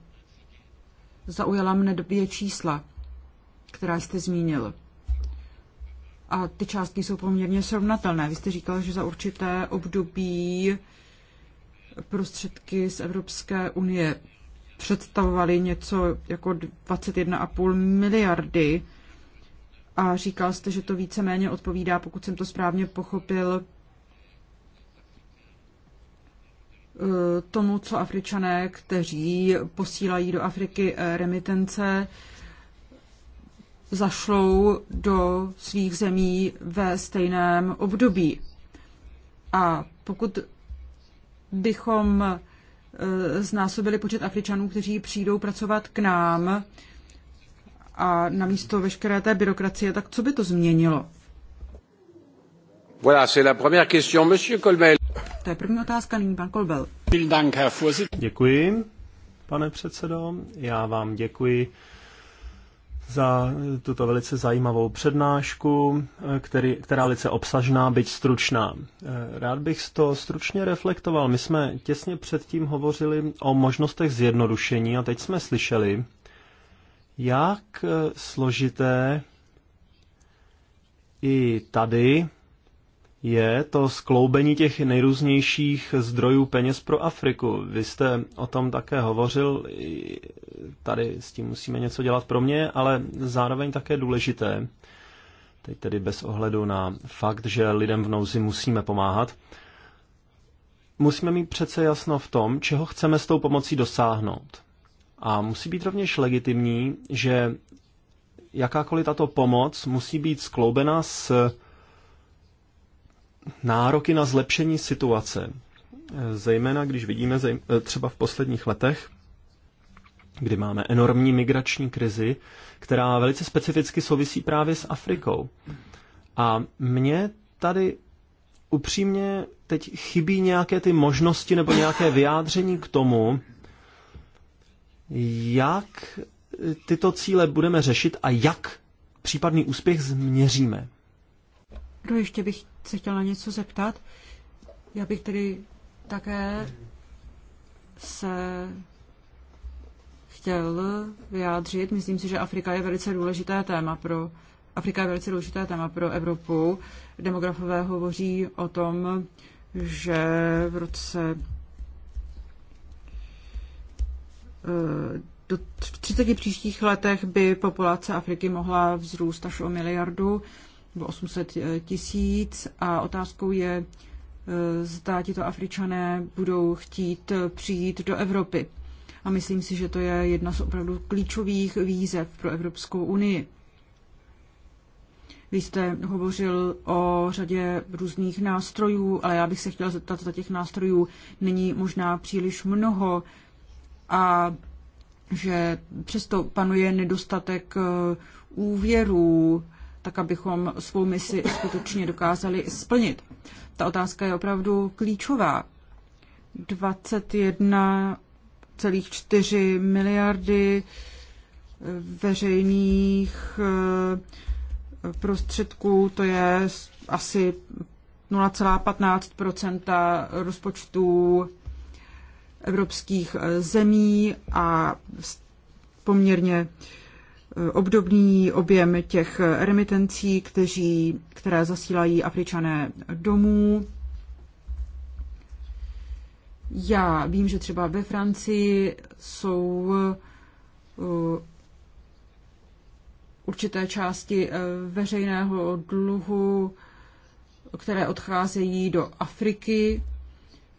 [SPEAKER 1] zaujala mne dvě čísla, která jste zmínil. A ty částky jsou poměrně srovnatelné. Vy jste říkal, že za určité období prostředky z Evropské unie představovaly něco jako 21,5 miliardy a říkal jste, že to víceméně odpovídá, pokud jsem to správně pochopil, tomu, co Afričané, kteří posílají do Afriky eh, remitence, zašlou do svých zemí ve stejném období. A pokud bychom eh, znásobili počet Afričanů, kteří přijdou pracovat k nám a namísto veškeré té byrokracie, tak co by to změnilo? Voilà, c'est la première question. Monsieur Colmel. To je první otázka, nyní pan Kolbel. Děkuji, pane
[SPEAKER 2] předsedo. Já vám děkuji za tuto velice zajímavou přednášku, který, která velice obsažná, byť stručná. Rád bych to stručně reflektoval. My jsme těsně předtím hovořili o možnostech zjednodušení a teď jsme slyšeli, jak složité i tady je to skloubení těch nejrůznějších zdrojů peněz pro Afriku. Vy jste o tom také hovořil, tady s tím musíme něco dělat pro mě, ale zároveň také důležité, teď tedy bez ohledu na fakt, že lidem v nouzi musíme pomáhat, musíme mít přece jasno v tom, čeho chceme s tou pomocí dosáhnout. A musí být rovněž legitimní, že jakákoliv tato pomoc musí být skloubená s nároky na zlepšení situace, zejména když vidíme eh, třeba v posledních letech, kdy máme enormní migrační krizi, která velice specificky souvisí právě s Afrikou. A mně tady upřímně teď chybí nějaké ty možnosti nebo nějaké vyjádření k tomu, jak tyto cíle budeme řešit a jak případný úspěch změříme.
[SPEAKER 1] No ještě bych se chtěl na něco zeptat. Já bych tedy také se chtěl vyjádřit. Myslím si, že Afrika je velice důležité téma pro Afrika je velice důležité téma pro Evropu. Demografové hovoří o tom, že v roce eh, do 30 příštích letech by populace Afriky mohla vzrůst až o miliardu nebo 800 eh, tisíc a otázkou je, eh, zda tito Afričané budou chtít eh, přijít do Evropy. A myslím si, že to je jedna z opravdu klíčových výzev pro Evropskou unii. Vy jste hovořil o řadě různých nástrojů, ale já bych se chtěla zeptat, za těch nástrojů není možná příliš mnoho a že přesto panuje nedostatek úvěrů, tak abychom svou misi skutečně dokázali splnit. Ta otázka je opravdu klíčová. 21,4 miliardy eh, veřejných eh, prostředků, to je asi 0,15 rozpočtů evropských eh, zemí a poměrně obdobný objem těch remitencí, kteří, které zasílají Afričané domů. Já vím, že třeba ve Francii jsou uh, určité části uh, veřejného dluhu, které odcházejí do Afriky.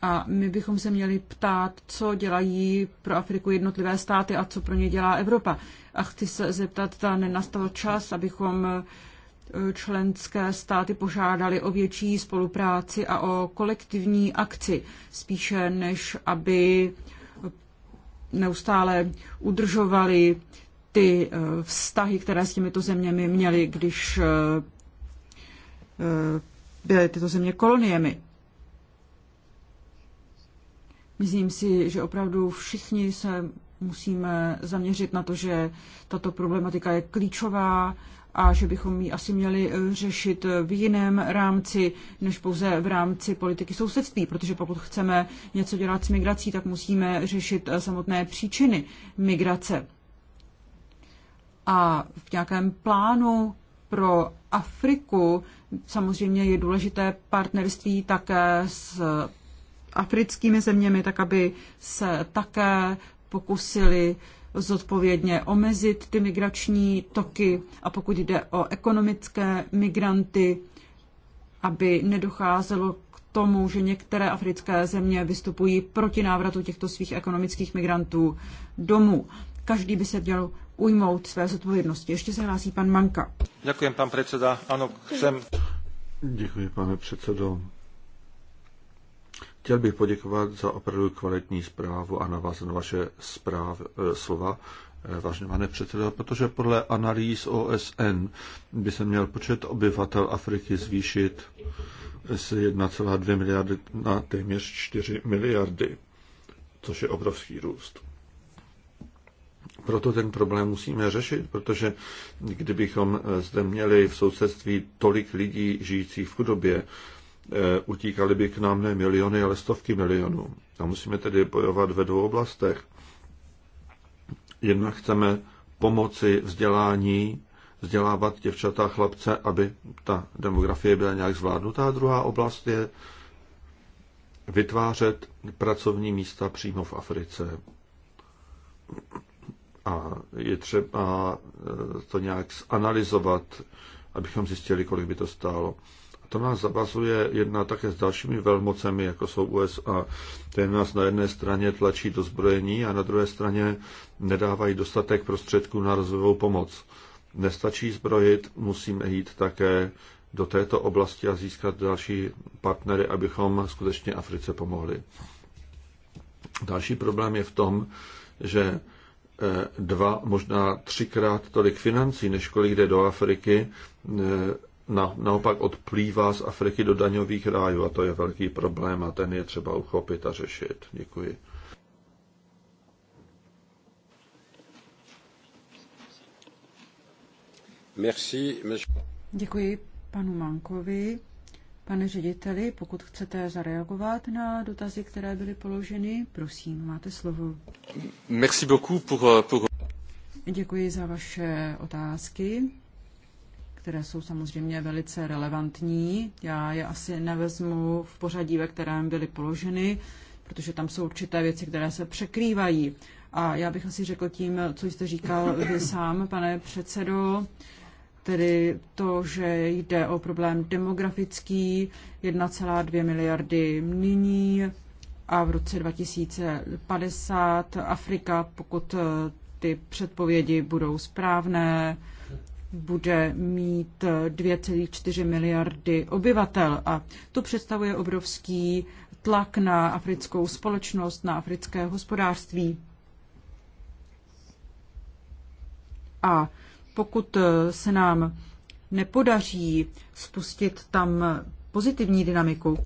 [SPEAKER 1] A my bychom se měli ptát, co dělají pro Afriku jednotlivé státy a co pro ně dělá Evropa. A chci se zeptat, zda nenastal čas, abychom eh, členské státy požádali o větší spolupráci a o kolektivní akci, spíše než aby neustále udržovali ty eh, vztahy, které s těmito zeměmi měli, když eh, byly tyto země koloniemi. Myslím si, že opravdu všichni se musíme zaměřit na to, že tato problematika je klíčová a že bychom ji asi měli řešit v jiném rámci, než pouze v rámci politiky sousedství, protože pokud chceme něco dělat s migrací, tak musíme řešit samotné příčiny migrace. A v nějakém plánu pro Afriku samozřejmě je důležité partnerství také s africkými zeměmi, tak aby se také pokusili zodpovědně omezit ty migrační toky a pokud jde o ekonomické migranty, aby nedocházelo k tomu, že některé africké země vystupují proti návratu těchto svých ekonomických migrantů domů. Každý by se měl ujmout své zodpovědnosti. Ještě se hlásí pan Manka.
[SPEAKER 3] Děkuji, pan předseda. Ano, jsem. Děkuji, pane předsedo. Chtěl bych poděkovat za opravdu kvalitní zprávu a navázat na vaše zpráv, eh, slova, eh, vážně pane předsedo, protože podle analýz OSN by se měl počet obyvatel Afriky zvýšit z 1,2 miliardy na téměř 4 miliardy, což je obrovský růst. Proto ten problém musíme řešit, protože kdybychom eh, zde měli v sousedství tolik lidí žijících v chudobě, Eh, utíkali by k nám ne miliony, ale stovky milionů. A musíme tedy bojovat ve dvou oblastech. Jednak chceme pomoci vzdělání, vzdělávat děvčata a chlapce, aby ta demografie byla nějak zvládnutá. A druhá oblast je vytvářet pracovní místa přímo v Africe. A je třeba eh, to nějak zanalizovat, abychom zjistili, kolik by to stálo. To nás zavazuje jedna také s dalšími velmocemi, jako jsou USA, které nás na jedné straně tlačí do zbrojení a na druhé straně nedávají dostatek prostředků na rozvojovou pomoc. Nestačí zbrojit, musíme jít také do této oblasti a získat další partnery, abychom skutečně Africe pomohli. Další problém je v tom, že eh, dva, možná třikrát tolik financí, než kolik jde do Afriky, eh, na, naopak odplývá z Afriky do daňových rájů a to je velký problém a ten je třeba uchopit a řešit. Děkuji. Merci.
[SPEAKER 1] Děkuji panu Mankovi. Pane řediteli, pokud chcete zareagovat na dotazy, které byly položeny, prosím, máte slovo.
[SPEAKER 3] Merci beaucoup pour, pour...
[SPEAKER 1] Děkuji za vaše otázky které jsou samozřejmě velice relevantní. Já je asi nevezmu v pořadí, ve kterém byly položeny, protože tam jsou určité věci, které se překrývají. A já bych asi řekl tím, co jste říkal vy sám, pane předsedo, tedy to, že jde o problém demografický, 1,2 miliardy nyní a v roce 2050 Afrika, pokud ty předpovědi budou správné, bude mít 2,4 miliardy obyvatel a to představuje obrovský tlak na africkou společnost, na africké hospodářství. A pokud se nám nepodaří spustit tam pozitivní dynamiku,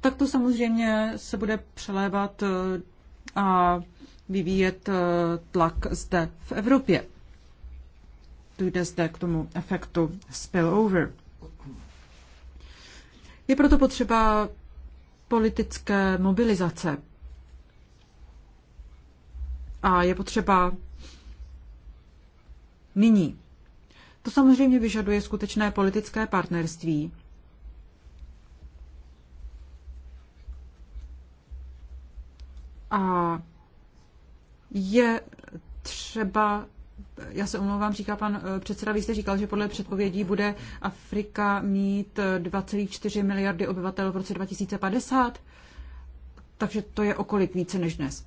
[SPEAKER 1] tak to samozřejmě se bude přelévat eh, a vyvíjet eh, tlak zde v Evropě. Dojde zde k tomu efektu spillover. Je proto potřeba politické mobilizace. A je potřeba nyní. To samozřejmě vyžaduje skutečné politické partnerství. A je třeba já se omlouvám, říká pan eh, předseda, vy jste říkal, že podle předpovědí bude Afrika mít 2,4 eh, miliardy obyvatel v roce 2050, takže to je okolik více než dnes.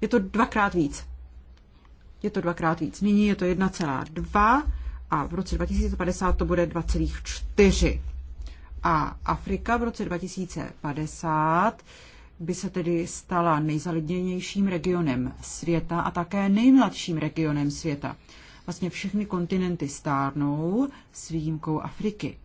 [SPEAKER 1] Je to dvakrát víc. Je to dvakrát víc. Nyní je to 1,2 a v roce 2050 to bude 2,4. A Afrika v roce 2050 by se tedy stala nejzalidnějším regionem světa a také nejmladším regionem světa. Vlastně všechny kontinenty stárnou s výjimkou Afriky.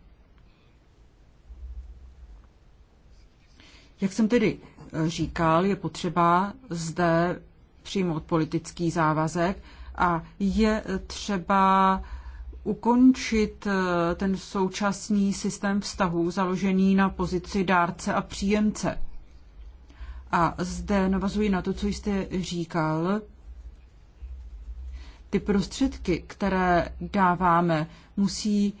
[SPEAKER 1] Jak jsem tedy eh, říkal, je potřeba zde přijmout politický závazek a je eh, třeba ukončit eh, ten současný systém vztahů založený na pozici dárce a příjemce. A zde navazuji na to, co jste říkal. Ty prostředky, které dáváme, musí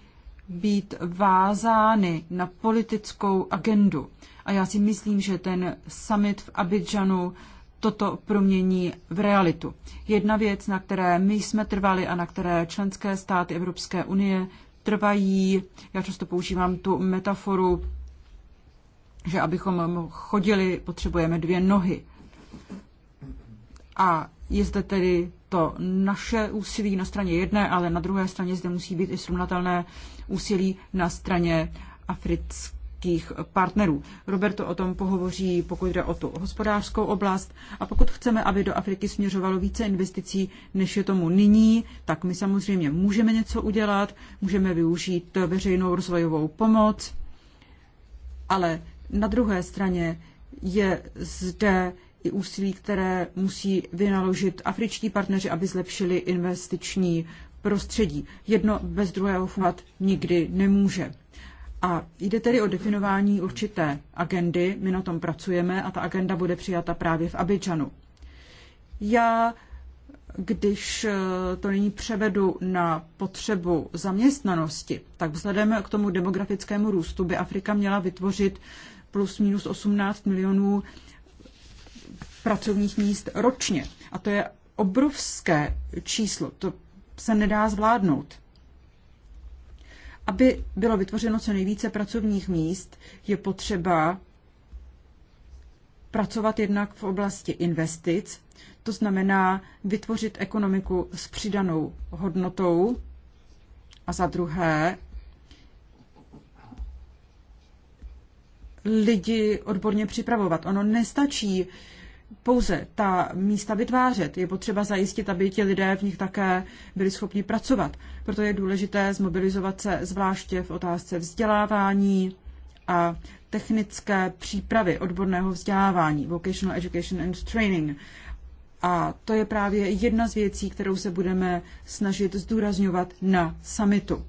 [SPEAKER 1] být vázány na politickou agendu. A já si myslím, že ten summit v Abidžanu toto promění v realitu. Jedna věc, na které my jsme trvali a na které členské státy Evropské unie trvají, já často používám tu metaforu že abychom chodili, potřebujeme dvě nohy. A je zde tedy to naše úsilí na straně jedné, ale na druhé straně zde musí být i srovnatelné úsilí na straně afrických partnerů. Roberto o tom pohovoří, pokud jde o tu hospodářskou oblast. A pokud chceme, aby do Afriky směřovalo více investicí, než je tomu nyní, tak my samozřejmě můžeme něco udělat, můžeme využít veřejnou rozvojovou pomoc, ale na druhé straně je zde i úsilí, které musí vynaložit afričtí partneři, aby zlepšili investiční prostředí. Jedno bez druhého fungovat nikdy nemůže. A jde tedy o definování určité agendy, my na tom pracujeme a ta agenda bude přijata právě v Abidžanu. Já, když eh, to nyní převedu na potřebu zaměstnanosti, tak vzhledem k tomu demografickému růstu by Afrika měla vytvořit plus minus 18 milionů pracovních míst ročně. A to je obrovské číslo, to se nedá zvládnout. Aby bylo vytvořeno co nejvíce pracovních míst, je potřeba pracovat jednak v oblasti investic, to znamená vytvořit ekonomiku s přidanou hodnotou, a za druhé lidi odborně připravovat. Ono nestačí pouze ta místa vytvářet. Je potřeba zajistit, aby ti lidé v nich také byli schopni pracovat. Proto je důležité zmobilizovat se zvláště v otázce vzdělávání a technické přípravy odborného vzdělávání, vocational education and training. A to je právě jedna z věcí, kterou se budeme snažit zdůrazňovat na summitu.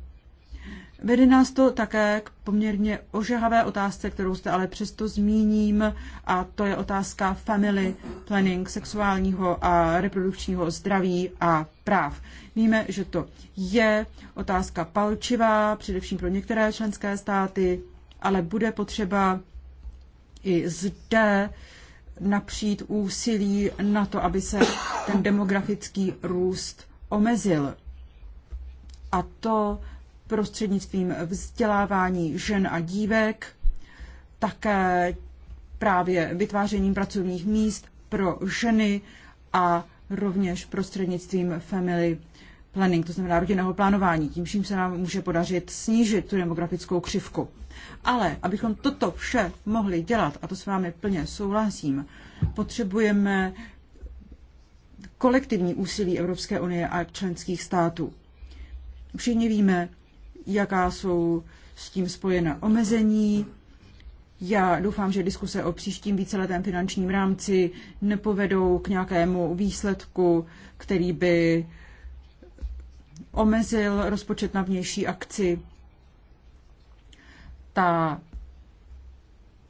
[SPEAKER 1] Vede nás to také k poměrně ožehavé otázce, kterou jste ale přesto zmíním, a to je otázka family planning, sexuálního a reprodukčního zdraví a práv. Víme, že to je otázka palčivá, především pro některé členské státy, ale bude potřeba i zde napřít úsilí na to, aby se ten demografický růst omezil. A to prostřednictvím vzdělávání žen a dívek, také právě vytvářením pracovních míst pro ženy a rovněž prostřednictvím family planning, to znamená rodinného plánování. Tím vším se nám může podařit snížit tu demografickou křivku. Ale abychom toto vše mohli dělat, a to s vámi plně souhlasím, potřebujeme kolektivní úsilí Evropské unie a členských států. Všichni víme, jaká jsou s tím spojena omezení. Já doufám, že diskuse o příštím víceletém finančním rámci nepovedou k nějakému výsledku, který by omezil rozpočet na vnější akci. Ta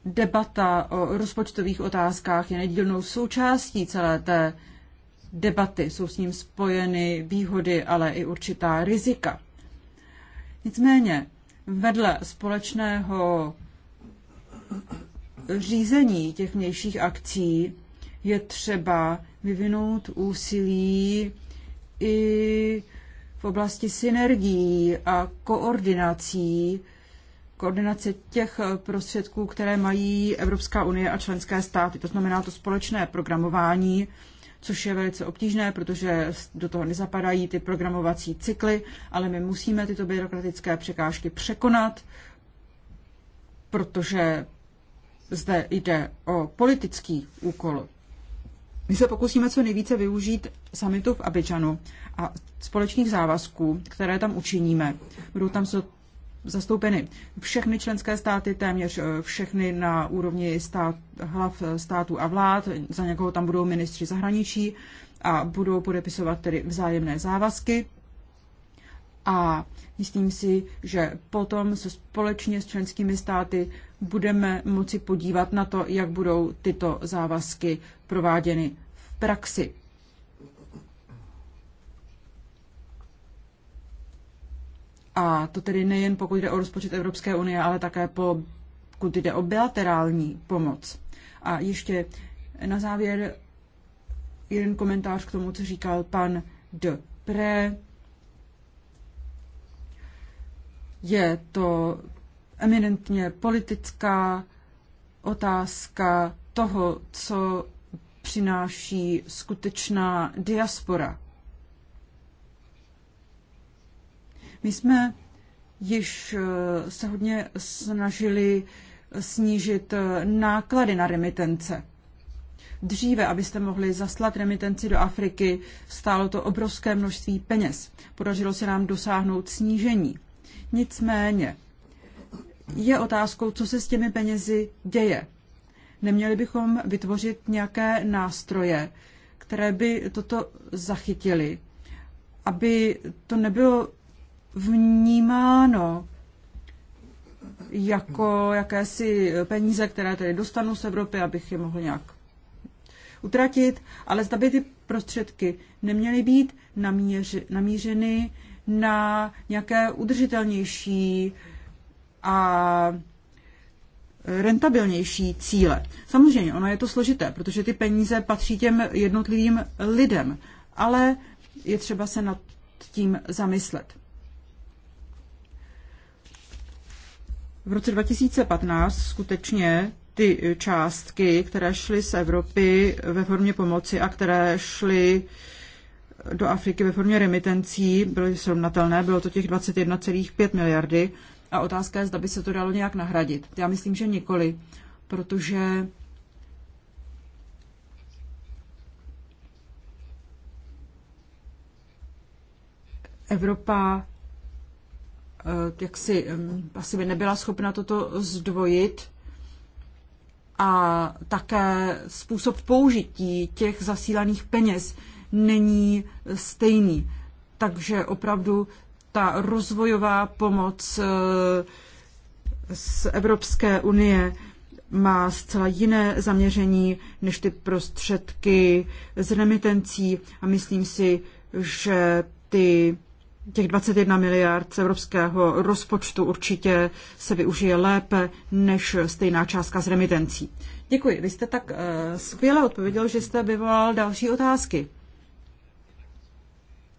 [SPEAKER 1] debata o rozpočtových otázkách je nedílnou součástí celé té debaty. Jsou s ním spojeny výhody, ale i určitá rizika. Nicméně vedle společného řízení těch vnějších akcí je třeba vyvinout úsilí i v oblasti synergií a koordinací, koordinace těch prostředků, které mají Evropská unie a členské státy. To znamená to společné programování což je velice obtížné, protože do toho nezapadají ty programovací cykly, ale my musíme tyto byrokratické překážky překonat, protože zde jde o politický úkol. My se pokusíme co nejvíce využít samitu v Abidžanu a společných závazků, které tam učiníme. Budou tam zastoupeny všechny členské státy, téměř eh, všechny na úrovni stát, hlav eh, států a vlád, za někoho tam budou ministři zahraničí a budou podepisovat tedy vzájemné závazky. A myslím si, že potom se společně s členskými státy budeme moci podívat na to, jak budou tyto závazky prováděny v praxi. A to tedy nejen pokud jde o rozpočet Evropské unie, ale také pokud jde o bilaterální pomoc. A ještě na závěr jeden komentář k tomu, co říkal pan de Pre. Je to eminentně politická otázka toho, co přináší skutečná diaspora. My jsme již eh, se hodně snažili snížit eh, náklady na remitence. Dříve, abyste mohli zaslat remitenci do Afriky, stálo to obrovské množství peněz. Podařilo se nám dosáhnout snížení. Nicméně je otázkou, co se s těmi penězi děje. Neměli bychom vytvořit nějaké nástroje, které by toto zachytily, aby to nebylo vnímáno jako jakési peníze, které tedy dostanu z Evropy, abych je mohl nějak utratit, ale zda by ty prostředky neměly být namíři, namířeny na nějaké udržitelnější a rentabilnější cíle. Samozřejmě, ono je to složité, protože ty peníze patří těm jednotlivým lidem, ale je třeba se nad tím zamyslet. V roce 2015 skutečně ty eh, částky, které šly z Evropy ve formě pomoci a které šly eh, do Afriky ve formě remitencí, byly srovnatelné, bylo to těch 21,5 miliardy. A otázka je, zda by se to dalo nějak nahradit. Já myslím, že nikoli, protože Evropa Eh, jak si asi by nebyla schopna toto zdvojit a také způsob použití těch zasílaných peněz není stejný. Takže opravdu ta rozvojová pomoc eh, z Evropské unie má zcela jiné zaměření než ty prostředky z remitencí a myslím si, že ty těch 21 miliard z evropského rozpočtu určitě se využije lépe než stejná částka z remitencí. Děkuji. Vy jste tak uh, skvěle odpověděl, že jste vyvolal další otázky.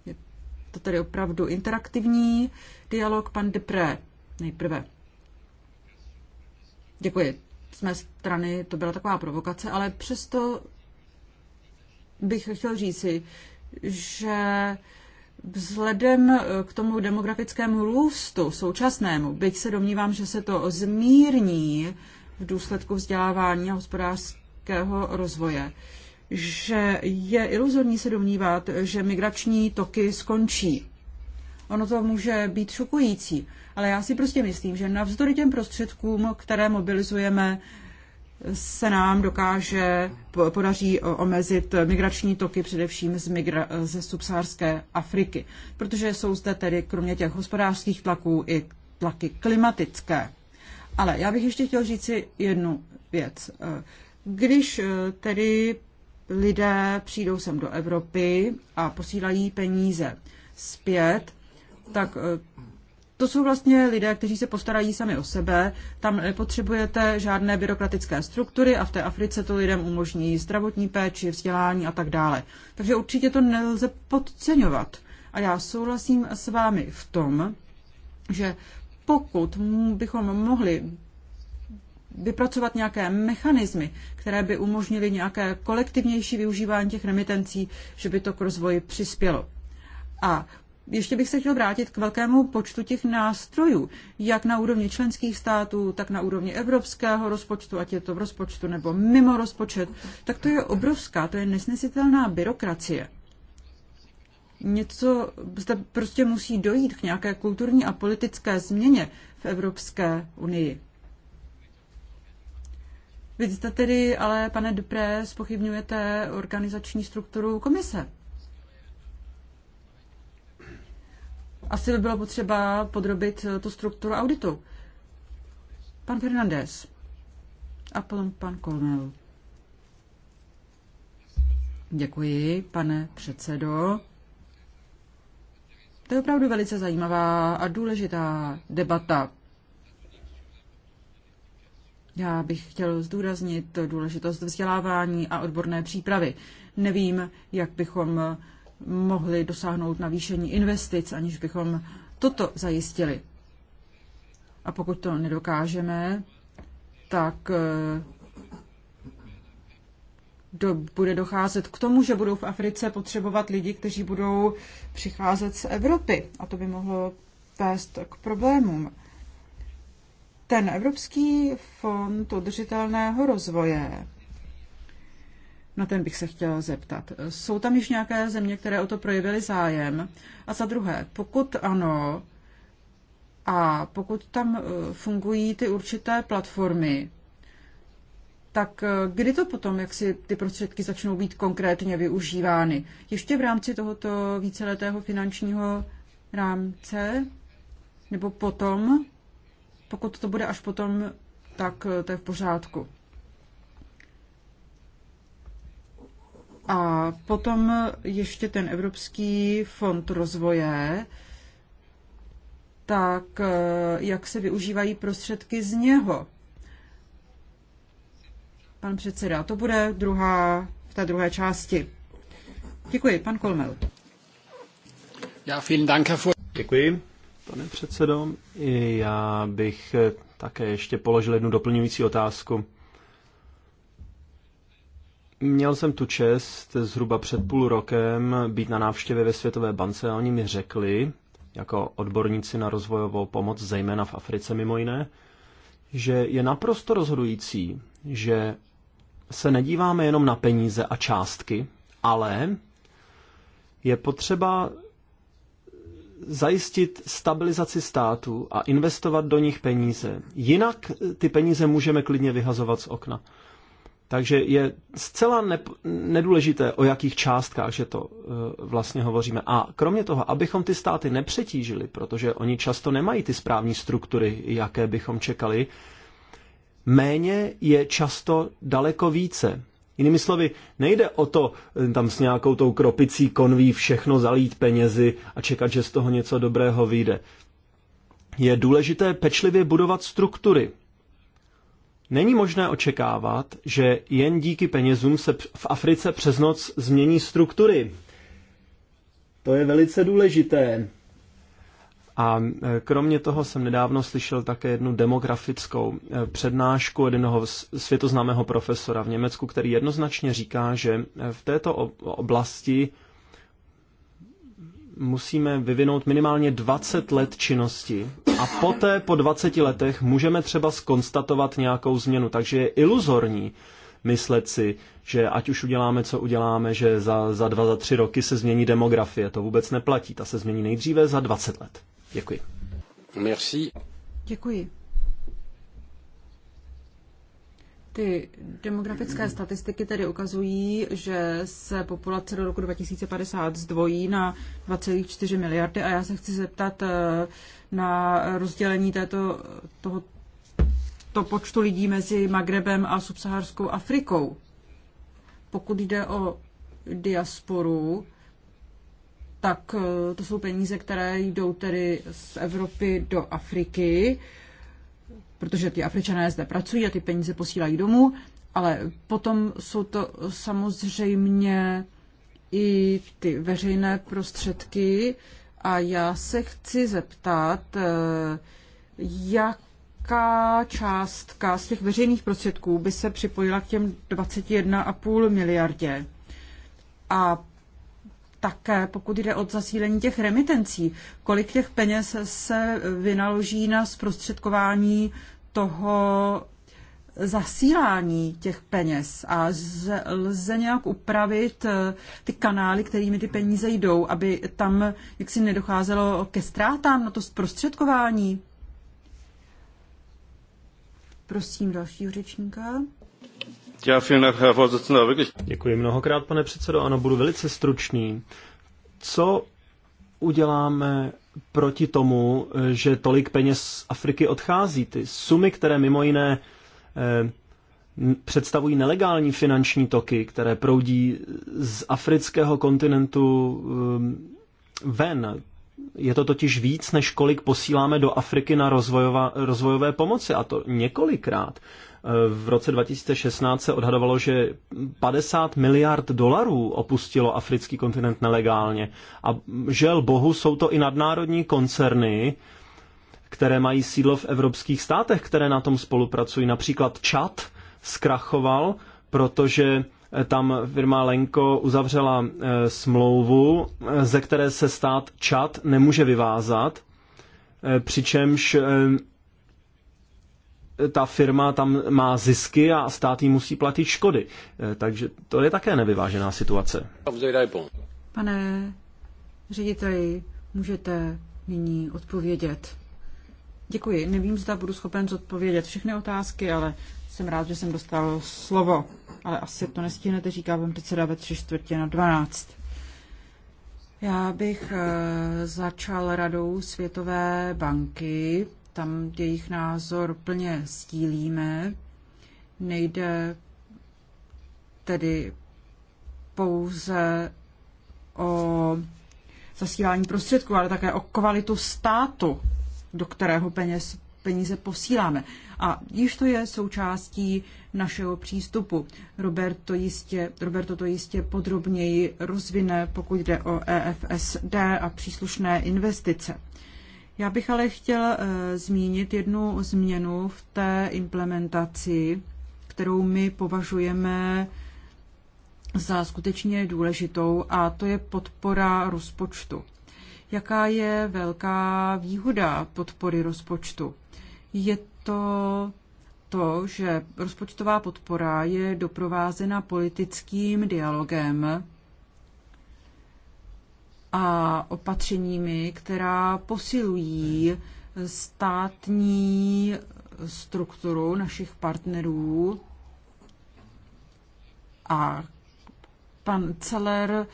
[SPEAKER 1] Je to tedy opravdu interaktivní dialog. Pan Depré nejprve. Děkuji. Z mé strany to byla taková provokace, ale přesto bych chtěl říci, že Vzhledem eh, k tomu demografickému růstu současnému, byť se domnívám, že se to zmírní v důsledku vzdělávání a hospodářského rozvoje, že je iluzorní se domnívat, že migrační toky skončí. Ono to může být šokující, ale já si prostě myslím, že navzdory těm prostředkům, které mobilizujeme, se nám dokáže, podaří omezit migrační toky především z migra, ze subsárské Afriky, protože jsou zde tedy kromě těch hospodářských tlaků i tlaky klimatické. Ale já bych ještě chtěl říci jednu věc. Když eh, tedy lidé přijdou sem do Evropy a posílají peníze zpět, tak eh, to jsou vlastně lidé, kteří se postarají sami o sebe. Tam nepotřebujete žádné byrokratické struktury a v té Africe to lidem umožní zdravotní péči, vzdělání a tak dále. Takže určitě to nelze podceňovat. A já souhlasím s vámi v tom, že pokud bychom mohli vypracovat nějaké mechanismy, které by umožnily nějaké kolektivnější využívání těch remitencí, že by to k rozvoji přispělo. A ještě bych se chtěl vrátit k velkému počtu těch nástrojů, jak na úrovni členských států, tak na úrovni evropského rozpočtu, ať je to v rozpočtu nebo mimo rozpočet, tak to je obrovská, to je nesnesitelná byrokracie. Něco zde prostě musí dojít k nějaké kulturní a politické změně v Evropské unii. Vy jste tedy ale, pane Dupré, spochybňujete organizační strukturu komise. asi by bylo potřeba podrobit eh, tu strukturu auditu. Pan Fernandez a potom pan Kolmel. Děkuji, pane předsedo. To je opravdu velice zajímavá a důležitá debata. Já bych chtěl zdůraznit důležitost vzdělávání a odborné přípravy. Nevím, jak bychom mohli dosáhnout navýšení investic, aniž bychom toto zajistili. A pokud to nedokážeme, tak eh, do, bude docházet k tomu, že budou v Africe potřebovat lidi, kteří budou přicházet z Evropy. A to by mohlo vést k problémům. Ten Evropský fond udržitelného rozvoje na ten bych se chtěla zeptat. Jsou tam již nějaké země, které o to projevily zájem? A za druhé, pokud ano, a pokud tam e, fungují ty určité platformy, tak e, kdy to potom, jak si ty prostředky začnou být konkrétně využívány? Ještě v rámci tohoto víceletého finančního rámce? Nebo potom? Pokud to bude až potom, tak e, to je v pořádku. A potom ještě ten Evropský fond rozvoje, tak eh, jak se využívají prostředky z něho. Pan předseda, to bude druhá, v té druhé části. Děkuji, pan Kolmel. Já vielen Dank,
[SPEAKER 2] Děkuji, pane předsedo. Já bych eh, také ještě položil jednu doplňující otázku. Měl jsem tu čest zhruba před půl rokem být na návštěvě ve Světové bance a oni mi řekli, jako odborníci na rozvojovou pomoc, zejména v Africe mimo jiné, že je naprosto rozhodující, že se nedíváme jenom na peníze a částky, ale je potřeba zajistit stabilizaci státu a investovat do nich peníze. Jinak ty peníze můžeme klidně vyhazovat z okna. Takže je zcela ne- nedůležité, o jakých částkách že to eh, vlastně hovoříme. A kromě toho, abychom ty státy nepřetížili, protože oni často nemají ty správní struktury, jaké bychom čekali, méně je často daleko více. Jinými slovy, nejde o to eh, tam s nějakou tou kropicí konví všechno zalít penězi a čekat, že z toho něco dobrého vyjde. Je důležité pečlivě budovat struktury, Není možné očekávat, že jen díky penězům se v Africe přes noc změní struktury. To je velice důležité. A e, kromě toho jsem nedávno slyšel také jednu demografickou e, přednášku jednoho světoznámého profesora v Německu, který jednoznačně říká, že e, v této oblasti musíme vyvinout minimálně 20 let činnosti a poté po 20 letech můžeme třeba skonstatovat nějakou změnu. Takže je iluzorní myslet si, že ať už uděláme, co uděláme, že za, za dva, za tři roky se změní demografie. To vůbec neplatí. Ta se změní nejdříve za 20 let. Děkuji.
[SPEAKER 1] Merci. Děkuji. Ty demografické statistiky tedy ukazují, že se populace do roku 2050 zdvojí na 2,4 miliardy a já se chci zeptat eh, na rozdělení této, toho, to počtu lidí mezi Magrebem a subsaharskou Afrikou. Pokud jde o diasporu, tak eh, to jsou peníze, které jdou tedy z Evropy do Afriky protože ty Afričané zde pracují a ty peníze posílají domů, ale potom jsou to samozřejmě i ty veřejné prostředky a já se chci zeptat, jak eh, jaká částka z těch veřejných prostředků by se připojila k těm 21,5 miliardě? A také, pokud jde o zasílení těch remitencí, kolik těch peněz se vynaloží na zprostředkování toho zasílání těch peněz a lze nějak upravit eh, ty kanály, kterými ty peníze jdou, aby tam jaksi nedocházelo ke ztrátám na to zprostředkování. Prosím dalšího řečníka.
[SPEAKER 2] Děkuji mnohokrát, pane předsedo. Ano, budu velice stručný. Co uděláme proti tomu, že tolik peněz z Afriky odchází? Ty sumy, které mimo jiné eh, představují nelegální finanční toky, které proudí z afrického kontinentu ehm, ven. Je to totiž víc, než kolik posíláme do Afriky na rozvojová, rozvojové pomoci, a to několikrát. V roce 2016 se odhadovalo, že 50 miliard dolarů opustilo africký kontinent nelegálně. A žel bohu jsou to i nadnárodní koncerny, které mají sídlo v evropských státech, které na tom spolupracují. Například Čad zkrachoval, protože tam firma Lenko uzavřela eh, smlouvu, eh, ze které se stát Čad nemůže vyvázat, eh, přičemž ta firma tam má zisky a stát jí musí platit škody. Eh, takže to je také nevyvážená situace.
[SPEAKER 1] Pane řediteli, můžete nyní odpovědět. Děkuji. Nevím, zda budu schopen zodpovědět všechny otázky, ale jsem rád, že jsem dostal slovo. Ale asi to nestihnete, říká vám předseda ve tři čtvrtě na dvanáct. Já bych eh, začal radou Světové banky, tam jejich názor plně sdílíme. Nejde tedy pouze o zasílání prostředků, ale také o kvalitu státu, do kterého peněz, peníze posíláme. A již to je součástí našeho přístupu. Robert to jistě, Roberto to jistě podrobněji rozvine, pokud jde o EFSD a příslušné investice. Já bych ale chtěl eh, zmínit jednu změnu v té implementaci, kterou my považujeme za skutečně důležitou, a to je podpora rozpočtu. Jaká je velká výhoda podpory rozpočtu? Je to to, že rozpočtová podpora je doprovázena politickým dialogem a opatřeními, která posilují státní strukturu našich partnerů. A pan Celer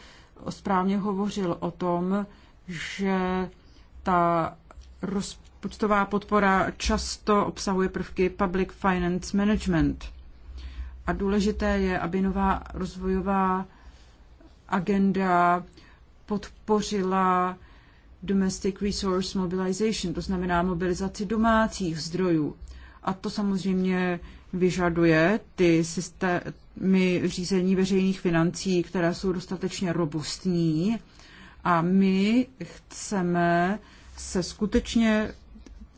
[SPEAKER 1] správně hovořil o tom, že ta rozpočtová podpora často obsahuje prvky public finance management. A důležité je, aby nová rozvojová agenda podpořila domestic resource mobilization, to znamená mobilizaci domácích zdrojů. A to samozřejmě vyžaduje ty systémy řízení veřejných financí, které jsou dostatečně robustní. A my chceme se skutečně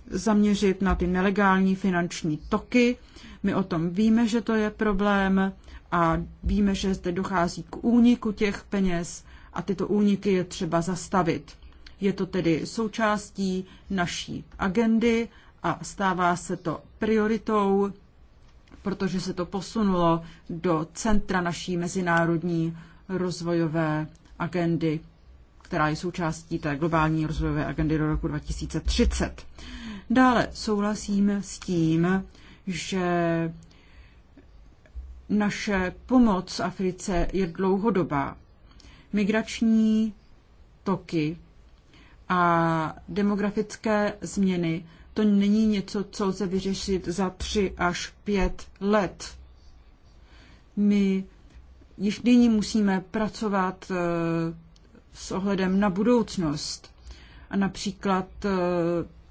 [SPEAKER 1] zaměřit na ty nelegální finanční toky. My o tom víme, že to je problém a víme, že zde dochází k úniku těch peněz a tyto úniky je třeba zastavit. Je to tedy součástí naší agendy a stává se to prioritou, protože se to posunulo do centra naší mezinárodní rozvojové agendy, která je součástí té globální rozvojové agendy do roku 2030. Dále souhlasím s tím, že naše pomoc Africe je dlouhodobá migrační toky a demografické změny, to není něco, co lze vyřešit za tři až pět let. My již nyní musíme pracovat eh, s ohledem na budoucnost. A například eh,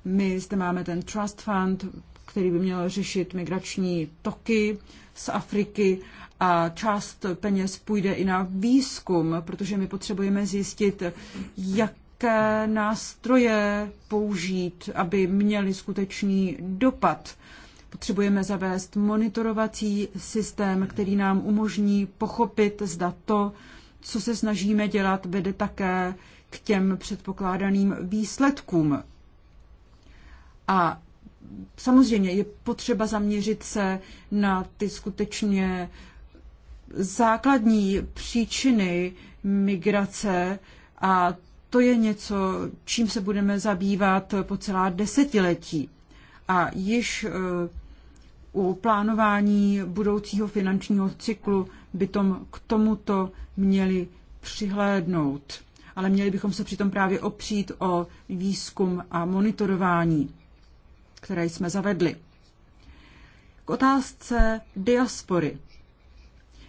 [SPEAKER 1] my zde máme ten Trust Fund, který by měl řešit migrační toky z Afriky a část peněz půjde i na výzkum, protože my potřebujeme zjistit, jaké nástroje použít, aby měly skutečný dopad. Potřebujeme zavést monitorovací systém, který nám umožní pochopit, zda to, co se snažíme dělat, vede také k těm předpokládaným výsledkům. A samozřejmě je potřeba zaměřit se na ty skutečně základní příčiny migrace a to je něco, čím se budeme zabývat po celá desetiletí. A již eh, u plánování budoucího finančního cyklu by tom k tomuto měli přihlédnout. Ale měli bychom se přitom právě opřít o výzkum a monitorování, které jsme zavedli. K otázce diaspory.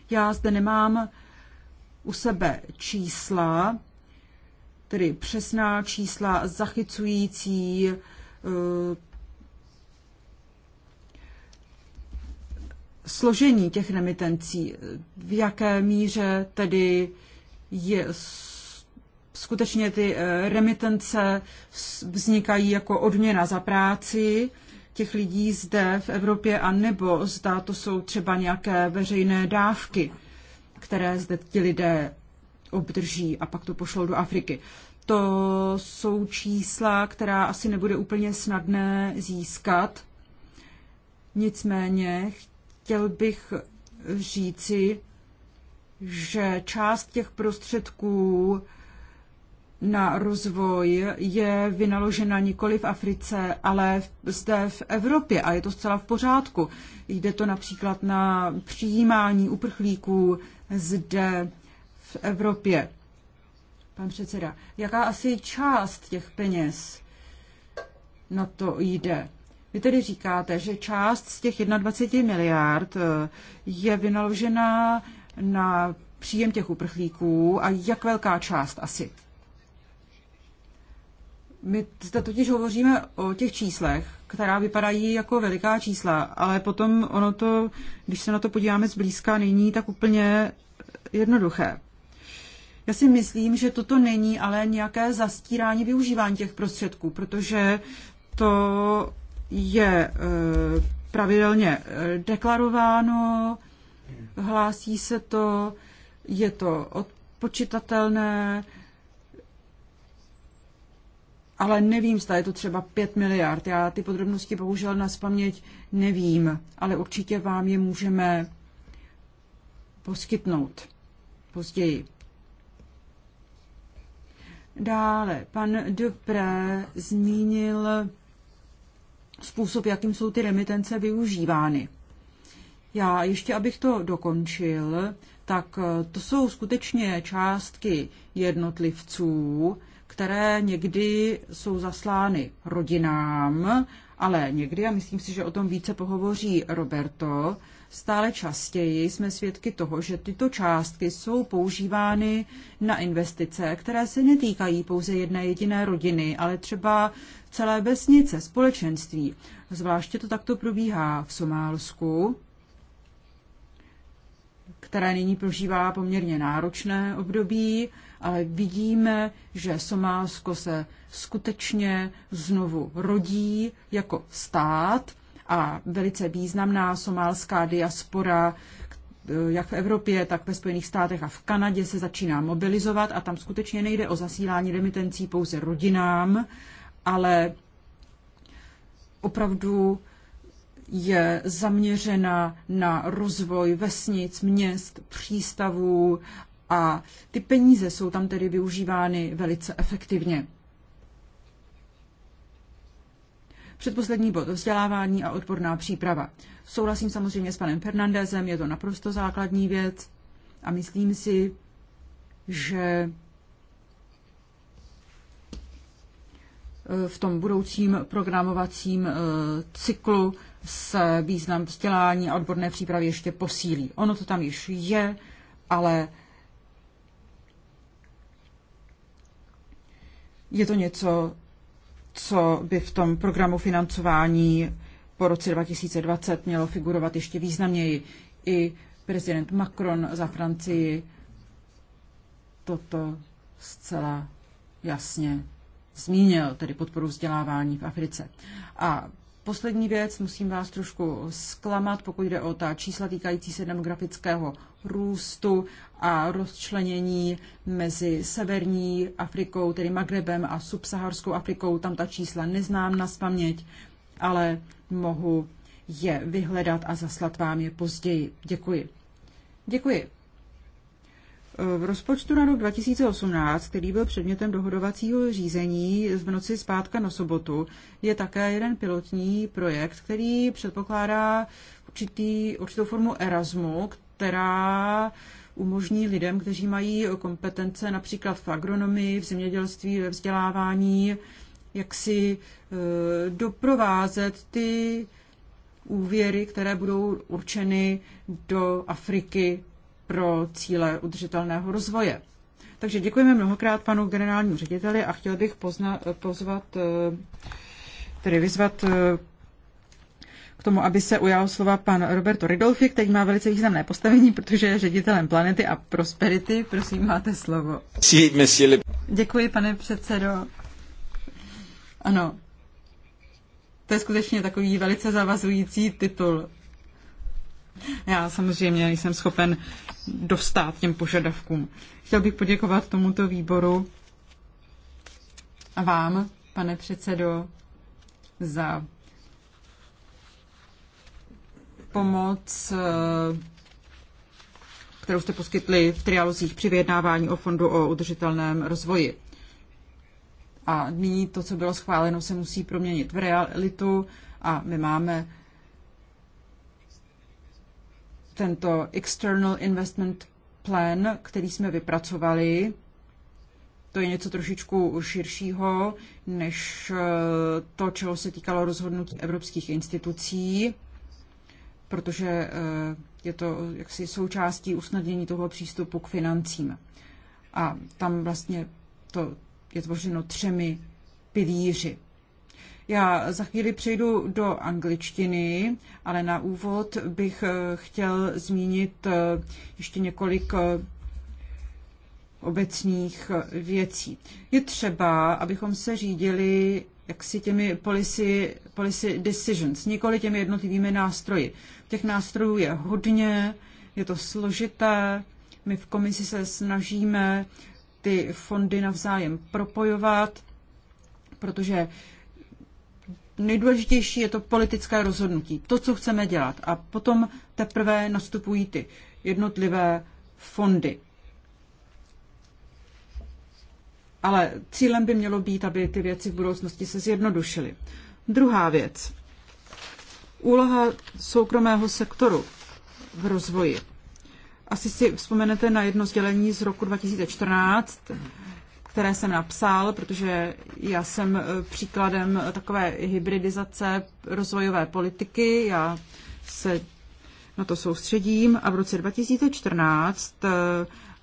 [SPEAKER 1] Já zde nemám u sebe čísla, tedy přesná čísla zachycující eh, složení těch remitencí v jaké míře tedy je skutečně ty eh, remitence vznikají jako odměna za práci těch lidí zde v Evropě, anebo zda to jsou třeba nějaké veřejné dávky, které zde ti lidé obdrží a pak to pošlou do Afriky. To jsou čísla, která asi nebude úplně snadné získat. Nicméně chtěl bych říci, že část těch prostředků na rozvoj je vynaložena nikoli v Africe, ale zde v Evropě a je to zcela v pořádku. Jde to například na přijímání uprchlíků zde v Evropě. Pan předseda, jaká asi část těch peněz na to jde? Vy tedy říkáte, že část z těch 21 miliard eh, je vynaložena na příjem těch uprchlíků a jak velká část asi? My zde totiž hovoříme o těch číslech, která vypadají jako veliká čísla, ale potom ono to, když se na to podíváme zblízka, není tak úplně jednoduché. Já si myslím, že toto není ale nějaké zastírání využívání těch prostředků, protože to je e, pravidelně e, deklarováno, hlásí se to, je to odpočitatelné, ale nevím, zda je to třeba 5 miliard. Já ty podrobnosti bohužel na spaměť nevím, ale určitě vám je můžeme poskytnout později. Dále, pan Dupré zmínil způsob, jakým jsou ty remitence využívány. Já ještě, abych to dokončil, tak to jsou skutečně částky jednotlivců, které někdy jsou zaslány rodinám, ale někdy, a myslím si, že o tom více pohovoří Roberto, stále častěji jsme svědky toho, že tyto částky jsou používány na investice, které se netýkají pouze jedné jediné rodiny, ale třeba celé vesnice, společenství. Zvláště to takto probíhá v Somálsku, které nyní prožívá poměrně náročné období ale vidíme, že Somálsko se skutečně znovu rodí jako stát a velice významná somálská diaspora, eh, jak v Evropě, tak ve Spojených státech a v Kanadě se začíná mobilizovat a tam skutečně nejde o zasílání remitencí pouze rodinám, ale opravdu je zaměřena na rozvoj vesnic, měst, přístavů a ty peníze jsou tam tedy využívány velice efektivně. Předposlední bod, vzdělávání a odborná příprava. Souhlasím samozřejmě s panem Fernandezem, je to naprosto základní věc a myslím si, že eh, v tom budoucím programovacím eh, cyklu se význam vzdělání a odborné přípravy ještě posílí. Ono to tam již je, ale Je to něco, co by v tom programu financování po roce 2020 mělo figurovat ještě významněji. I prezident Macron za Francii toto zcela jasně zmínil, tedy podporu vzdělávání v Africe. A poslední věc, musím vás trošku zklamat, pokud jde o ta čísla týkající se demografického růstu a rozčlenění mezi severní Afrikou, tedy Magrebem a subsaharskou Afrikou. Tam ta čísla neznám na spaměť, ale mohu je vyhledat a zaslat vám je později. Děkuji. Děkuji. V rozpočtu na rok 2018, který byl předmětem dohodovacího řízení v noci zpátka na sobotu, je také jeden pilotní projekt, který předpokládá určitý, určitou formu Erasmu, která umožní lidem, kteří mají kompetence například v agronomii, v zemědělství, ve vzdělávání, jak si e, doprovázet ty úvěry, které budou určeny do Afriky pro cíle udržitelného rozvoje. Takže děkujeme mnohokrát panu generálnímu řediteli a chtěl bych pozna, pozvat, eh, tedy vyzvat eh, k tomu, aby se ujal slova pan Roberto Ridolfi, který má velice významné postavení, protože je ředitelem Planety a Prosperity. Prosím, máte slovo. Děkuji, pane předsedo. Ano, to je skutečně takový velice zavazující titul. Já samozřejmě nejsem schopen dostat těm požadavkům. Chtěl bych poděkovat tomuto výboru a vám, pane předsedo, za pomoc, eh, kterou jste poskytli v trialozích při vyjednávání o Fondu o udržitelném rozvoji. A nyní to, co bylo schváleno, se musí proměnit v realitu a my máme tento External Investment Plan, který jsme vypracovali, to je něco trošičku širšího, než eh, to, čeho se týkalo rozhodnutí evropských institucí, protože eh, je to jaksi součástí usnadnění toho přístupu k financím. A tam vlastně to je tvořeno třemi pilíři. Já za chvíli přejdu do angličtiny, ale na úvod bych eh, chtěl zmínit eh, ještě několik eh, obecných věcí. Je třeba, abychom se řídili jaksi těmi policy, policy decisions, nikoli těmi jednotlivými nástroji. Těch nástrojů je hodně, je to složité, my v komisi se snažíme ty fondy navzájem propojovat, protože nejdůležitější je to politické rozhodnutí, to, co chceme dělat. A potom teprve nastupují ty jednotlivé fondy. Ale cílem by mělo být, aby ty věci v budoucnosti se zjednodušily. Druhá věc. Úloha soukromého sektoru v rozvoji. Asi si vzpomenete na jedno sdělení z roku 2014, které jsem napsal, protože já jsem e, příkladem e, takové hybridizace rozvojové politiky. Já se na to soustředím a v roce 2014 e,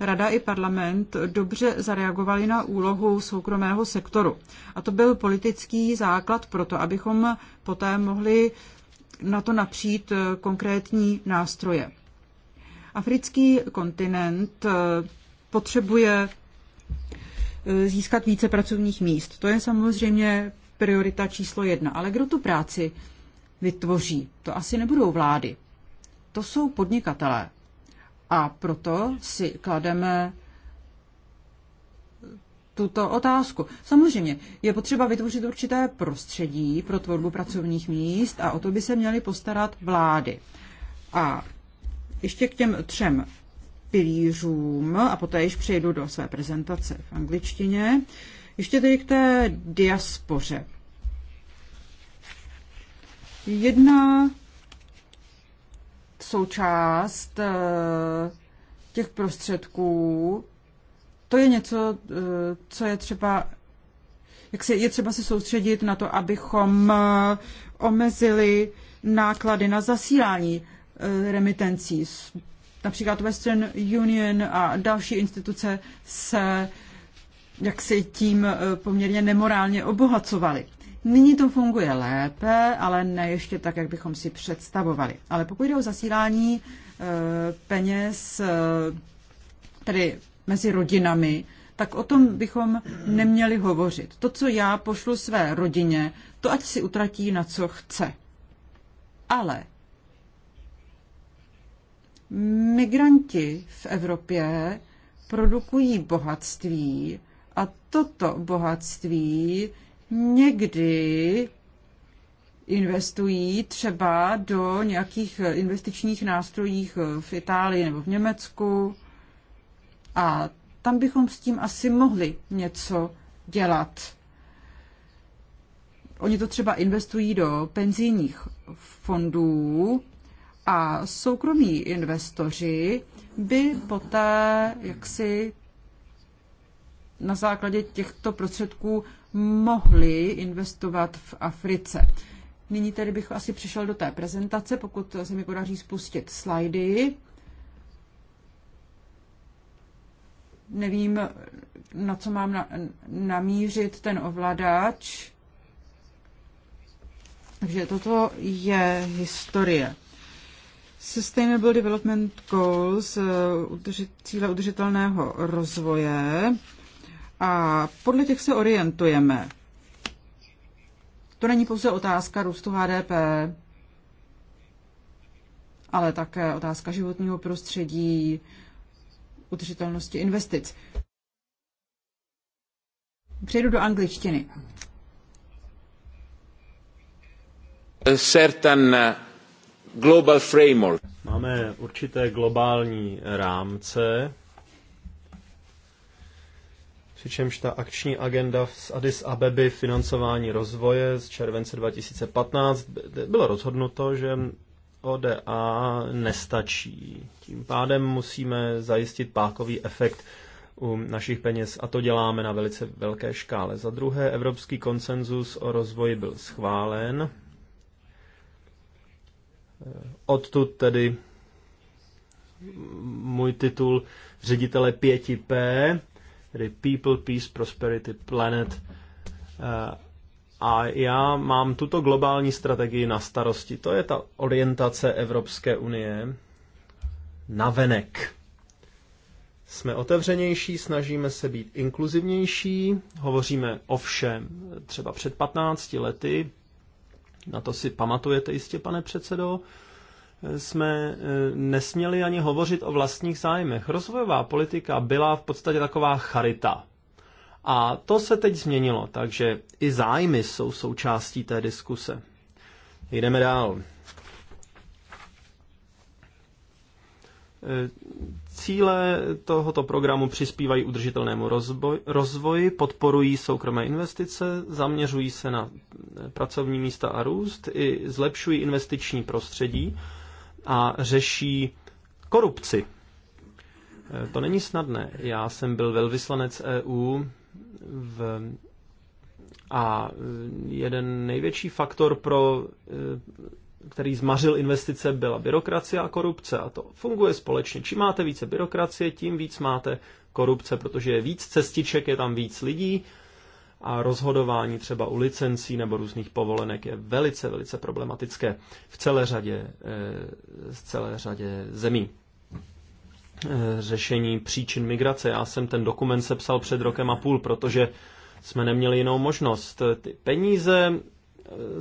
[SPEAKER 1] Rada i parlament dobře zareagovali na úlohu soukromého sektoru. A to byl politický základ pro to, abychom poté mohli na to napřít konkrétní nástroje. Africký kontinent potřebuje Eh, získat více pracovních míst. To je samozřejmě priorita číslo jedna. Ale kdo tu práci vytvoří? To asi nebudou vlády. To jsou podnikatelé. A proto si klademe tuto otázku. Samozřejmě je potřeba vytvořit určité prostředí pro tvorbu pracovních míst a o to by se měly postarat vlády. A ještě k těm třem pilířům a poté již přejdu do své prezentace v angličtině. Ještě tedy k té diaspoře. Jedna součást eh, těch prostředků, to je něco, eh, co je třeba, jak se, je třeba se soustředit na to, abychom eh, omezili náklady na zasílání remitencí například Western Union a další instituce se jak si tím eh, poměrně nemorálně obohacovali. Nyní to funguje lépe, ale ne ještě tak, jak bychom si představovali. Ale pokud jde o zasílání eh, peněz eh, tedy mezi rodinami, tak o tom bychom neměli hovořit. To, co já pošlu své rodině, to ať si utratí na co chce. Ale Migranti v Evropě produkují bohatství a toto bohatství někdy investují třeba do nějakých investičních nástrojích v Itálii nebo v Německu a tam bychom s tím asi mohli něco dělat. Oni to třeba investují do penzijních fondů a soukromí investoři by poté jaksi na základě těchto prostředků mohli investovat v Africe. Nyní tedy bych asi přišel do té prezentace, pokud se mi podaří spustit slajdy. Nevím, na co mám na, namířit ten ovladač. Takže toto je historie Sustainable Development Goals, eh, cíle udržitelného rozvoje a podle těch se orientujeme. To není pouze otázka růstu HDP, ale také otázka životního prostředí, udržitelnosti investic. Přejdu do angličtiny.
[SPEAKER 3] Certain eh, global framework.
[SPEAKER 2] Máme určité globální rámce, přičemž ta akční agenda z Addis Abeby financování rozvoje z července 2015 bylo rozhodnuto, že ODA nestačí. Tím pádem musíme zajistit pákový efekt u našich peněz a to děláme na velice velké škále. Za druhé, evropský konsenzus o rozvoji byl schválen Odtud tedy můj titul ředitele 5P, tedy People, Peace, Prosperity, Planet. A já mám tuto globální strategii na starosti. To je ta orientace Evropské unie na venek. Jsme otevřenější, snažíme se být inkluzivnější, hovoříme o všem. Třeba před 15 lety na to si pamatujete jistě, pane předsedo, jsme e, nesměli ani hovořit o vlastních zájmech. Rozvojová politika byla v podstatě taková charita. A to se teď změnilo, takže i zájmy jsou součástí té diskuse. Jdeme dál. Cíle tohoto programu přispívají udržitelnému rozvoji, podporují soukromé investice, zaměřují se na pracovní místa a růst, i zlepšují investiční prostředí a řeší korupci. E, to není snadné. Já jsem byl velvyslanec EU v a e, jeden největší faktor pro e, který zmařil investice, byla byrokracie a korupce. A to funguje společně. Čím máte více byrokracie, tím víc máte korupce, protože je víc cestiček, je tam víc lidí a rozhodování třeba u licencí nebo různých povolenek je velice, velice problematické v celé řadě, eh, v celé řadě zemí. Eh, řešení příčin migrace. Já jsem ten dokument sepsal před rokem a půl, protože jsme neměli jinou možnost. Ty peníze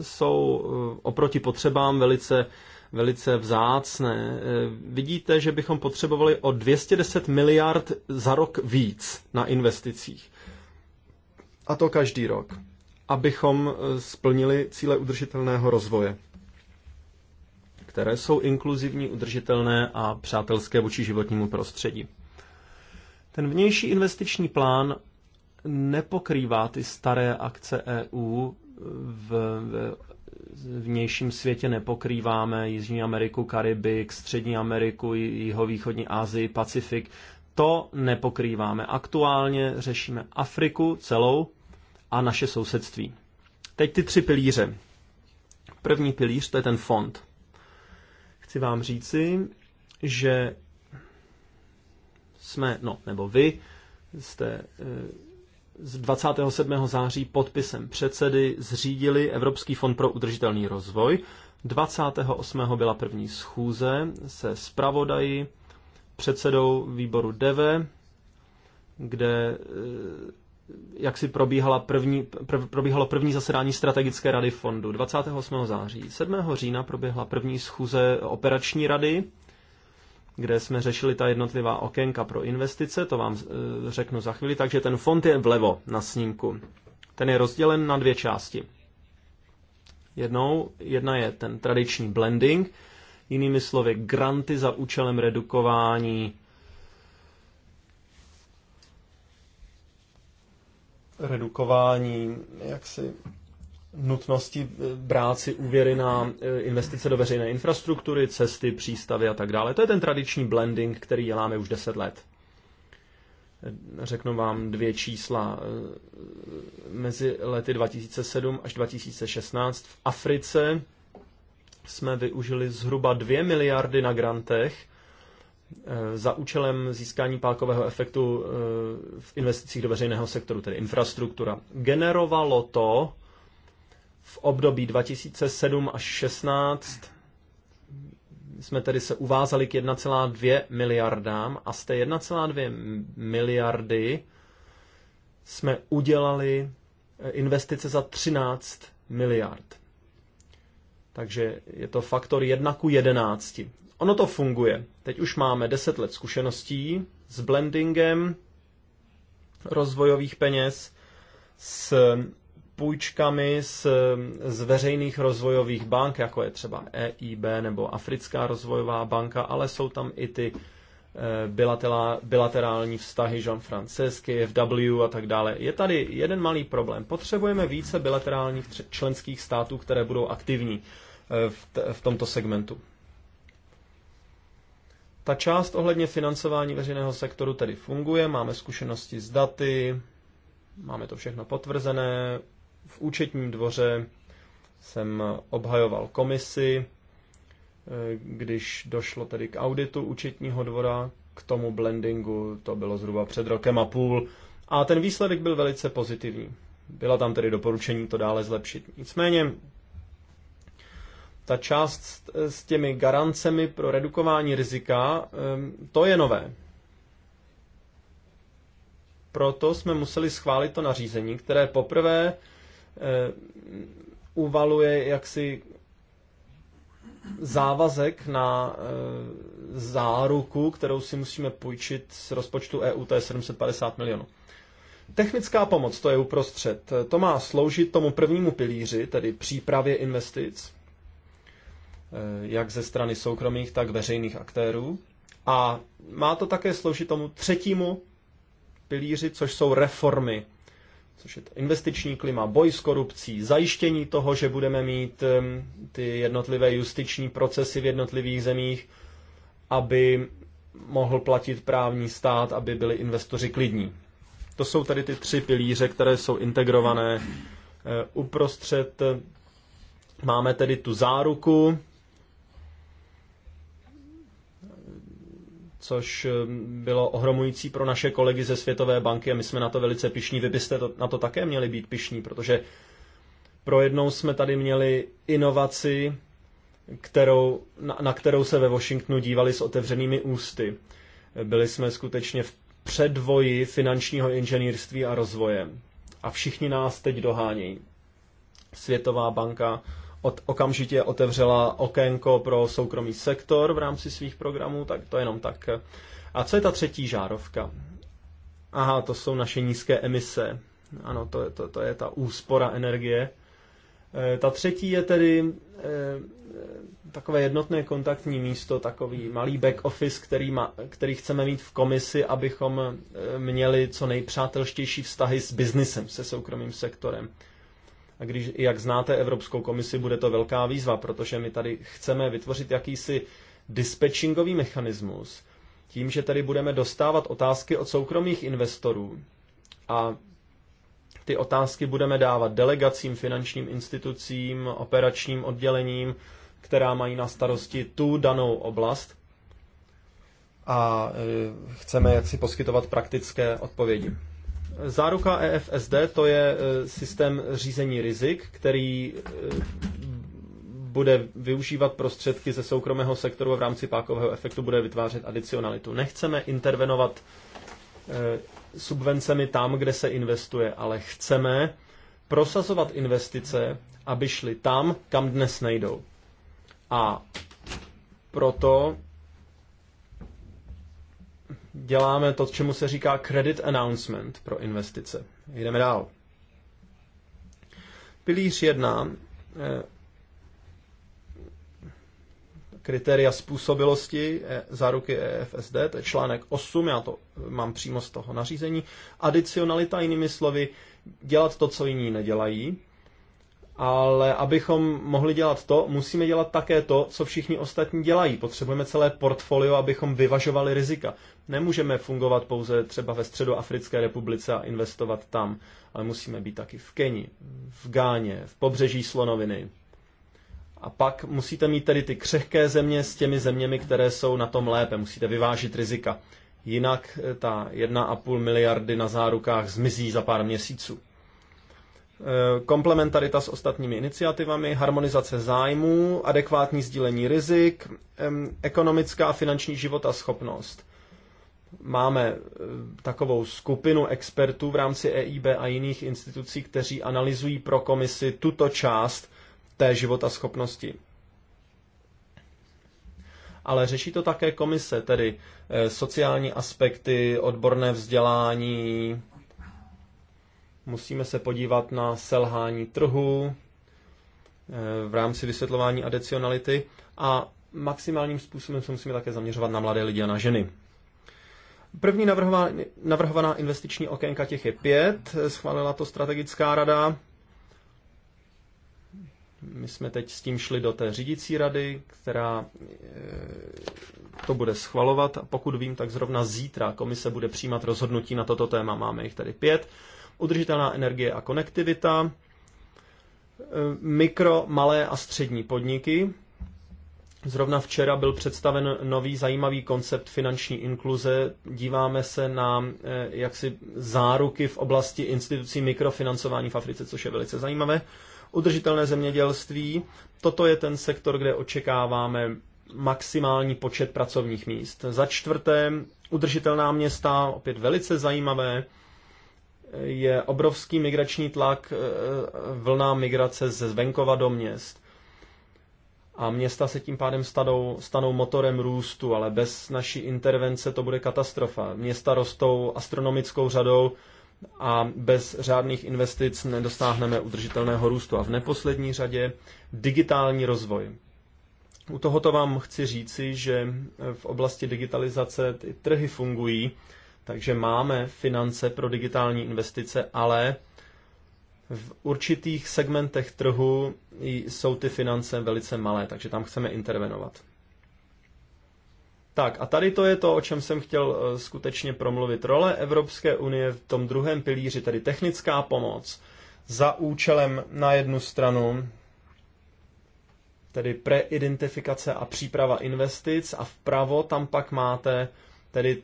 [SPEAKER 2] jsou eh, oproti potřebám velice, velice vzácné. Eh, vidíte, že bychom potřebovali o 210 miliard za rok víc na investicích. A to každý rok, abychom eh, splnili cíle udržitelného rozvoje které jsou inkluzivní, udržitelné a přátelské vůči životnímu prostředí. Ten vnější investiční plán nepokrývá ty staré akce EU v, v vnějším světě nepokrýváme Jižní Ameriku, Karibik, Střední Ameriku, Jihovýchodní Asii, Pacifik. To nepokrýváme. Aktuálně řešíme Afriku celou a naše sousedství. Teď ty tři pilíře. První pilíř to je ten fond. Chci vám říci, že jsme, no, nebo vy jste eh, z 27. září podpisem předsedy zřídili Evropský fond pro udržitelný rozvoj. 28. byla první schůze se zpravodají předsedou výboru DEVE, kde eh, jak si probíhala první, pr- probíhalo první zasedání strategické rady fondu 28. září. 7. října proběhla první schůze operační rady kde jsme řešili ta jednotlivá okénka pro investice, to vám eh, řeknu za chvíli, takže ten fond je vlevo na snímku. Ten je rozdělen na dvě části. Jednou, jedna je ten tradiční blending, jinými slovy granty za účelem redukování redukování jaksi nutnosti eh, brát si úvěry na eh, investice do veřejné infrastruktury, cesty, přístavy a tak dále. To je ten tradiční blending, který děláme už 10 let. Eh, řeknu vám dvě čísla. Mezi lety 2007 až 2016 v Africe jsme využili zhruba 2 miliardy na grantech za účelem získání pálkového efektu v investicích do veřejného sektoru, tedy infrastruktura. Generovalo to v období 2007 až 16 jsme tedy se uvázali k 1,2 miliardám a z té 1,2 miliardy jsme udělali eh, investice za 13 miliard. Takže je to faktor 1 ku 11. Ono to funguje. Teď už máme 10 let zkušeností s blendingem rozvojových peněz, s půjčkami z, z veřejných rozvojových bank, jako je třeba EIB nebo Africká rozvojová banka, ale jsou tam i ty eh, bilaterální vztahy Jean-Francesky, FW a tak dále. Je tady jeden malý problém. Potřebujeme více bilaterálních členských států, které budou aktivní eh, v, v tomto segmentu. Ta část ohledně financování veřejného sektoru tedy funguje, máme zkušenosti s daty, máme to všechno potvrzené, v účetním dvoře jsem obhajoval komisi, eh, když došlo tedy k auditu účetního dvora, k tomu blendingu, to bylo zhruba před rokem a půl, a ten výsledek byl velice pozitivní. Byla tam tedy doporučení to dále zlepšit. Nicméně ta část s těmi garancemi pro redukování rizika, ehm, to je nové. Proto jsme museli schválit to nařízení, které poprvé Eh, uvaluje jaksi závazek na eh, záruku, kterou si musíme půjčit z rozpočtu EU, to je 750 milionů. Technická pomoc, to je uprostřed. To má sloužit tomu prvnímu pilíři, tedy přípravě investic, eh, jak ze strany soukromých, tak veřejných aktérů. A má to také sloužit tomu třetímu pilíři, což jsou reformy což je to investiční klima, boj s korupcí, zajištění toho, že budeme mít ty jednotlivé justiční procesy v jednotlivých zemích, aby mohl platit právní stát, aby byli investoři klidní. To jsou tady ty tři pilíře, které jsou integrované e, uprostřed. E, máme tedy tu záruku, což eh, bylo ohromující pro naše kolegy ze Světové banky a my jsme na to velice pišní. Vy byste to, na to také měli být pišní, protože pro jednou jsme tady měli inovaci, kterou, na, na kterou se ve Washingtonu dívali s otevřenými ústy. Byli jsme skutečně v předvoji finančního inženýrství a rozvoje. A všichni nás teď dohánějí. Světová banka, od, okamžitě otevřela okénko pro soukromý sektor v rámci svých programů, tak to jenom tak. A co je ta třetí žárovka? Aha, to jsou naše nízké emise. Ano, to je, to, to je ta úspora energie. E, ta třetí je tedy e, takové jednotné kontaktní místo, takový malý back office, který, ma, který chceme mít v komisi, abychom eh, měli co nejpřátelštější vztahy s biznesem, se soukromým sektorem. A když, jak znáte Evropskou komisi, bude to velká výzva, protože my tady chceme vytvořit jakýsi dispatchingový mechanismus, tím, že tady budeme dostávat otázky od soukromých investorů a ty otázky budeme dávat delegacím, finančním institucím, operačním oddělením, která mají na starosti tu danou oblast a e, chceme jaksi poskytovat praktické odpovědi. Záruka EFSD to je e, systém řízení rizik, který e, bude využívat prostředky ze soukromého sektoru a v rámci pákového efektu bude vytvářet adicionalitu. Nechceme intervenovat e, subvencemi tam, kde se investuje, ale chceme prosazovat investice, aby šly tam, kam dnes nejdou. A proto děláme to, čemu se říká credit announcement pro investice. Jdeme dál. Pilíř jedná eh, Kritéria způsobilosti eh, záruky EFSD, to je článek 8, já to mám přímo z toho nařízení. Adicionalita, jinými slovy, dělat to, co jiní nedělají, ale abychom mohli dělat to, musíme dělat také to, co všichni ostatní dělají. Potřebujeme celé portfolio, abychom vyvažovali rizika. Nemůžeme fungovat pouze třeba ve Africké republice a investovat tam, ale musíme být taky v Keni, v Gáně, v pobřeží Slonoviny. A pak musíte mít tedy ty křehké země s těmi zeměmi, které jsou na tom lépe. Musíte vyvážit rizika. Jinak ta 1,5 miliardy na zárukách zmizí za pár měsíců. Eh, komplementarita s ostatními iniciativami, harmonizace zájmů, adekvátní sdílení rizik, ekonomická a finanční života schopnost. Máme eh, takovou skupinu expertů v rámci EIB a jiných institucí, kteří analyzují pro komisi tuto část té života schopnosti. Ale řeší to také komise, tedy eh, sociální aspekty, odborné vzdělání, Musíme se podívat na selhání trhu eh, v rámci vysvětlování adicionality a maximálním způsobem se musíme také zaměřovat na mladé lidi a na ženy. První navrhovaná investiční okénka těch je pět, schválila to strategická rada. My jsme teď s tím šli do té řídící rady, která eh, to bude schvalovat. A pokud vím, tak zrovna zítra komise bude přijímat rozhodnutí na toto téma. Máme jich tady pět udržitelná energie a konektivita, e, mikro, malé a střední podniky. Zrovna včera byl představen nový zajímavý koncept finanční inkluze. Díváme se na e, jaksi záruky v oblasti institucí mikrofinancování v Africe, což je velice zajímavé. Udržitelné zemědělství. Toto je ten sektor, kde očekáváme maximální počet pracovních míst. Za čtvrté, udržitelná města, opět velice zajímavé je obrovský migrační tlak, eh, vlna migrace ze zvenkova do měst. A města se tím pádem stanou, stanou motorem růstu, ale bez naší intervence to bude katastrofa. Města rostou astronomickou řadou a bez řádných investic nedosáhneme udržitelného růstu. A v neposlední řadě digitální rozvoj. U tohoto vám chci říci, že v oblasti digitalizace ty trhy fungují takže máme finance pro digitální investice, ale v určitých segmentech trhu jsou ty finance velice malé, takže tam chceme intervenovat. Tak a tady to je to, o čem jsem chtěl eh, skutečně promluvit. Role Evropské unie v tom druhém pilíři, tedy technická pomoc, za účelem na jednu stranu tedy preidentifikace a příprava investic a vpravo tam pak máte tedy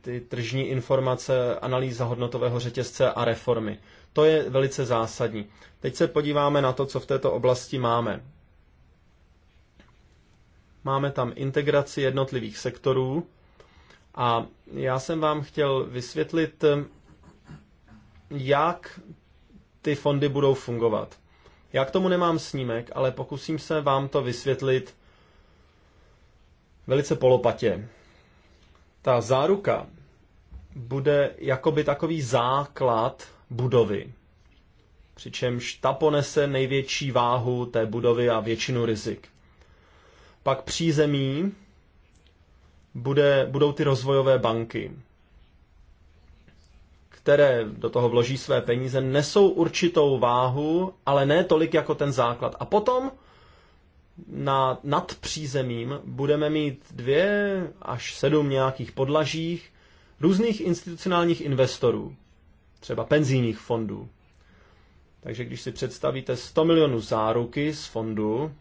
[SPEAKER 2] ty tržní informace, analýza hodnotového řetězce a reformy. To je velice zásadní. Teď se podíváme na to, co v této oblasti máme. Máme tam integraci jednotlivých sektorů a já jsem vám chtěl vysvětlit, jak ty fondy budou fungovat. Já k tomu nemám snímek, ale pokusím se vám to vysvětlit velice polopatě ta záruka bude jakoby takový základ budovy, přičemž ta ponese největší váhu té budovy a většinu rizik. Pak přízemí bude, budou ty rozvojové banky, které do toho vloží své peníze, nesou určitou váhu, ale ne tolik jako ten základ. A potom na, nad přízemím budeme mít dvě až sedm nějakých podlažích různých institucionálních investorů, třeba penzijních fondů. Takže když si představíte 100 milionů záruky z fondu,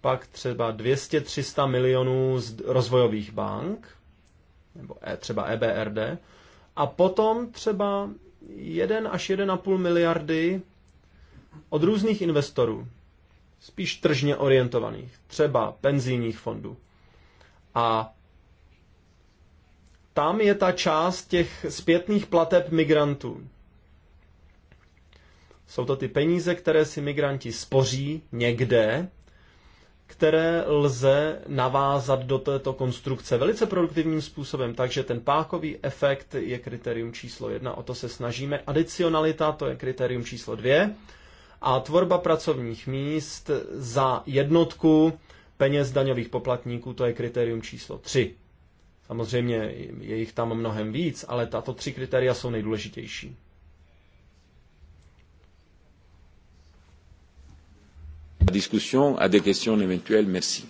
[SPEAKER 2] pak třeba 200-300 milionů z rozvojových bank, nebo e, třeba EBRD, a potom třeba 1 až 1,5 miliardy od různých investorů spíš tržně orientovaných, třeba penzijních fondů. A tam je ta část těch zpětných plateb migrantů. Jsou to ty peníze, které si migranti spoří někde, které lze navázat do této konstrukce velice produktivním způsobem. Takže ten pákový efekt je kritérium číslo jedna, o to se snažíme. Adicionalita, to je kritérium číslo dvě a tvorba pracovních míst za jednotku peněz daňových poplatníků, to je kritérium číslo 3. Samozřejmě je jich tam mnohem víc, ale tato tři kritéria jsou nejdůležitější.
[SPEAKER 3] Diskussion a des questions éventuelles, merci.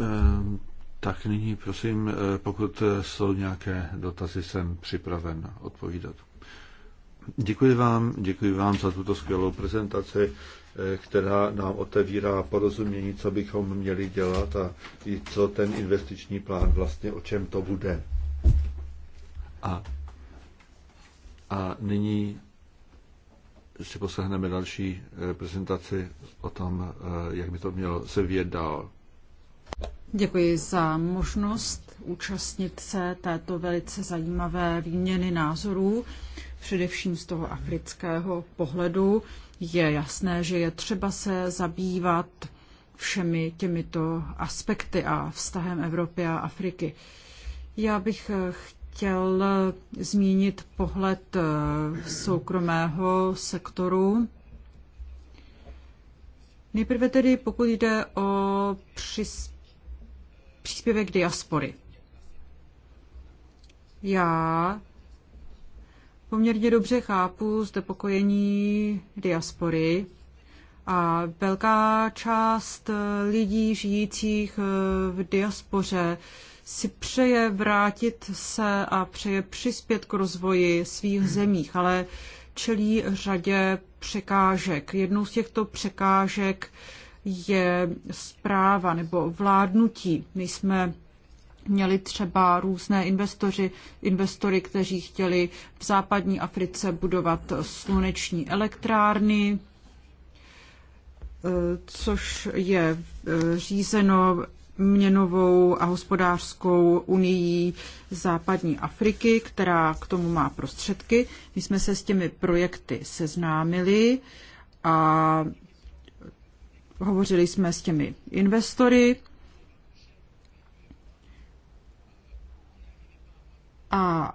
[SPEAKER 3] Ehm, tak nyní prosím, eh, pokud jsou nějaké dotazy, jsem připraven odpovídat. Děkuji vám, děkuji vám za tuto skvělou prezentaci, eh, která nám otevírá porozumění, co bychom měli dělat a i co ten investiční plán vlastně, o čem to bude. A, a nyní si poslehneme další eh, prezentaci o tom, eh, jak by to mělo se vyjet dál.
[SPEAKER 1] Děkuji za možnost účastnit se této velice zajímavé výměny názorů především z toho afrického pohledu, je jasné, že je třeba se zabývat všemi těmito aspekty a vztahem Evropy a Afriky. Já bych eh, chtěl eh, zmínit pohled eh, soukromého sektoru. Nejprve tedy, pokud jde o příspěvek diaspory. Já Poměrně dobře chápu znepokojení diaspory a velká část eh, lidí žijících eh, v diaspoře si přeje vrátit se a přeje přispět k rozvoji svých hmm. zemích, ale čelí řadě překážek. Jednou z těchto překážek je zpráva nebo vládnutí. My jsme měli třeba různé investoři, investory, kteří chtěli v západní Africe budovat sluneční elektrárny, e, což je e, řízeno měnovou a hospodářskou unii západní Afriky, která k tomu má prostředky. My jsme se s těmi projekty seznámili a hovořili jsme s těmi investory A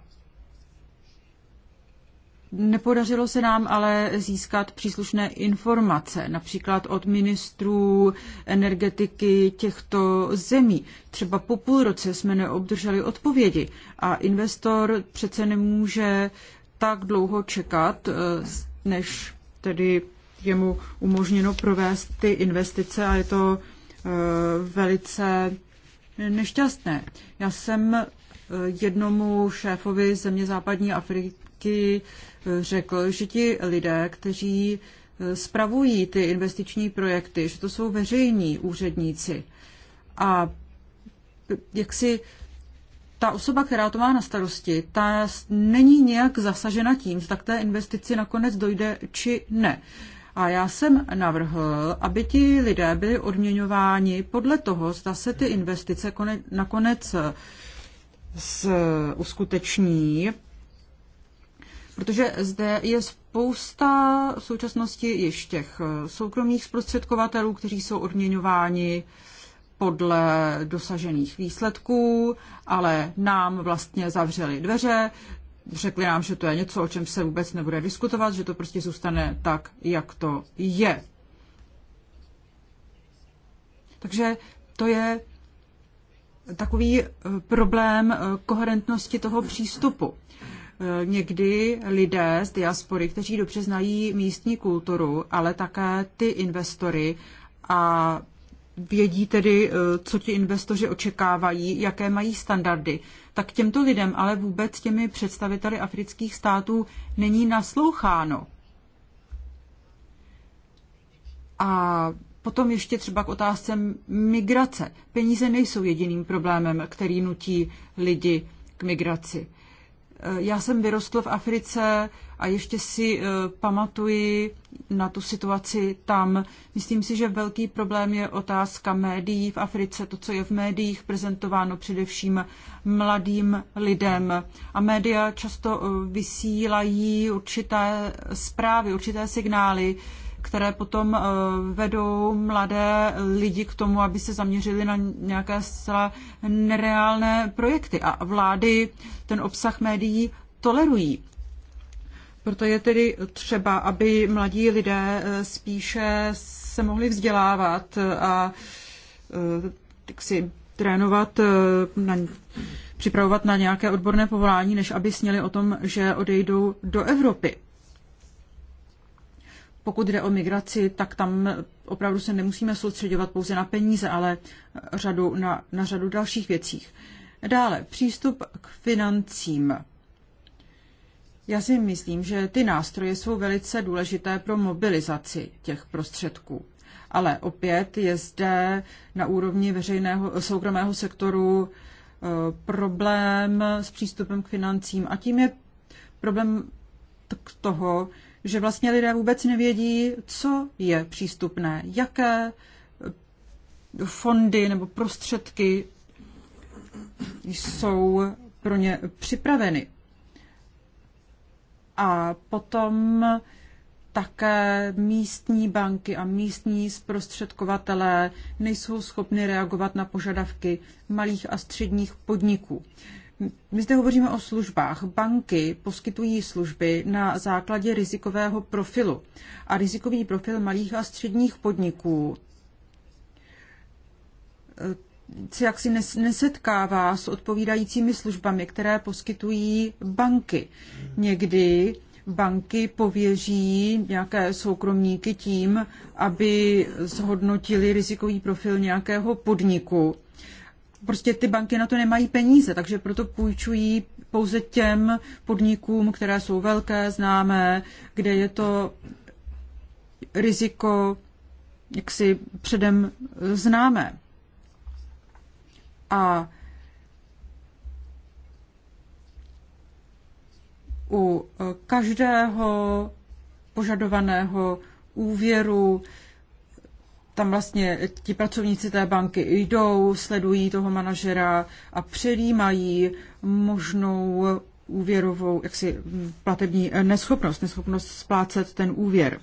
[SPEAKER 1] Nepodařilo se nám ale získat příslušné informace, například od ministrů energetiky těchto zemí. Třeba po půl roce jsme neobdrželi odpovědi a investor přece nemůže tak dlouho čekat, eh, než tedy je mu umožněno provést ty investice a je to eh, velice nešťastné. Já jsem jednomu šéfovi země západní Afriky eh, řekl, že ti lidé, kteří eh, spravují ty investiční projekty, že to jsou veřejní úředníci. A eh, jak si ta osoba, která to má na starosti, ta není nějak zasažena tím, zda k té investici nakonec dojde či ne. A já jsem navrhl, aby ti lidé byli odměňováni podle toho, zda se ty investice nakonec s, uskuteční, protože zde je spousta v současnosti ještě těch soukromých zprostředkovatelů, kteří jsou odměňováni podle dosažených výsledků, ale nám vlastně zavřeli dveře, řekli nám, že to je něco, o čem se vůbec nebude diskutovat, že to prostě zůstane tak, jak to je. Takže to je takový eh, problém eh, koherentnosti toho přístupu. Eh, někdy lidé z diaspory, kteří dobře znají místní kulturu, ale také ty investory a vědí tedy, co ti investoři očekávají, jaké mají standardy, tak těmto lidem ale vůbec těmi představiteli afrických států není nasloucháno. A Potom ještě třeba k otázce migrace. Peníze nejsou jediným problémem, který nutí lidi k migraci. Eh, já jsem vyrostl v Africe a ještě si eh, pamatuji na tu situaci tam. Myslím si, že velký problém je otázka médií v Africe, to, co je v médiích prezentováno především mladým lidem. A média často eh, vysílají určité zprávy, určité signály, které potom eh, vedou mladé lidi k tomu, aby se zaměřili na nějaké zcela nereálné projekty. A vlády ten obsah médií tolerují. Proto je tedy třeba, aby mladí lidé eh, spíše se mohli vzdělávat a eh, tak si trénovat, na, připravovat na nějaké odborné povolání, než aby sněli o tom, že odejdou do Evropy pokud jde o migraci, tak tam opravdu se nemusíme soustředovat pouze na peníze, ale řadu, na, na řadu dalších věcích. Dále, přístup k financím. Já si myslím, že ty nástroje jsou velice důležité pro mobilizaci těch prostředků. Ale opět je zde na úrovni veřejného soukromého sektoru eh, problém s přístupem k financím a tím je problém toho, že vlastně lidé vůbec nevědí, co je přístupné, jaké fondy nebo prostředky jsou pro ně připraveny. A potom také místní banky a místní zprostředkovatelé nejsou schopni reagovat na požadavky malých a středních podniků. My zde hovoříme o službách. Banky poskytují služby na základě rizikového profilu. A rizikový profil malých a středních podniků eh, se jaksi nesetkává s odpovídajícími službami, které poskytují banky. Někdy banky pověří nějaké soukromníky tím, aby zhodnotili rizikový profil nějakého podniku prostě ty banky na to nemají peníze, takže proto půjčují pouze těm podnikům, které jsou velké, známé, kde je to riziko jaksi předem známé. A u každého požadovaného úvěru tam vlastně ti pracovníci té banky jdou, sledují toho manažera a předjímají možnou úvěrovou jaksi, mm, platební eh, neschopnost, neschopnost splácet ten úvěr.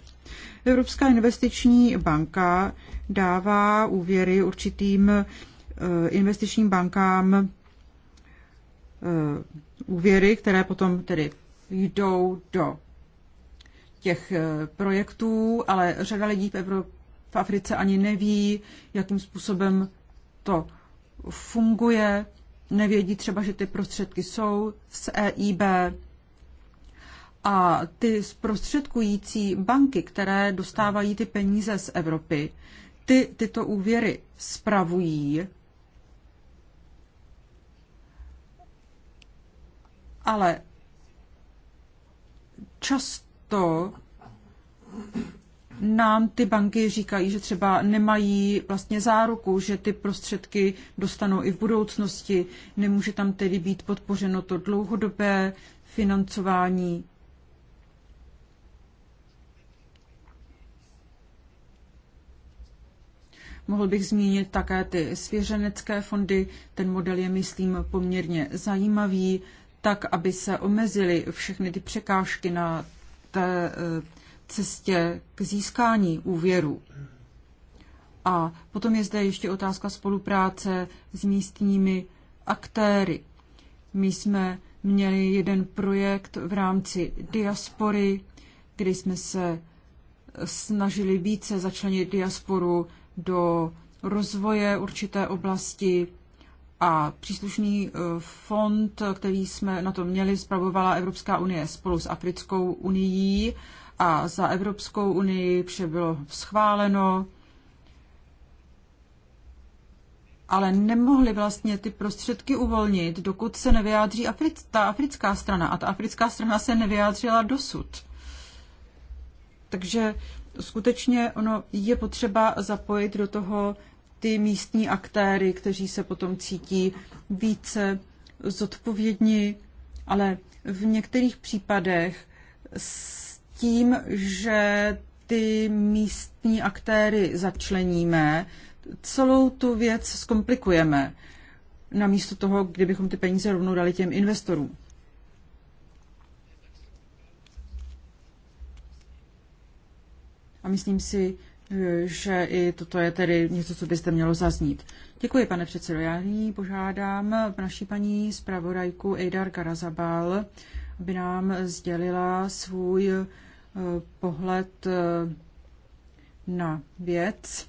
[SPEAKER 1] Evropská investiční banka dává úvěry určitým eh, investičním bankám eh, úvěry, které potom tedy jdou do těch projektů, ale řada lidí v Evropě Africe ani neví, jakým způsobem to funguje, nevědí třeba, že ty prostředky jsou z EIB. A ty zprostředkující banky, které dostávají ty peníze z Evropy, ty tyto úvěry spravují, ale často nám ty banky říkají, že třeba nemají vlastně záruku, že ty prostředky dostanou i v budoucnosti. Nemůže tam tedy být podpořeno to dlouhodobé financování. Mohl bych zmínit také ty svěřenecké fondy. Ten model je, myslím, poměrně zajímavý, tak, aby se omezily všechny ty překážky na té eh, cestě k získání úvěru. A potom je zde ještě otázka spolupráce s místními aktéry. My jsme měli jeden projekt v rámci diaspory, kdy jsme se snažili více začlenit diasporu do rozvoje určité oblasti a příslušný eh, fond, který jsme na to měli, zpravovala Evropská unie spolu s Africkou unii a za Evropskou unii vše bylo schváleno, ale nemohli vlastně ty prostředky uvolnit, dokud se nevyjádří Afric, ta africká strana. A ta africká strana se nevyjádřila dosud. Takže skutečně ono je potřeba zapojit do toho ty místní aktéry, kteří se potom cítí více zodpovědní, ale v některých případech tím, že ty místní aktéry začleníme, celou tu věc zkomplikujeme, namísto toho, kdybychom ty peníze rovnou dali těm investorům. A myslím si, že i toto je tedy něco, co byste mělo zaznít. Děkuji, pane předsedo. Já nyní požádám naší paní zpravodajku Eidar Karazabal, aby nám sdělila svůj pohled eh, na věc.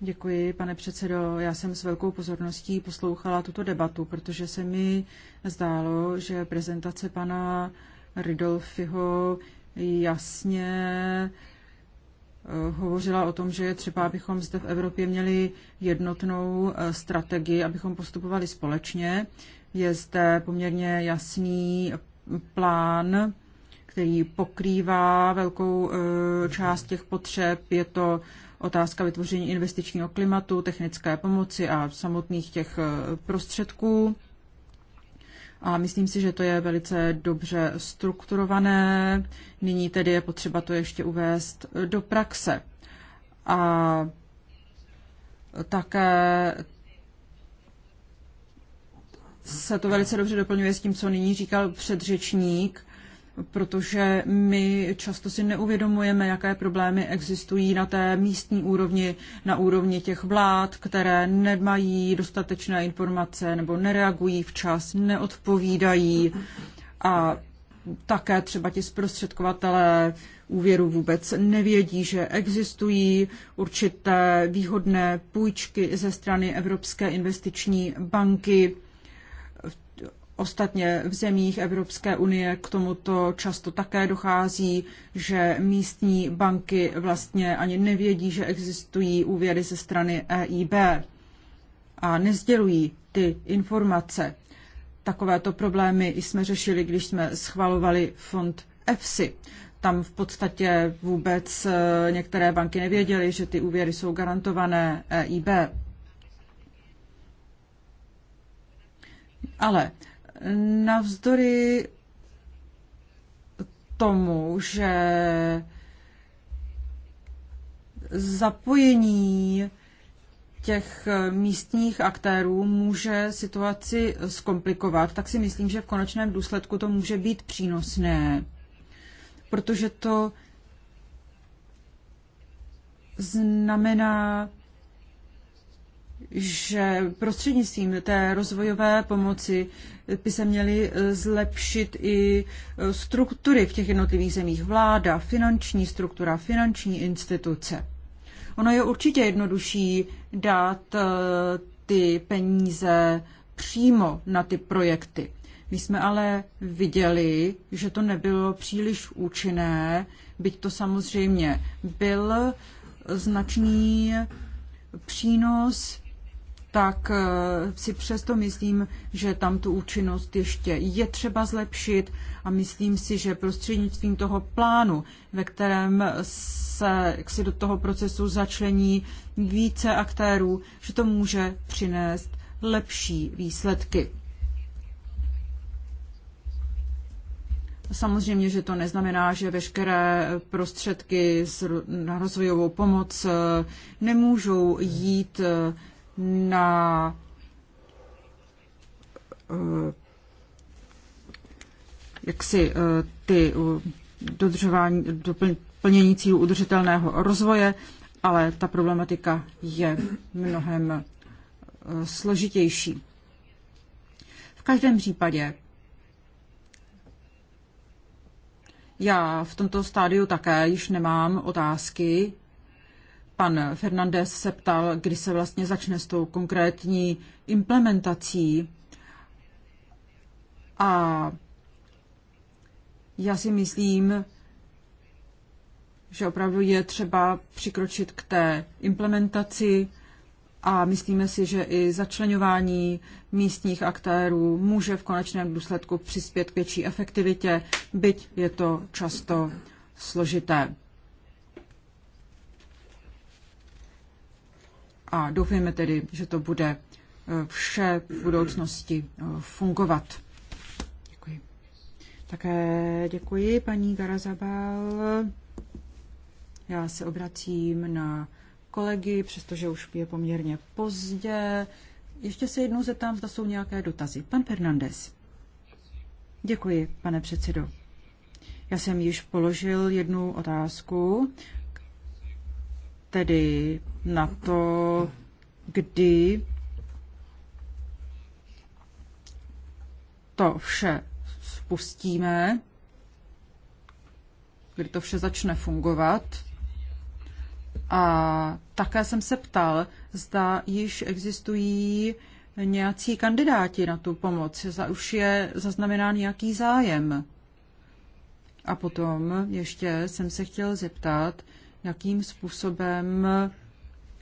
[SPEAKER 1] Děkuji, pane předsedo. Já jsem s velkou pozorností poslouchala tuto debatu, protože se mi zdálo, že prezentace pana Ridolfiho jasně eh, hovořila o tom, že je třeba, abychom zde v Evropě měli jednotnou eh, strategii, abychom postupovali společně. Je zde poměrně jasný plán který pokrývá velkou eh, část těch potřeb. Je to otázka vytvoření investičního klimatu, technické pomoci a samotných těch eh, prostředků. A myslím si, že to je velice dobře strukturované. Nyní tedy je potřeba to ještě uvést do praxe. A také se to velice dobře doplňuje s tím, co nyní říkal předřečník, protože my často si neuvědomujeme, jaké problémy existují na té místní úrovni, na úrovni těch vlád, které nemají dostatečné informace nebo nereagují včas, neodpovídají a také třeba ti zprostředkovatelé úvěru vůbec nevědí, že existují určité výhodné půjčky ze strany Evropské investiční banky Ostatně v zemích Evropské unie k tomuto často také dochází, že místní banky vlastně ani nevědí, že existují úvěry ze strany EIB a nezdělují ty informace. Takovéto problémy jsme řešili, když jsme schvalovali fond EFSI. Tam v podstatě vůbec eh, některé banky nevěděly, že ty úvěry jsou garantované EIB. Ale Navzdory tomu, že zapojení těch místních aktérů může situaci zkomplikovat, tak si myslím, že v konečném důsledku to může být přínosné, protože to znamená že prostřednictvím té rozvojové pomoci by se měly eh, zlepšit i eh, struktury v těch jednotlivých zemích. Vláda, finanční struktura, finanční instituce. Ono je určitě jednodušší dát eh, ty peníze přímo na ty projekty. My jsme ale viděli, že to nebylo příliš účinné, byť to samozřejmě byl značný přínos tak eh, si přesto myslím, že tam tu účinnost ještě je třeba zlepšit a myslím si, že prostřednictvím toho plánu, ve kterém se jak si do toho procesu začlení více aktérů, že to může přinést lepší výsledky. Samozřejmě, že to neznamená, že veškeré prostředky na rozvojovou pomoc eh, nemůžou jít eh, na eh, jaksi eh, ty eh, dodržování, plnění cílů udržitelného rozvoje, ale ta problematika je mnohem složitější. V každém případě já v tomto stádiu také již nemám otázky, Pan Fernandez se ptal, kdy se vlastně začne s tou konkrétní implementací. A já si myslím, že opravdu je třeba přikročit k té implementaci a myslíme si, že i začlenování místních aktérů může v konečném důsledku přispět k větší efektivitě, byť je to často složité. a doufejme tedy, že to bude eh, vše v budoucnosti eh, fungovat. Děkuji. Také děkuji, paní Garazabal. Já se obracím na kolegy, přestože už je poměrně pozdě. Ještě se jednou zeptám, zda jsou nějaké dotazy. Pan Fernandez. Děkuji, pane předsedo. Já jsem již položil jednu otázku tedy na to, kdy to vše spustíme, kdy to vše začne fungovat. A také jsem se ptal, zda již existují nějací kandidáti na tu pomoc, zda už je zaznamenán nějaký zájem. A potom ještě jsem se chtěl zeptat, jakým způsobem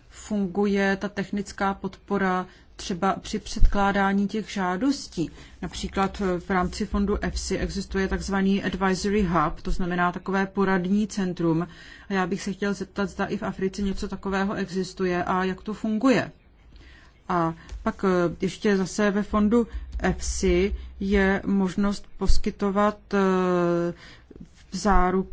[SPEAKER 1] funguje ta technická podpora třeba při předkládání těch žádostí. Například v rámci fondu EFSI existuje takzvaný advisory hub, to znamená takové poradní centrum. A já bych se chtěl zeptat, zda i v Africe něco takového existuje a jak to funguje. A pak eh, ještě zase ve fondu EFSI je možnost poskytovat eh, záruk,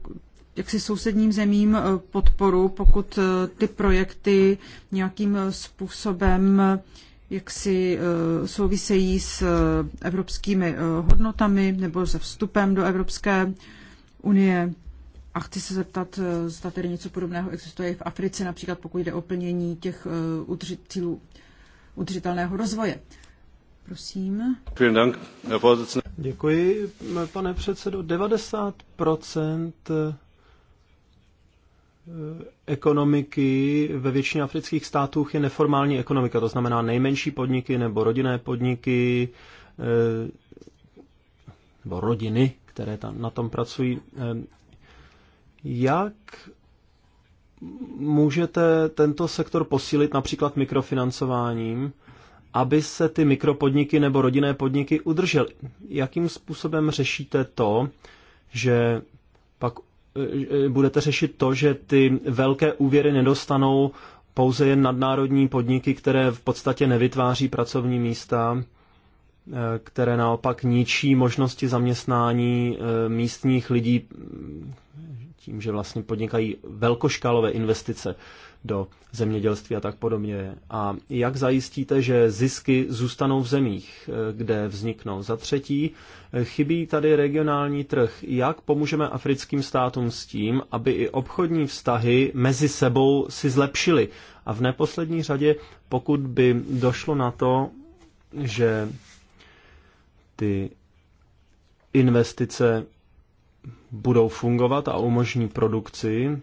[SPEAKER 1] jaksi sousedním zemím eh, podporu, pokud eh, ty projekty nějakým eh, způsobem jak si souvisejí s evropskými hodnotami nebo se vstupem do Evropské unie. A chci se zeptat, zda tedy něco podobného existuje i v Africe, například pokud jde o plnění těch cílů udržitelného rozvoje. Prosím.
[SPEAKER 3] Děkuji,
[SPEAKER 2] pane předsedo. 90 ekonomiky ve většině afrických států je neformální ekonomika, to znamená nejmenší podniky nebo rodinné podniky eh, nebo rodiny, které tam na tom pracují. Eh, jak můžete tento sektor posílit například mikrofinancováním, aby se ty mikropodniky nebo rodinné podniky udržely? Jakým způsobem řešíte to, že pak E, budete řešit to, že ty velké úvěry nedostanou pouze jen nadnárodní podniky, které v podstatě nevytváří pracovní místa, e, které naopak ničí možnosti zaměstnání e, místních lidí tím, že vlastně podnikají velkoškálové investice do zemědělství a tak podobně. A jak zajistíte, že zisky zůstanou v zemích, eh, kde vzniknou? Za třetí, eh, chybí tady regionální trh. Jak pomůžeme africkým státům s tím, aby i obchodní vztahy mezi sebou si zlepšily? A v neposlední řadě, pokud by došlo na to, že ty investice budou fungovat a umožní produkci,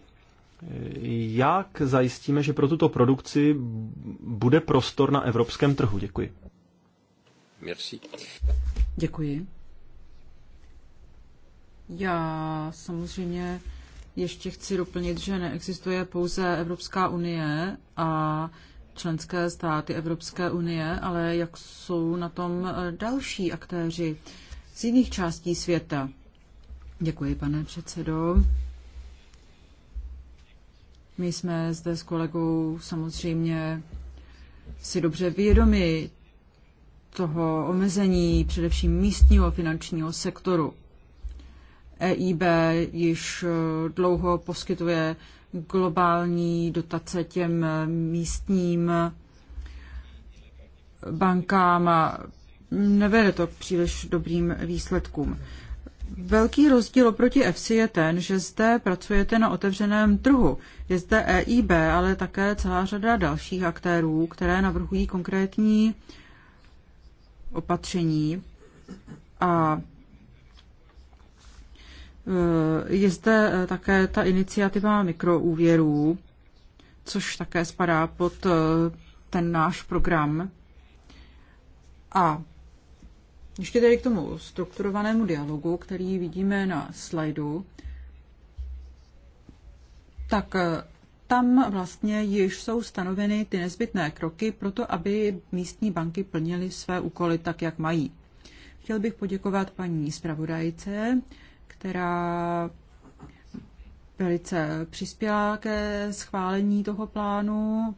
[SPEAKER 2] jak zajistíme, že pro tuto produkci bude prostor na evropském trhu? Děkuji. Merci.
[SPEAKER 1] Děkuji. Já samozřejmě ještě chci doplnit, že neexistuje pouze Evropská unie a členské státy Evropské unie, ale jak jsou na tom eh, další aktéři z jiných částí světa. Děkuji, pane předsedo. My jsme zde s kolegou samozřejmě si dobře vědomi toho omezení především místního finančního sektoru. EIB již eh, dlouho poskytuje globální dotace těm místním bankám a nevede to k příliš dobrým výsledkům. Velký rozdíl oproti EFSI je ten, že zde pracujete na otevřeném trhu. Je zde EIB, ale také celá řada dalších aktérů, které navrhují konkrétní opatření. A e, je zde e, také ta iniciativa mikroúvěrů, což také spadá pod e, ten náš program. A ještě tady k tomu strukturovanému dialogu, který vidíme na slajdu, tak eh, tam vlastně již jsou stanoveny ty nezbytné kroky pro to, aby místní banky plnily své úkoly tak, jak mají. Chtěl bych poděkovat paní zpravodajce, která velice přispěla ke schválení toho plánu.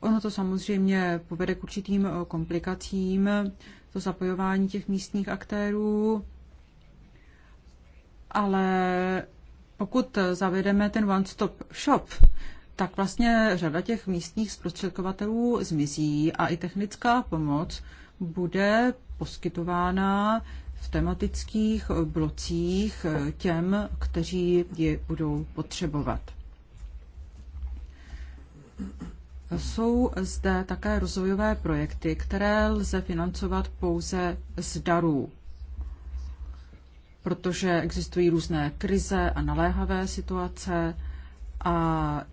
[SPEAKER 1] Ono to samozřejmě povede k určitým eh, komplikacím, to zapojování těch místních aktérů, ale pokud zavedeme ten one-stop shop, tak vlastně řada těch místních zprostředkovatelů zmizí a i technická pomoc bude poskytována v tematických blocích těm, kteří ji budou potřebovat. Jsou zde také rozvojové projekty, které lze financovat pouze z darů, protože existují různé krize a naléhavé situace, a,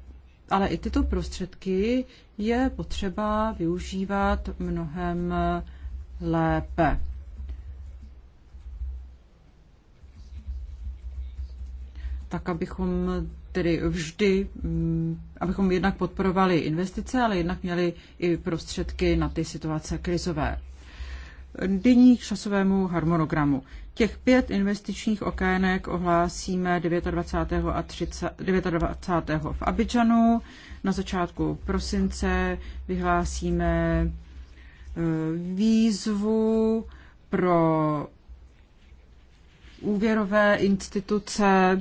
[SPEAKER 1] ale i tyto prostředky je potřeba využívat mnohem lépe. tak abychom tedy vždy, mm, abychom jednak podporovali investice, ale jednak měli i prostředky na ty situace krizové. Nyní k časovému harmonogramu. Těch pět investičních okének ohlásíme 29. a 30, 29. v Abidžanu. Na začátku prosince vyhlásíme e, výzvu pro úvěrové instituce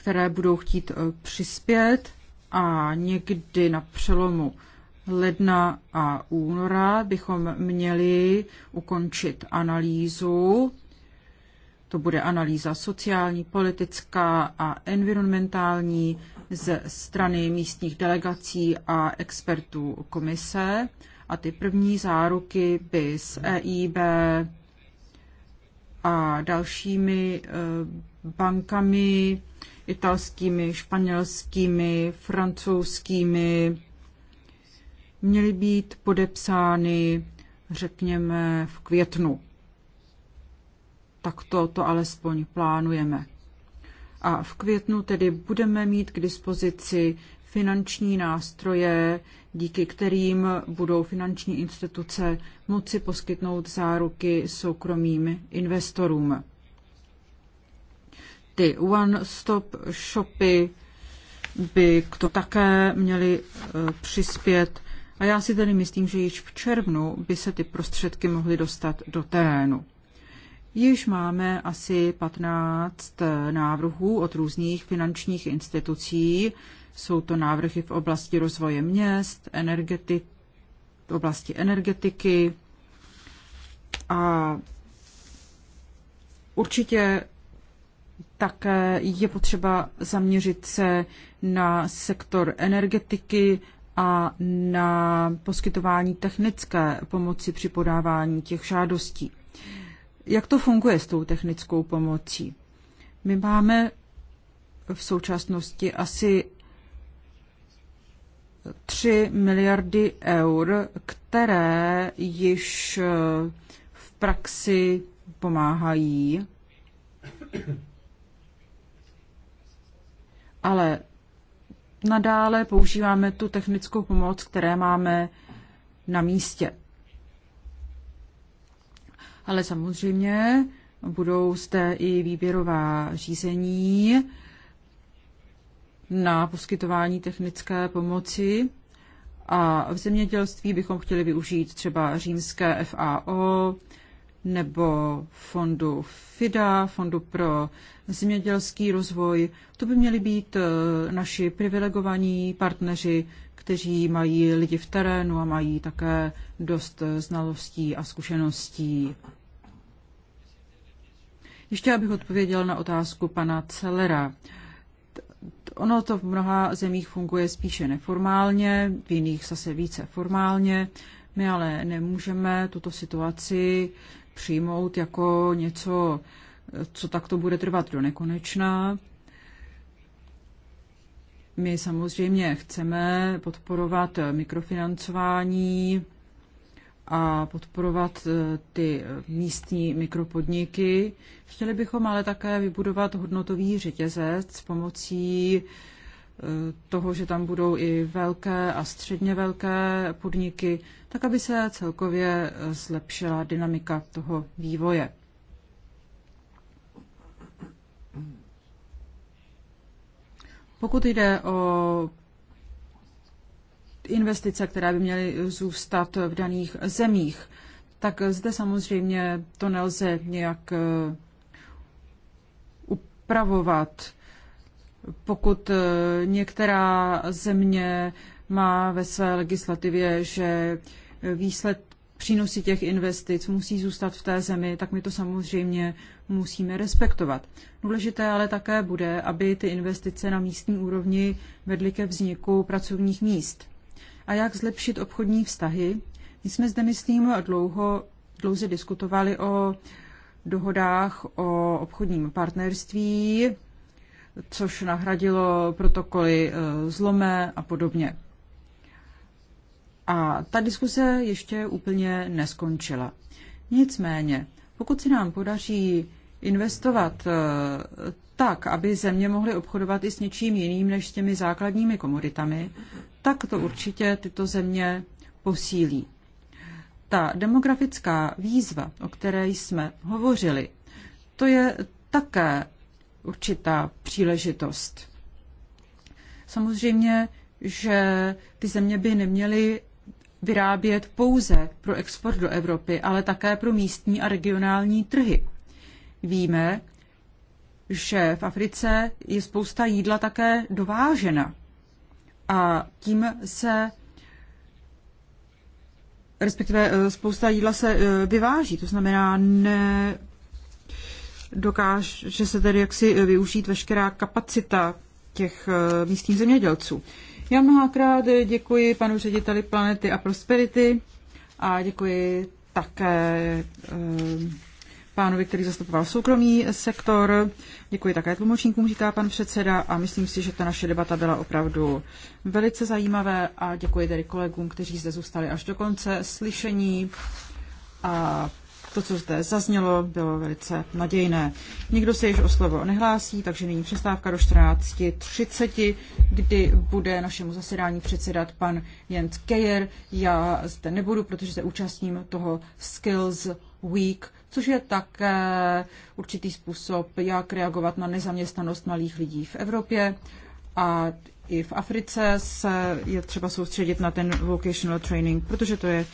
[SPEAKER 1] které budou chtít e, přispět a někdy na přelomu ledna a února bychom měli ukončit analýzu. To bude analýza sociální, politická a environmentální ze strany místních delegací a expertů komise. A ty první záruky by s EIB a dalšími e, bankami italskými, španělskými, francouzskými, měly být podepsány, řekněme, v květnu. Tak to, to alespoň plánujeme. A v květnu tedy budeme mít k dispozici finanční nástroje, díky kterým budou finanční instituce moci poskytnout záruky soukromým investorům. Ty one-stop shopy by k to také měly e, přispět. A já si tedy myslím, že již v červnu by se ty prostředky mohly dostat do terénu. Již máme asi 15 e, návrhů od různých finančních institucí. Jsou to návrhy v oblasti rozvoje měst, energeti- v oblasti energetiky. A určitě tak je potřeba zaměřit se na sektor energetiky a na poskytování technické pomoci při podávání těch žádostí. Jak to funguje s tou technickou pomocí? My máme v současnosti asi 3 miliardy eur, které již eh, v praxi pomáhají ale nadále používáme tu technickou pomoc, které máme na místě. Ale samozřejmě budou zde i výběrová řízení na poskytování technické pomoci. A v zemědělství bychom chtěli využít třeba římské FAO, nebo fondu FIDA, fondu pro zemědělský rozvoj. To by měli být eh, naši privilegovaní partneři, kteří mají lidi v terénu a mají také dost eh, znalostí a zkušeností. Ještě abych odpověděl na otázku pana Celera. Ono to v mnoha zemích funguje spíše neformálně, v jiných zase více formálně. My ale nemůžeme tuto situaci přijmout jako něco, co takto bude trvat do nekonečna. My samozřejmě chceme podporovat mikrofinancování a podporovat eh, ty místní mikropodniky. Chtěli bychom ale také vybudovat hodnotový řetězec s pomocí toho, že tam budou i velké a středně velké podniky, tak aby se celkově zlepšila dynamika toho vývoje. Pokud jde o investice, které by měly zůstat v daných zemích, tak zde samozřejmě to nelze nějak upravovat pokud e, některá země má ve své legislativě, že výsled přínosy těch investic musí zůstat v té zemi, tak my to samozřejmě musíme respektovat. Důležité ale také bude, aby ty investice na místní úrovni vedly ke vzniku pracovních míst. A jak zlepšit obchodní vztahy? My jsme zde, myslím, dlouho, dlouze diskutovali o dohodách o obchodním partnerství, což nahradilo protokoly eh, zlomé a podobně. A ta diskuse ještě úplně neskončila. Nicméně, pokud se nám podaří investovat eh, tak, aby země mohly obchodovat i s něčím jiným než s těmi základními komoditami, tak to určitě tyto země posílí. Ta demografická výzva, o které jsme hovořili, to je také určitá příležitost. Samozřejmě, že ty země by neměly vyrábět pouze pro export do Evropy, ale také pro místní a regionální trhy. Víme, že v Africe je spousta jídla také dovážena a tím se respektive eh, spousta jídla se eh, vyváží, to znamená ne dokáže se tedy jaksi využít veškerá kapacita těch eh, místních zemědělců. Já mnohokrát děkuji panu řediteli Planety a Prosperity a děkuji také eh, pánovi, který zastupoval soukromý sektor. Děkuji také tlumočníkům, říká pan předseda a myslím si, že ta naše debata byla opravdu velice zajímavé a děkuji tedy kolegům, kteří zde zůstali až do konce slyšení a to, co zde zaznělo, bylo velice nadějné. Nikdo se již o slovo nehlásí, takže nyní přestávka do 14.30, kdy bude našemu zasedání předsedat pan Jens Kejer. Já zde nebudu, protože se účastním toho Skills Week, což je také určitý způsob, jak reagovat na nezaměstnanost malých lidí v Evropě. A i v Africe se je třeba soustředit na ten vocational training, protože to je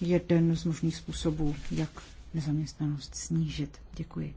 [SPEAKER 1] jeden z možných způsobů, jak nezaměstnanost snížit. Děkuji.